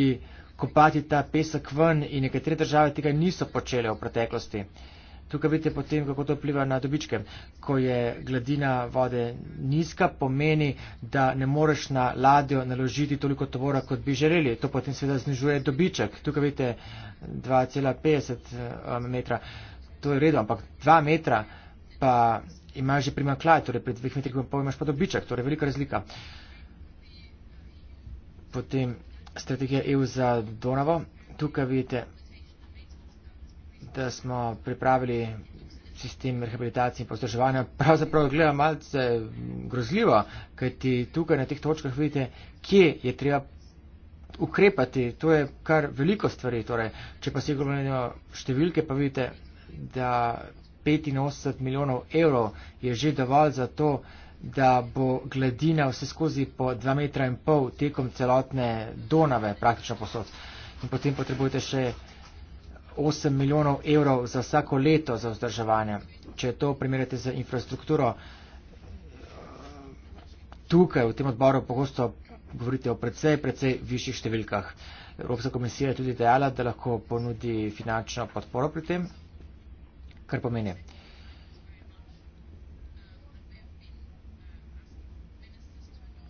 kopati ta pesek ven in nekatere države tega niso počele v preteklosti. Uh, Tukaj vidite potem, kako to vpliva na dobičke. Ko je gladina vode nizka, pomeni, da ne moreš na ladjo naložiti toliko tovora, kot bi želeli. To potem seveda znižuje dobiček. Tukaj vidite 2,50 metra. To je redo, ampak 2 metra pa ima že primaklaj, torej pri 2 metrih pa imaš pa dobiček. Torej velika razlika. Potem strategija EU za Donavo. Tukaj vidite da smo pripravili sistem rehabilitacije in povzdrževanja, pravzaprav gleda malce mm, grozljivo, kaj ti tukaj na teh točkah vidite, kje je treba ukrepati, to je kar veliko stvari, torej, če pa si gledamo številke, pa vidite, da 85 milijonov evrov je že dovolj za to, da bo gladina vse skozi po 2,5 metra tekom celotne donave, praktično posod. In potem potrebujete še 8 milijonov evrov za vsako leto za vzdrževanje. Če to primerjate z infrastrukturo, tukaj v tem odboru pogosto govorite o precej, precej višjih številkah. Evropska komisija je tudi dejala, da lahko ponudi finančno podporo pri tem, kar pomeni.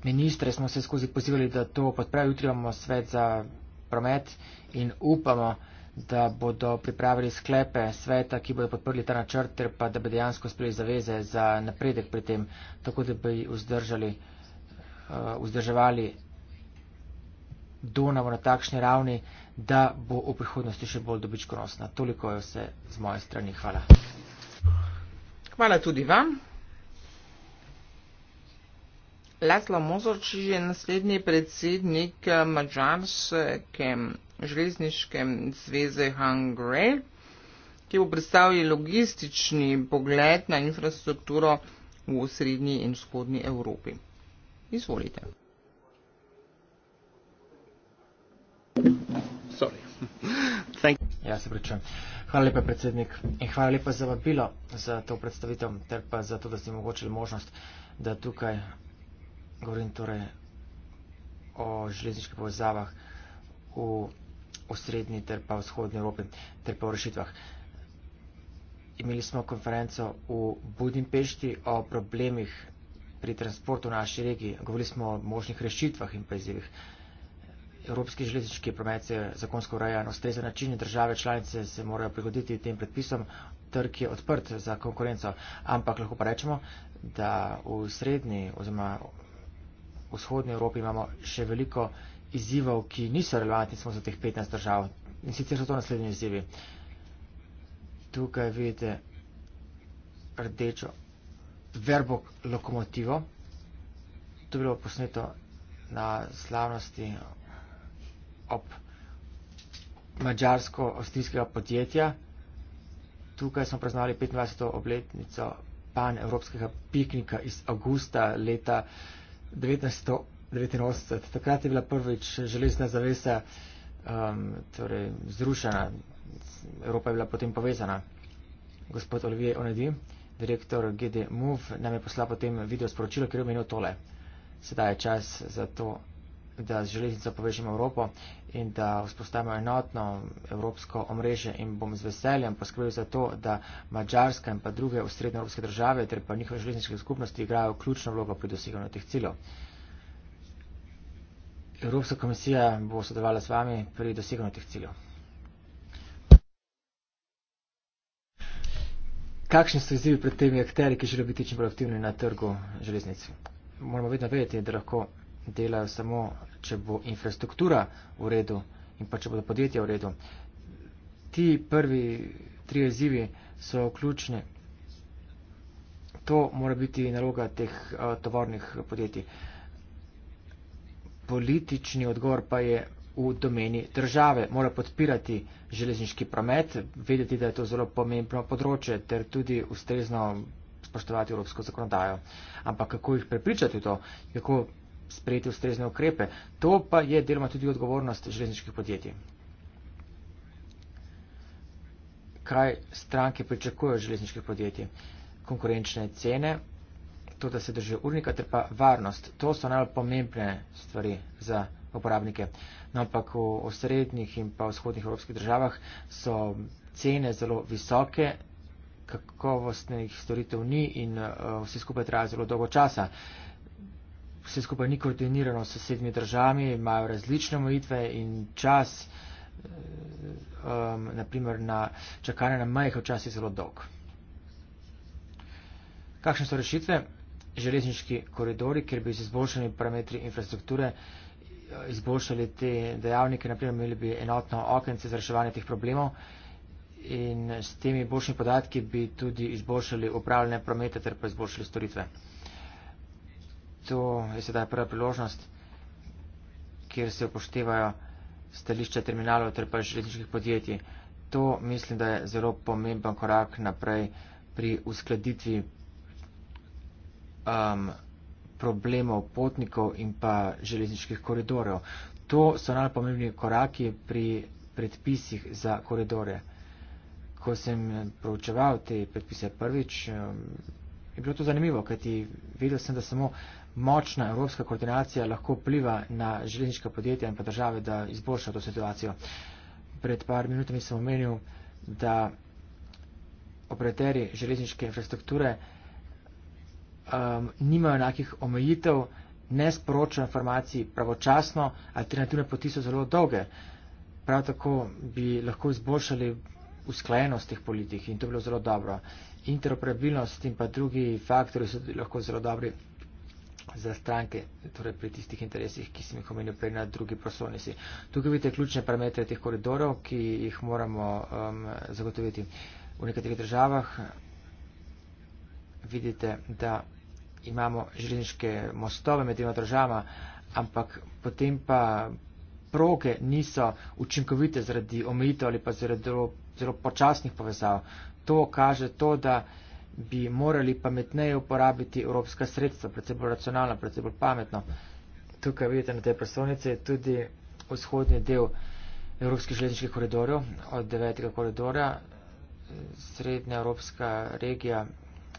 Ministre smo se skozi pozivali, da to podpravi. Jutri imamo svet za promet in upamo, da da bodo pripravili sklepe sveta, ki bodo podprli ta načrt, ter pa da bi dejansko sprejeli zaveze za napredek pri tem, tako da bi vzdržali, uh, vzdrževali Dunavo na takšni ravni, da bo v prihodnosti še bolj dobičkonosna. Toliko je vse z moje strani. Hvala. Hvala tudi vam. Laszlo Mozorčič je naslednji predsednik eh, Mačarske železniške zveze Hungrail, ki bo predstavljal logistični pogled na infrastrukturo v srednji in vzhodnji Evropi. Izvolite. [laughs] Ja, hvala lepa, predsednik, in hvala lepa za vabilo za to predstavitev, ter pa za to, da ste omogočili možnost, da tukaj govorim torej o železniških povezavah v v srednji ter pa v vzhodni Evropi ter pa v rešitvah. Imeli smo konferenco v Budimpešti o problemih pri transportu v naši regiji. Govorili smo o možnih rešitvah in pa izzivih. Evropski železniški promet se zakonsko ureja na ustrezen način in države članice se morajo prihoditi tem predpisom. Trg je odprt za konkurenco, ampak lahko pa rečemo, da v srednji oziroma vzhodni Evropi imamo še veliko izzivov, ki niso relevantni samo za teh 15 držav. In sicer so to naslednji izzivi. Tukaj vidite rdečo verbok lokomotivo. To je bilo posneto na slavnosti ob mađarsko-ostrijskega podjetja. Tukaj smo preznali 25. obletnico pan evropskega piknika iz augusta leta 1908. 1989. Takrat je bila prvič železna zavesa um, torej, zrušena, Evropa je bila potem povezana. Gospod Olivier Onedi, direktor GD Move, nam je poslal potem video sporočilo, ker je omenil tole. Sedaj je čas za to, da z železnico povežemo Evropo in da vzpostavimo enotno evropsko omrežje in bom z veseljem poskrbel za to, da Mačarska in pa druge ustredne evropske države ter pa njihove železniške skupnosti igrajo ključno vlogo pri doseganju teh ciljev. Evropska komisija bo sodelovala s vami pri doseganju teh ciljev. Kakšni so izzivi pred temi akteri, ki želijo biti čim bolj aktivni na trgu železnic? Moramo vedno vedeti, da lahko delajo samo, če bo infrastruktura v redu in pa če bodo podjetja v redu. Ti prvi tri izzivi so ključni. To mora biti naloga teh uh, tovornih podjetij. Uh, politični odgovor pa je v domeni države. Mora podpirati železniški promet, vedeti, da je to zelo pomembno področje ter tudi ustrezno spoštovati evropsko zakonodajo. Ampak kako jih prepričati to, kako sprejeti ustrezne ukrepe, to pa je deloma tudi odgovornost železniških podjetij. Kaj stranke pričakujejo železniških podjetij? Konkurenčne cene, to, da se držijo urnika, ter pa varnost. To so najpomembne stvari za uporabnike. No, ampak v osrednjih in pa vzhodnih evropskih državah so cene zelo visoke, kakovostnih storitev ni in uh, vse skupaj traja zelo dolgo časa. Vse skupaj ni koordinirano s sosednjimi državami, imajo različne mojitve in čas, eh, um, naprimer na čakanje na majh, včasih zelo dolg. Kakšne so rešitve? železniški koridori, kjer bi z izboljšanimi parametri infrastrukture eh, izboljšali te dejavnike, naprimer imeli bi enotno okence za reševanje teh problemov in s temi boljšimi podatki bi tudi izboljšali upravljene promete ter pa izboljšali storitve. To je sedaj prva priložnost, kjer se upoštevajo stališče terminalov ter pa železniških podjetij. To mislim, da je zelo pomemben korak naprej pri uskladitvi um, problemov potnikov in pa železniških koridorjev. To so najpomembni koraki pri predpisih za koridore. Ko sem proučeval te predpise prvič, um, je bilo to zanimivo, kajti videl sem, da samo močna evropska koordinacija lahko pliva na železniška podjetja in pa države, da izboljša to situacijo. Pred par minutami sem omenil, da operateri železniške infrastrukture um, nimajo enakih omejitev, ne sporočajo informacij pravočasno, alternativne poti so zelo dolge. Prav tako bi lahko izboljšali usklajenost teh politik in to bi bilo zelo dobro. Interoperabilnost in pa drugi faktori so lahko zelo dobri za stranke, torej pri tistih interesih, ki sem jih omenil prej na drugi prosovnici. Tukaj vidite ključne parametre teh koridorov, ki jih moramo um, zagotoviti. V nekaterih državah vidite, da imamo železniške mostove med dvema državama, ampak potem pa proge niso učinkovite zaradi omejitev ali pa zaradi zelo, zelo počasnih povezav. To kaže to, da bi morali pametneje uporabiti evropska sredstva, predvsem bolj racionalno, predvsem bolj pametno. Tukaj vidite na tej prostornici tudi vzhodni del evropskih železniških koridorjev, od devetega koridorja. Eh, srednja evropska regija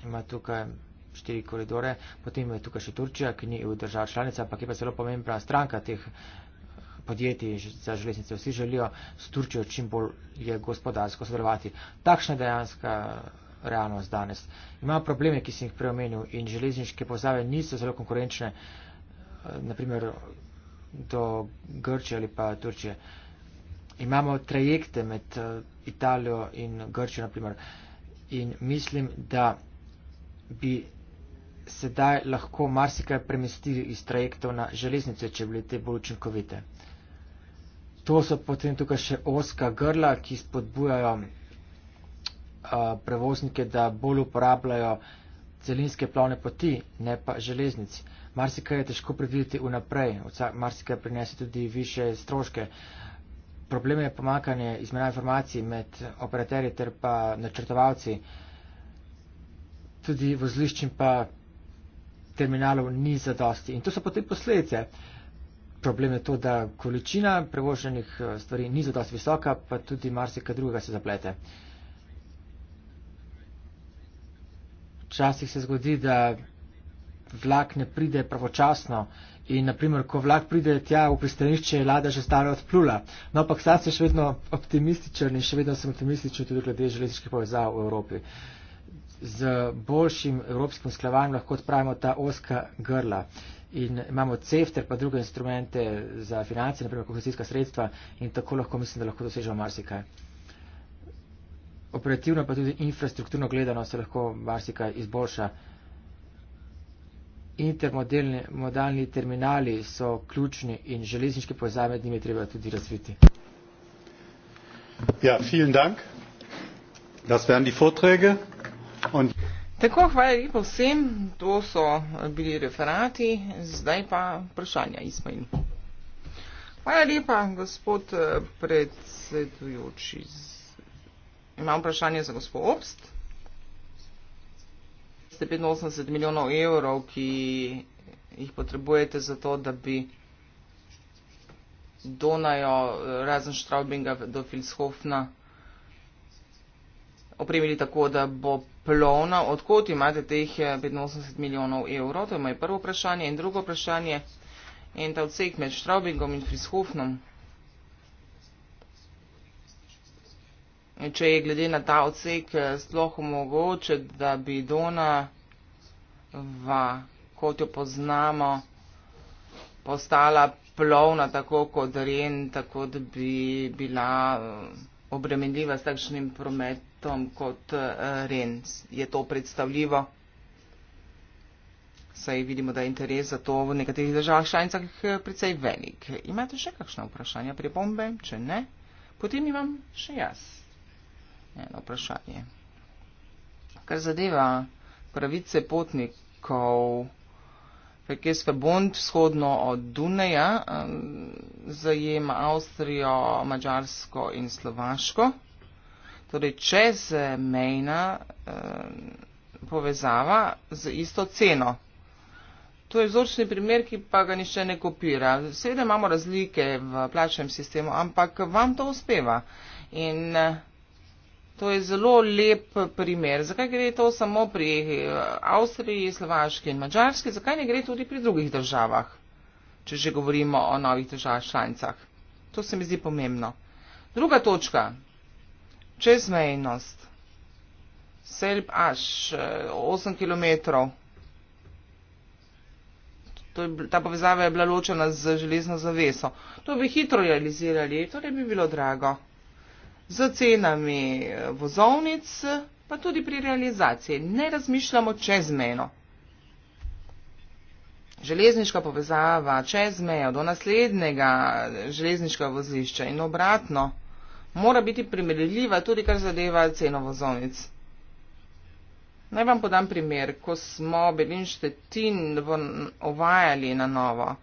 ima tukaj štiri koridore, potem je tukaj še Turčija, ki ni v državi članica, ampak je pa zelo pomembna stranka teh eh, podjetij za železnice. Vsi želijo s Turčijo čim bolje gospodarsko sodelovati. Takšna je dejanska eh, realnost danes. Imajo probleme, ki sem jih preomenil in železniške povezave niso zelo konkurenčne, eh, naprimer do Grčije ali pa Turčije. Imamo trajekte med Italijo in Grčijo, naprimer. In mislim, da bi sedaj lahko marsikaj premestili iz trajektov na železnice, če bile te bolj učinkovite. To so potem tukaj še oska grla, ki spodbujajo a, prevoznike, da bolj uporabljajo celinske plavne poti, ne pa železnic. Marsikaj je težko predvideti vnaprej, marsikaj prinese tudi više stroške. Problem je pomakanje izmena informacij med operaterji ter pa načrtovalci, tudi vozliščim pa terminalov ni zadosti. In to so potem posledice. Problem je to, da količina prevoženih eh, stvari ni zadosti visoka, pa tudi marsikaj drugega se zaplete. Včasih se zgodi, da vlak ne pride pravočasno in naprimer, ko vlak pride tja v pristanišče, je lada že stara odplula. No, ampak sam sem še vedno optimističen in še vedno sem optimističen tudi glede železniških povezav v Evropi. Uh, z boljšim evropskim sklavanjem lahko odpravimo ta oska grla. In imamo cefter, pa druge instrumente za finance, naprimer kohezijska sredstva in tako lahko mislim, da lahko dosežemo marsikaj. Operativno pa tudi infrastrukturno gledano se lahko marsikaj izboljša. Intermodalni terminali so ključni in železniški povezave med njimi treba tudi razviti. Ja, vielen Dank. Das wären die Vorträge. On... Tako, hvala lepo vsem, to so bili referati, zdaj pa vprašanja, Ismail. Hvala lepa, gospod eh, predsedujoči. Imam vprašanje za gospod Obst. Ste 85 milijonov evrov, ki jih potrebujete za to, da bi Donajo, eh, razen Straubinga do Filshofna, opremili tako, da bo plovna. Odkot imate teh 85 eh, milijonov evrov? To je moje prvo vprašanje. In drugo vprašanje, en ta odsek med Štraubingom in Frishofnom. Če je glede na ta odsek eh, sploh omogoče, da bi Dona Va, kot jo poznamo, postala plovna tako kot Ren, tako da bi bila eh, obremenljiva s takšnim prometom tam kot uh, ren. Je to predstavljivo? Saj vidimo, da je interes za to v nekaterih državah članicah eh, precej velik. Imate še kakšna vprašanja, pripombe? Če ne, potem imam še jaz eno vprašanje. Kar zadeva pravice potnikov Fekes Febond vzhodno od Duneja, eh, zajema Avstrijo, Mačarsko in Slovaško torej čez mejna eh, povezava z isto ceno. To je vzorčni primer, ki pa ga nišče ne kopira. Seveda imamo razlike v plačnem sistemu, ampak vam to uspeva. In eh, to je zelo lep primer. Zakaj gre to samo pri eh, Avstriji, Slovaški in Mačarski, zakaj ne gre tudi pri drugih državah, če že govorimo o novih državah članicah. To se mi zdi pomembno. Druga točka, čezmejnost, selb až 8 km. Je, ta povezava je bila ločena z železno zaveso. To bi hitro realizirali, torej bi bilo drago. Z cenami eh, vozovnic, pa tudi pri realizaciji. Ne razmišljamo čezmejno. Železniška povezava čez mejo do naslednjega eh, železniškega vozišča in obratno mora biti primerljiva tudi, kar zadeva ceno vozovnic. Naj vam podam primer. Ko smo Belinštetin uvajali na novo,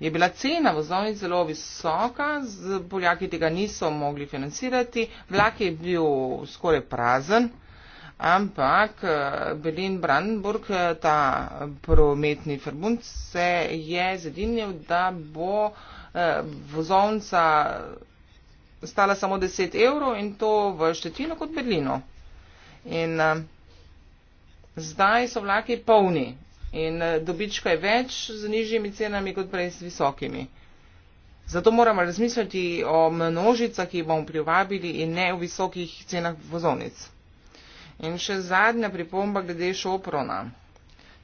je bila cena vozovnic zelo visoka, Poljaki tega niso mogli financirati, vlak je bil skoraj prazen, ampak eh, Belin-Brandenburg, eh, ta prometni ferbund, se je zedinil, da bo eh, vozovnica stala samo 10 evrov in to v Štetino kot Berlino. In uh, zdaj so vlaki polni in uh, dobička je več z nižjimi cenami kot prej z visokimi. Zato moramo razmisliti o množicah, ki jih bomo privabili in ne o visokih cenah vozovnic. In še zadnja pripomba glede šoprona.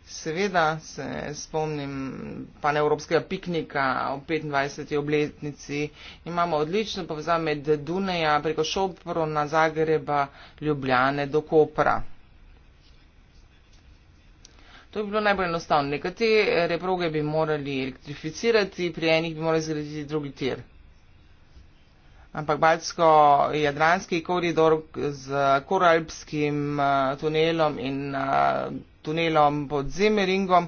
Seveda se spomnim paneuropskega piknika ob 25. obletnici. Imamo odlično povezavo med Duneja preko Šopro na Zagreba, Ljubljane do Kopra. To bi bilo najbolj enostavno. Nekatere proge bi morali elektrificirati, pri enih bi morali zgraditi drugi tir. Ampak Baltsko-Jadranski koridor z Koralpskim eh, tunelom in uh, tunelom pod Zemeringom,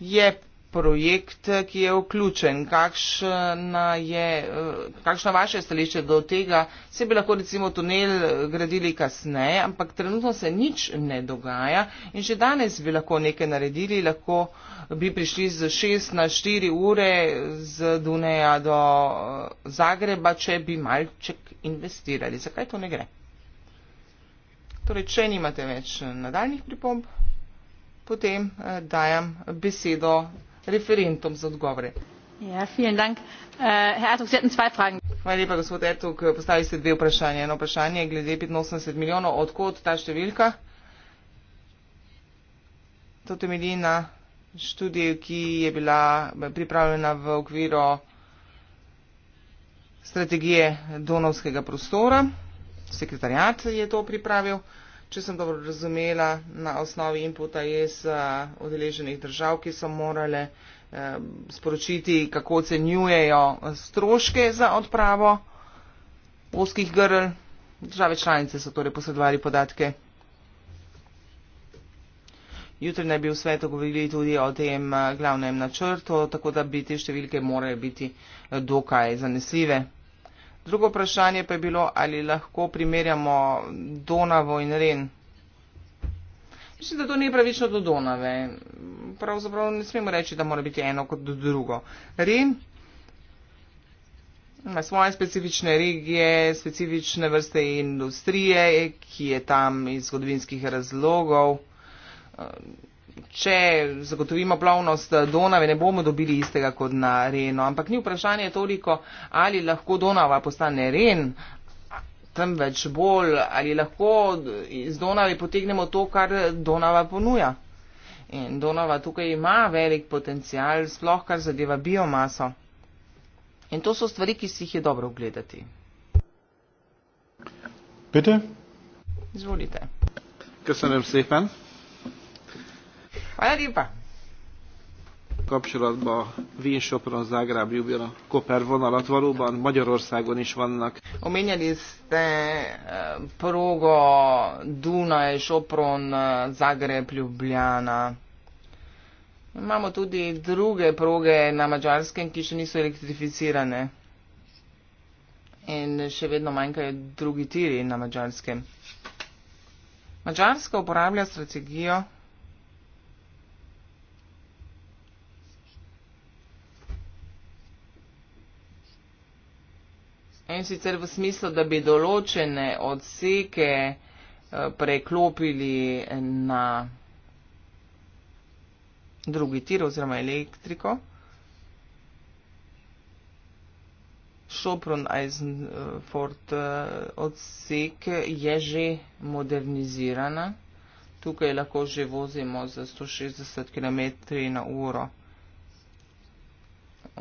je projekt, ki je vključen. Kakšna je eh, kakšno vaše stališče do tega? Se bi lahko recimo tunel eh, gradili kasneje, ampak trenutno se nič ne dogaja in že danes bi lahko nekaj naredili, lahko bi prišli z 6 na 4 ure z Duneja do eh, Zagreba, če bi malček investirali. Zakaj to ne gre? Torej, če nimate več nadaljnih pripomb, potem eh, dajem besedo referentom za odgovore. Ja, äh, Hvala lepa, gospod Ertug. Postavili ste dve vprašanje. Eno vprašanje glede 85 milijonov. Odkot ta številka? To temelji na študiju, ki je bila eh, pripravljena v okviru strategije donovskega prostora sekretarjat je to pripravil, če sem dobro razumela, na osnovi inputa iz odeleženih eh, držav, ki so morale eh, sporočiti, kako ocenjujejo eh, stroške za odpravo oskih grl. Države članice so torej posredovali podatke. Jutri naj bi v svetu govorili tudi o tem glavnem načrtu, tako da bi te številke morale biti dokaj zanesljive. Drugo vprašanje pa je bilo, ali lahko primerjamo Donavo in Ren. Mislim, da to ni pravično do Donave. Pravzaprav ne smemo reči, da mora biti eno kot do drugo. Ren ima svoje specifične regije, specifične vrste industrije, ki je tam iz zgodovinskih razlogov če zagotovimo plovnost Donave, ne bomo dobili istega kot na Renu. Ampak ni vprašanje toliko, ali lahko Donava postane Ren, temveč bolj, ali lahko iz Donave potegnemo to, kar Donava ponuja. In Donava tukaj ima velik potencial, sploh kar zadeva biomaso. In to so stvari, ki si jih je dobro ogledati. Bitte? Izvolite. Gestern im Seefern. Hvala lepa. Kapcsolatban Vinsopron, Zágráb, Jubila, Koper vonalat valóban Magyarországon is vannak. Omenyelizte eh, Proga, Dunaj, Sopron, eh, Zagreb, Ljubljana. Imamo tudi druge proge na Mačarskem, ki še niso elektrificirane. In še vedno manjkajo drugi tiri na Mačarskem. Mačarska uporablja strategijo In sicer v smislu, da bi določene odseke eh, preklopili na drugi tir oziroma elektriko. Šopron Eisenfort eh, odsek je že modernizirana. Tukaj lahko že vozimo za 160 km na uro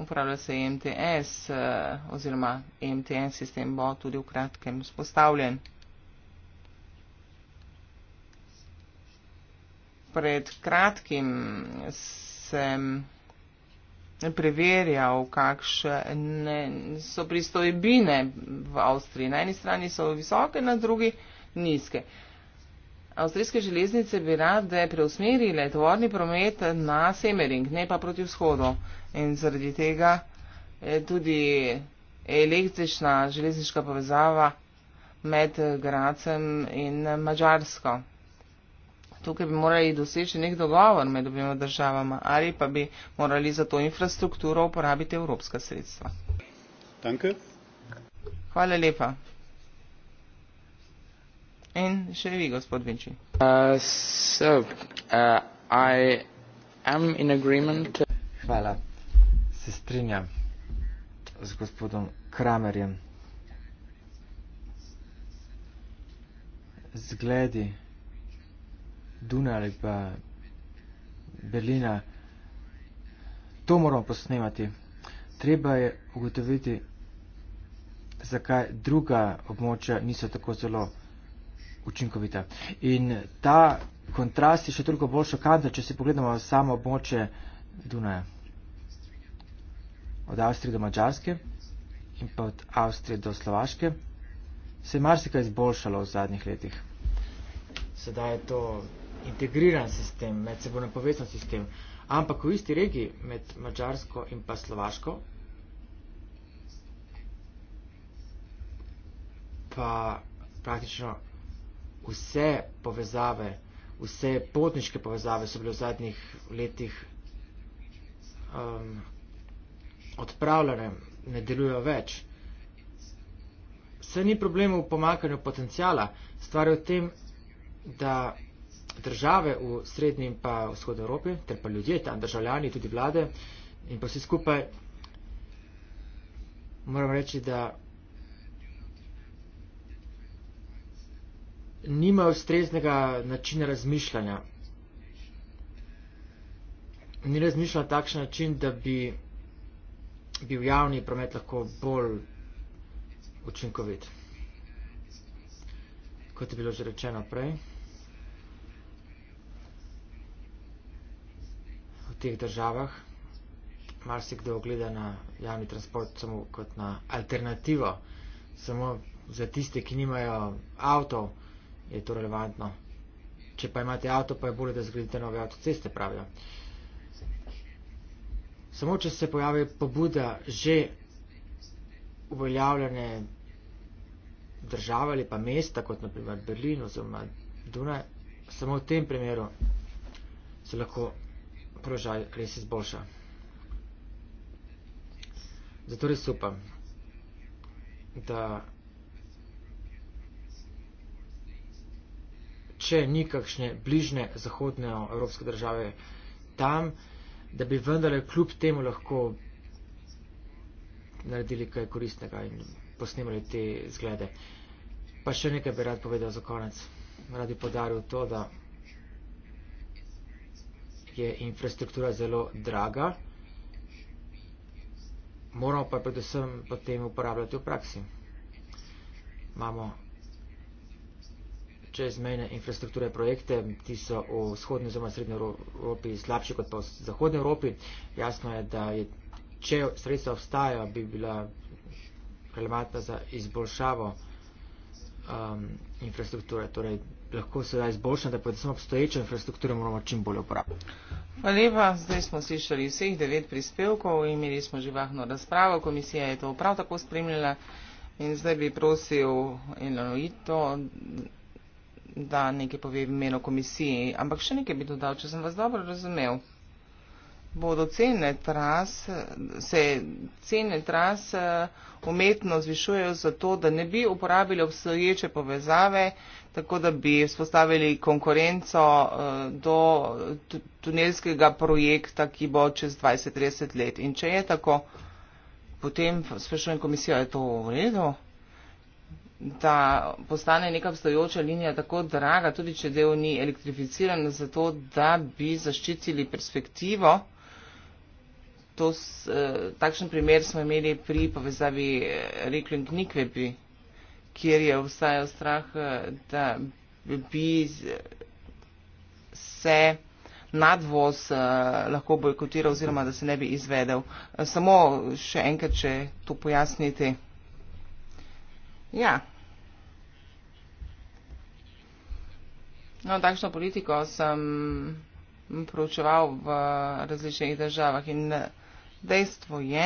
uporablja se MTS eh, oziroma MTS sistem bo tudi v kratkem spostavljen. Pred kratkim sem preverjal, kakšne so pristojbine v Avstriji. Na eni strani so visoke, na drugi nizke avstrijske železnice bi rade preusmerile tovorni promet na Semering, ne pa proti vzhodu. In zaradi tega je eh, tudi električna železniška povezava med Gracem in Mačarsko. Tukaj bi morali doseči nek dogovor med obima državama ali pa bi morali za to infrastrukturo uporabiti evropska sredstva. Danke. Hvala lepa. In še vi, gospod Vinči. Uh, so, uh, I am in agreement. Hvala. Se strinjam z gospodom Kramerjem. Zgledi Duna ali pa Berlina, to moramo posnemati. Treba je ugotoviti, zakaj druga območja niso tako zelo učinkovita. In ta kontrast je še toliko bolj šokanten, če se pogledamo samo območje Dunaja. Od Avstrije do Mačarske in pa od Avstrije do Slovaške se je marsikaj izboljšalo v zadnjih letih. Sedaj je to integriran sistem, med seboj povezan sistem. Ampak v isti regiji med Mačarsko in pa Slovaško pa praktično vse povezave, vse potniške povezave so bile v zadnjih letih um, odpravljene, ne delujejo več. Vse ni problem v pomakanju potencijala, stvar je v tem, da države v srednji in pa vzhodni Evropi, ter pa ljudje, tam državljani, tudi vlade in pa vsi skupaj, moram reči, da nima ustreznega načina razmišljanja. Ni razmišljal takšen način, da bi bil javni promet lahko bolj učinkovit. Kot je bilo že rečeno prej, v teh državah marsikdo ogleda na javni transport samo kot na alternativo, samo za tiste, ki nimajo avtomobilov je to relevantno. Če pa imate avto, pa je bolje, da zgradite nove avtoceste, pravijo. Samo, če se pojavi pobuda že uveljavljene države ali pa mesta, kot naprimer Berlin oziroma Dunaj, samo v tem primeru se lahko položaj res izboljša. Zato res upam, da če ni kakšne bližne zahodne evropske države tam, da bi vendarle kljub temu lahko naredili kaj koristnega in posnemali te zglede. Pa še nekaj bi rad povedal za konec. Radi podaril to, da je infrastruktura zelo draga, moramo pa predvsem potem uporabljati v praksi. Imamo čezmejne infrastrukture projekte, ti so v vzhodni oziroma srednji Evropi slabši kot pa v zahodni Evropi. Jasno je, da je, če sredstva obstajajo, bi bila relevantna za izboljšavo um, infrastrukture. Torej, lahko se da izboljšati, da pa samo obstoječo infrastrukturo moramo čim bolje uporabiti. Hvala lepa. Zdaj smo slišali vseh devet prispevkov, imeli smo živahno razpravo, komisija je to prav tako spremljala. In zdaj bi prosil Eloito, da nekaj pove v imenu komisiji. Ampak še nekaj bi dodal, če sem vas dobro razumel. Bodo cene tras, se cene tras eh, umetno zvišujejo zato, da ne bi uporabili obstoječe povezave, tako da bi spostavili konkurenco eh, do tunelskega projekta, ki bo čez 20-30 let. In če je tako, potem sprašujem komisijo, je to v redu? da postane neka obstoječa linija tako draga, tudi če del ni elektrificiran, zato da bi zaščitili perspektivo. To, eh, takšen primer smo imeli pri povezavi eh, Reklink-Nikvebi, kjer je obstajal strah, eh, da bi se nadvoz lahko bojkotiral oziroma da se ne bi izvedel. Samo še enkrat, če to pojasnite. Yeah. Ja, No, takšno politiko sem proučeval v različnih državah in dejstvo je,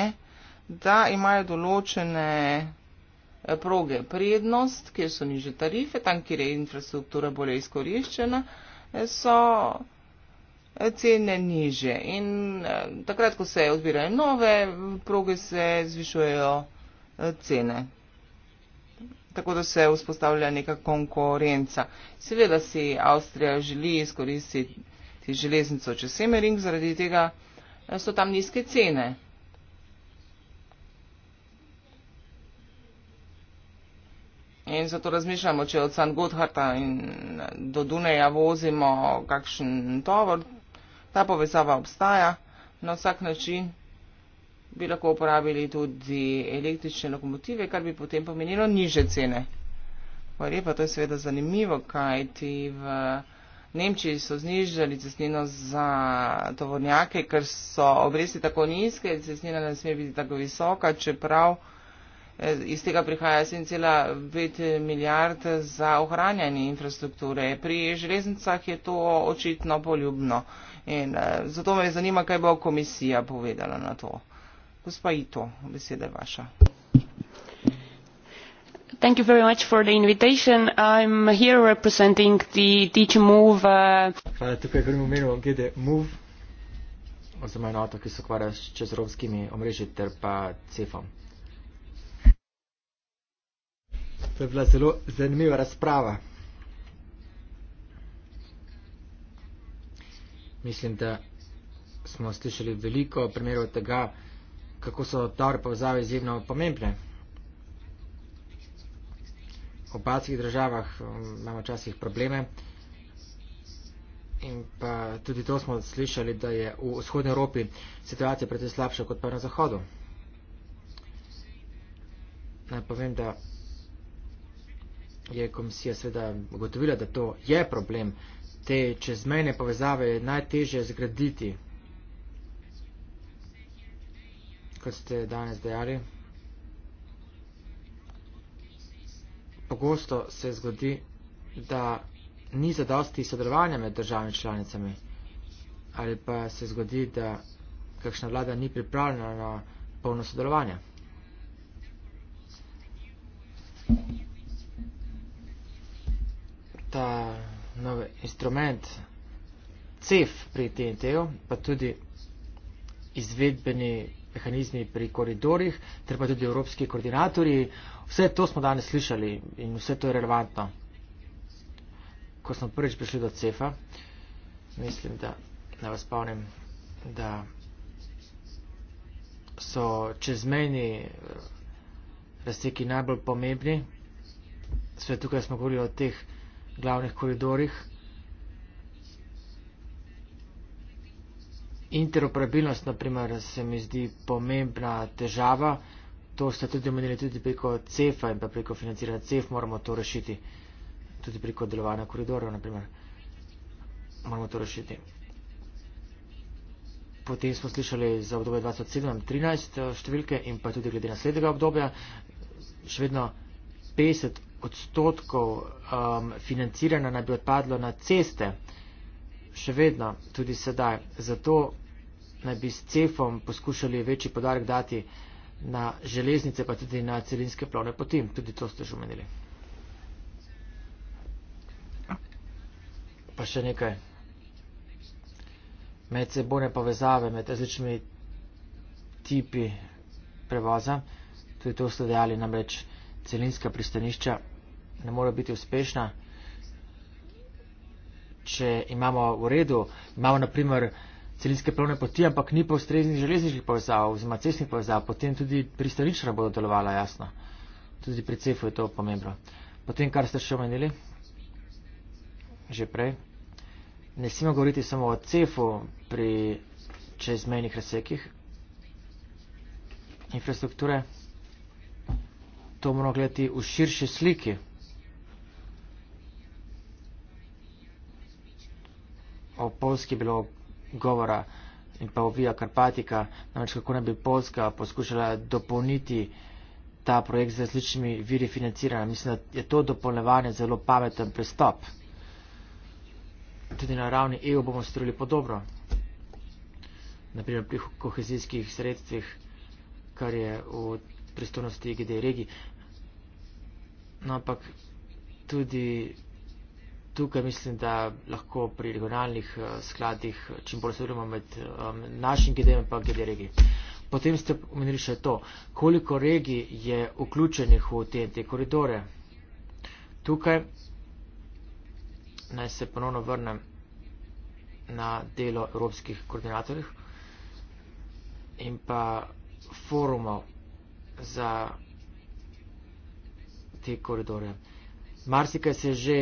da imajo določene eh, proge prednost, kjer so niže tarife, tam, kjer je infrastruktura bolje izkoriščena, eh, so eh, cene niže. In takrat, ko se odbirajo nove proge, se zvišujejo cene tako da se vzpostavlja neka konkurenca. Seveda si Avstrija želi izkoristiti železnico čez Semering, zaradi tega eh, so tam nizke cene. In zato razmišljamo, če od San Gotharta in eh, do Duneja vozimo kakšen tovor, ta povezava obstaja na vsak način bi lahko uporabili tudi električne lokomotive, kar bi potem pomenilo niže cene. Hvala lepa, to je seveda zanimivo, kajti v Nemčiji so znižali cestnino za tovornjake, ker so obresti tako nizke, cestnina ne sme biti tako visoka, čeprav eh, iz tega prihaja 7,5 milijard za ohranjanje infrastrukture. Pri železnicah je to očitno poljubno in eh, zato me zanima, kaj bo komisija povedala na to gospa ito beseda je vaša Thank you very much for the invitation. I'm here representing the Teach Move. Uh, uh, tukaj govorim o imenu Gede Move, oziroma enoto, ki se ukvarja s čezrovskimi omrežji ter pa CEFom. To je bila zelo zanimiva razprava. Mislim, da smo slišali veliko primerov tega, kako so dobre povezave izjemno pomembne. V balskih državah um, imamo včasih probleme in pa tudi to smo slišali, da je v vzhodnji Evropi situacija predvsej slabša kot pa na zahodu. Naj povem, da je komisija sveda ugotovila, da to je problem. Te čezmejne povezave je najteže zgraditi. kot ste danes dejali. Pogosto se zgodi, da ni zadosti sodelovanja med državami članicami ali pa se zgodi, da kakšna vlada ni pripravljena na polno sodelovanje. Ta nov instrument CEF pri TNT-u, pa tudi izvedbeni mehanizmi pri koridorjih, ter pa tudi evropski koordinatorji. Vse to smo danes slišali in vse to je relevantno. Ko smo prvič prišli do CEFA, mislim, da ne vas spomnim, da so čezmejni eh, razseki najbolj pomembni. Sve tukaj smo govorili o teh glavnih koridorjih. interoperabilnost, naprimer, se mi zdi pomembna težava. To ste tudi omenili tudi preko CEF-a in pa preko financiranja CEF moramo to rešiti. Tudi preko delovanja koridorov, naprimer, moramo to rešiti. Potem smo slišali za obdobje 2007-2013 eh, številke in pa tudi glede naslednjega obdobja, še vedno 50 odstotkov um, financiranja naj bi odpadlo na ceste. Še vedno, tudi sedaj. Zato naj bi s cefom poskušali večji podarek dati na železnice, pa tudi na celinske plovne poti. Tudi to ste že omenili. Pa še nekaj. Med sebojne povezave, med različnimi tipi prevoza, tudi to ste dejali, namreč celinska pristanišča ne more biti uspešna, če imamo v redu, imamo naprimer celinske plovne poti, ampak ni pa ustreznih železniških povezav oziroma cestnih povezav, potem tudi pristanična bodo delovala, jasno. Tudi pri cefu je to pomembno. Potem, kar ste še omenili, že prej, ne smemo govoriti samo o cefu pri čezmejnih razsekih infrastrukture, to moramo gledati v širši sliki. O Polski bilo govora in pa ovija Karpatika, namreč kako ne bi Polska poskušala dopolniti ta projekt z različnimi viri financiranja. Mislim, da je to dopolnevanje zelo pameten pristop. Tudi na ravni EU bomo storili podobno. Naprimer pri kohezijskih sredstvih, kar je v pristojnosti GD regij. No, ampak tudi tukaj mislim, da lahko pri regionalnih eh, skladih eh, čim bolj sodelujemo med um, našim GDM in pa GD regiji. Potem ste omenili še to, koliko regij je vključenih v te, te koridore. Tukaj naj se ponovno vrnem na delo evropskih koordinatorjev in pa forumov za te koridore. Marsika se je že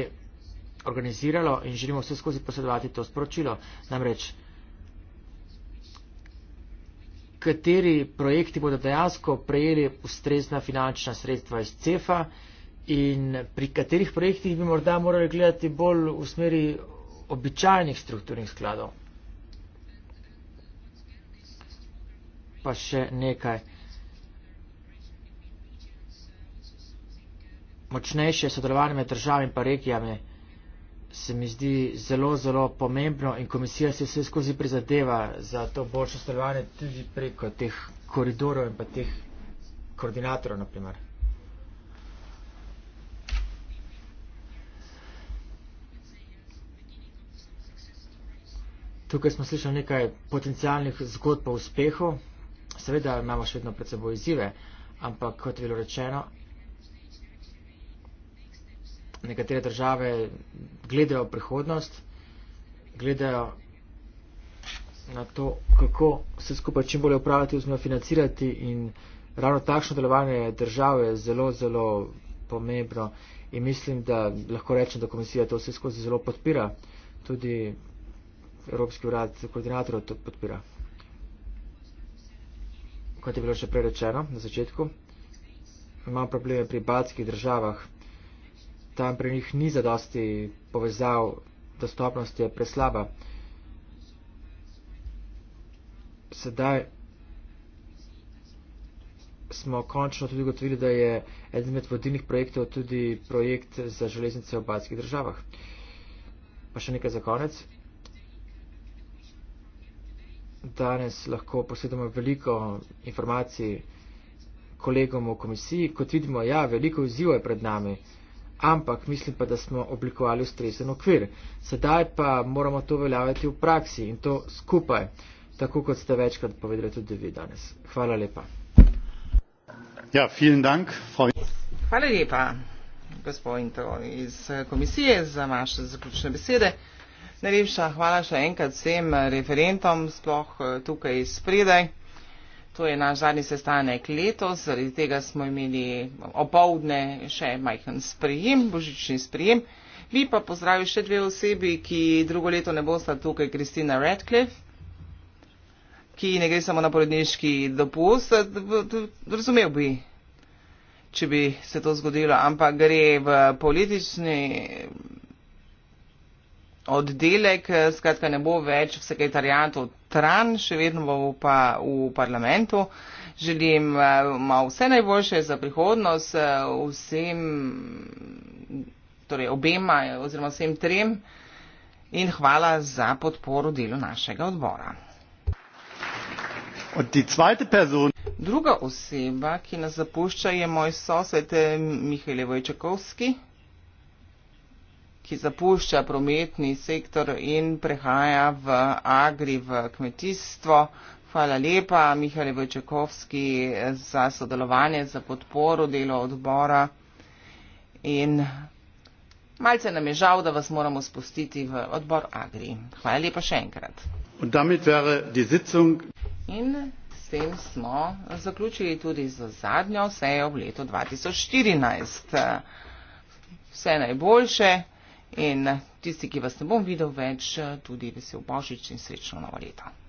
organiziralo in želimo vse skozi posredovati to sporočilo. Namreč, kateri projekti bodo dejansko prejeli ustrezna finančna sredstva iz CEFA in pri katerih projektih bi morda morali gledati bolj v smeri običajnih strukturnih skladov. Pa še nekaj. Močnejše sodelovanje med državami pa regijami se mi zdi zelo, zelo pomembno in komisija se vse skozi prizadeva za to boljše sodelovanje tudi preko teh koridorov in pa teh koordinatorov, naprimer. Tukaj smo slišali nekaj potencijalnih zgodb o uspehu. Seveda imamo še vedno pred seboj izzive, ampak kot je bilo rečeno, nekatere države gledajo prihodnost, gledajo na to, kako se skupaj čim bolje upravljati oziroma financirati in ravno takšno delovanje države je zelo, zelo pomembno in mislim, da lahko rečem, da komisija to vse skozi zelo podpira, tudi Evropski urad koordinatorov to podpira. Kot je bilo še prerečeno na začetku, imamo probleme pri baltskih državah tam pri njih ni zadosti povezav, dostopnost je preslaba. Sedaj smo končno tudi gotovili, da je eden med vodilnih projektov tudi projekt za železnice v baljskih državah. Pa še nekaj za konec. Danes lahko posedamo veliko informacij kolegom v komisiji. Kot vidimo, ja, veliko izzivo je pred nami ampak mislim pa, da smo oblikovali ustrezen okvir. Sedaj pa moramo to veljavati v praksi in to skupaj, tako kot ste večkrat povedali tudi vi danes. Hvala lepa. Ja, dank, Hvala lepa, gospod Intro iz eh, komisije za vaše zaključne besede. Najlepša hvala še enkrat vsem eh, referentom, sploh eh, tukaj spredaj to je naš zadnji sestanek letos, zaradi tega smo imeli opovdne še majhen sprejem, božični sprejem. Bi pa pozdravil še dve osebi, ki drugo leto ne bosta tukaj, Kristina Radcliffe, ki ne gre samo na porodniški dopust, razumel bi, če bi se to zgodilo, ampak gre v politični oddelek, eh, skratka ne bo več v sekretarijatu Tran, še vedno bo pa v parlamentu. Želim eh, malo vse najboljše za prihodnost eh, vsem, torej obema oziroma vsem trem in hvala za podporo delu našega odbora. Druga oseba, ki nas zapušča, je moj sosed Mihajlo Vojčakovski ki zapušča prometni sektor in prehaja v agri, v kmetijstvo. Hvala lepa, Mihajl Vojčakovski, za sodelovanje, za podporo delo odbora. In malce nam je žal, da vas moramo spustiti v odbor Agri. Hvala lepa še enkrat. In s tem smo zaključili tudi za zadnjo sejo v letu 2014. Vse najboljše in tisti, ki vas ne bom videl več, tudi vesel božič in srečno novo leto.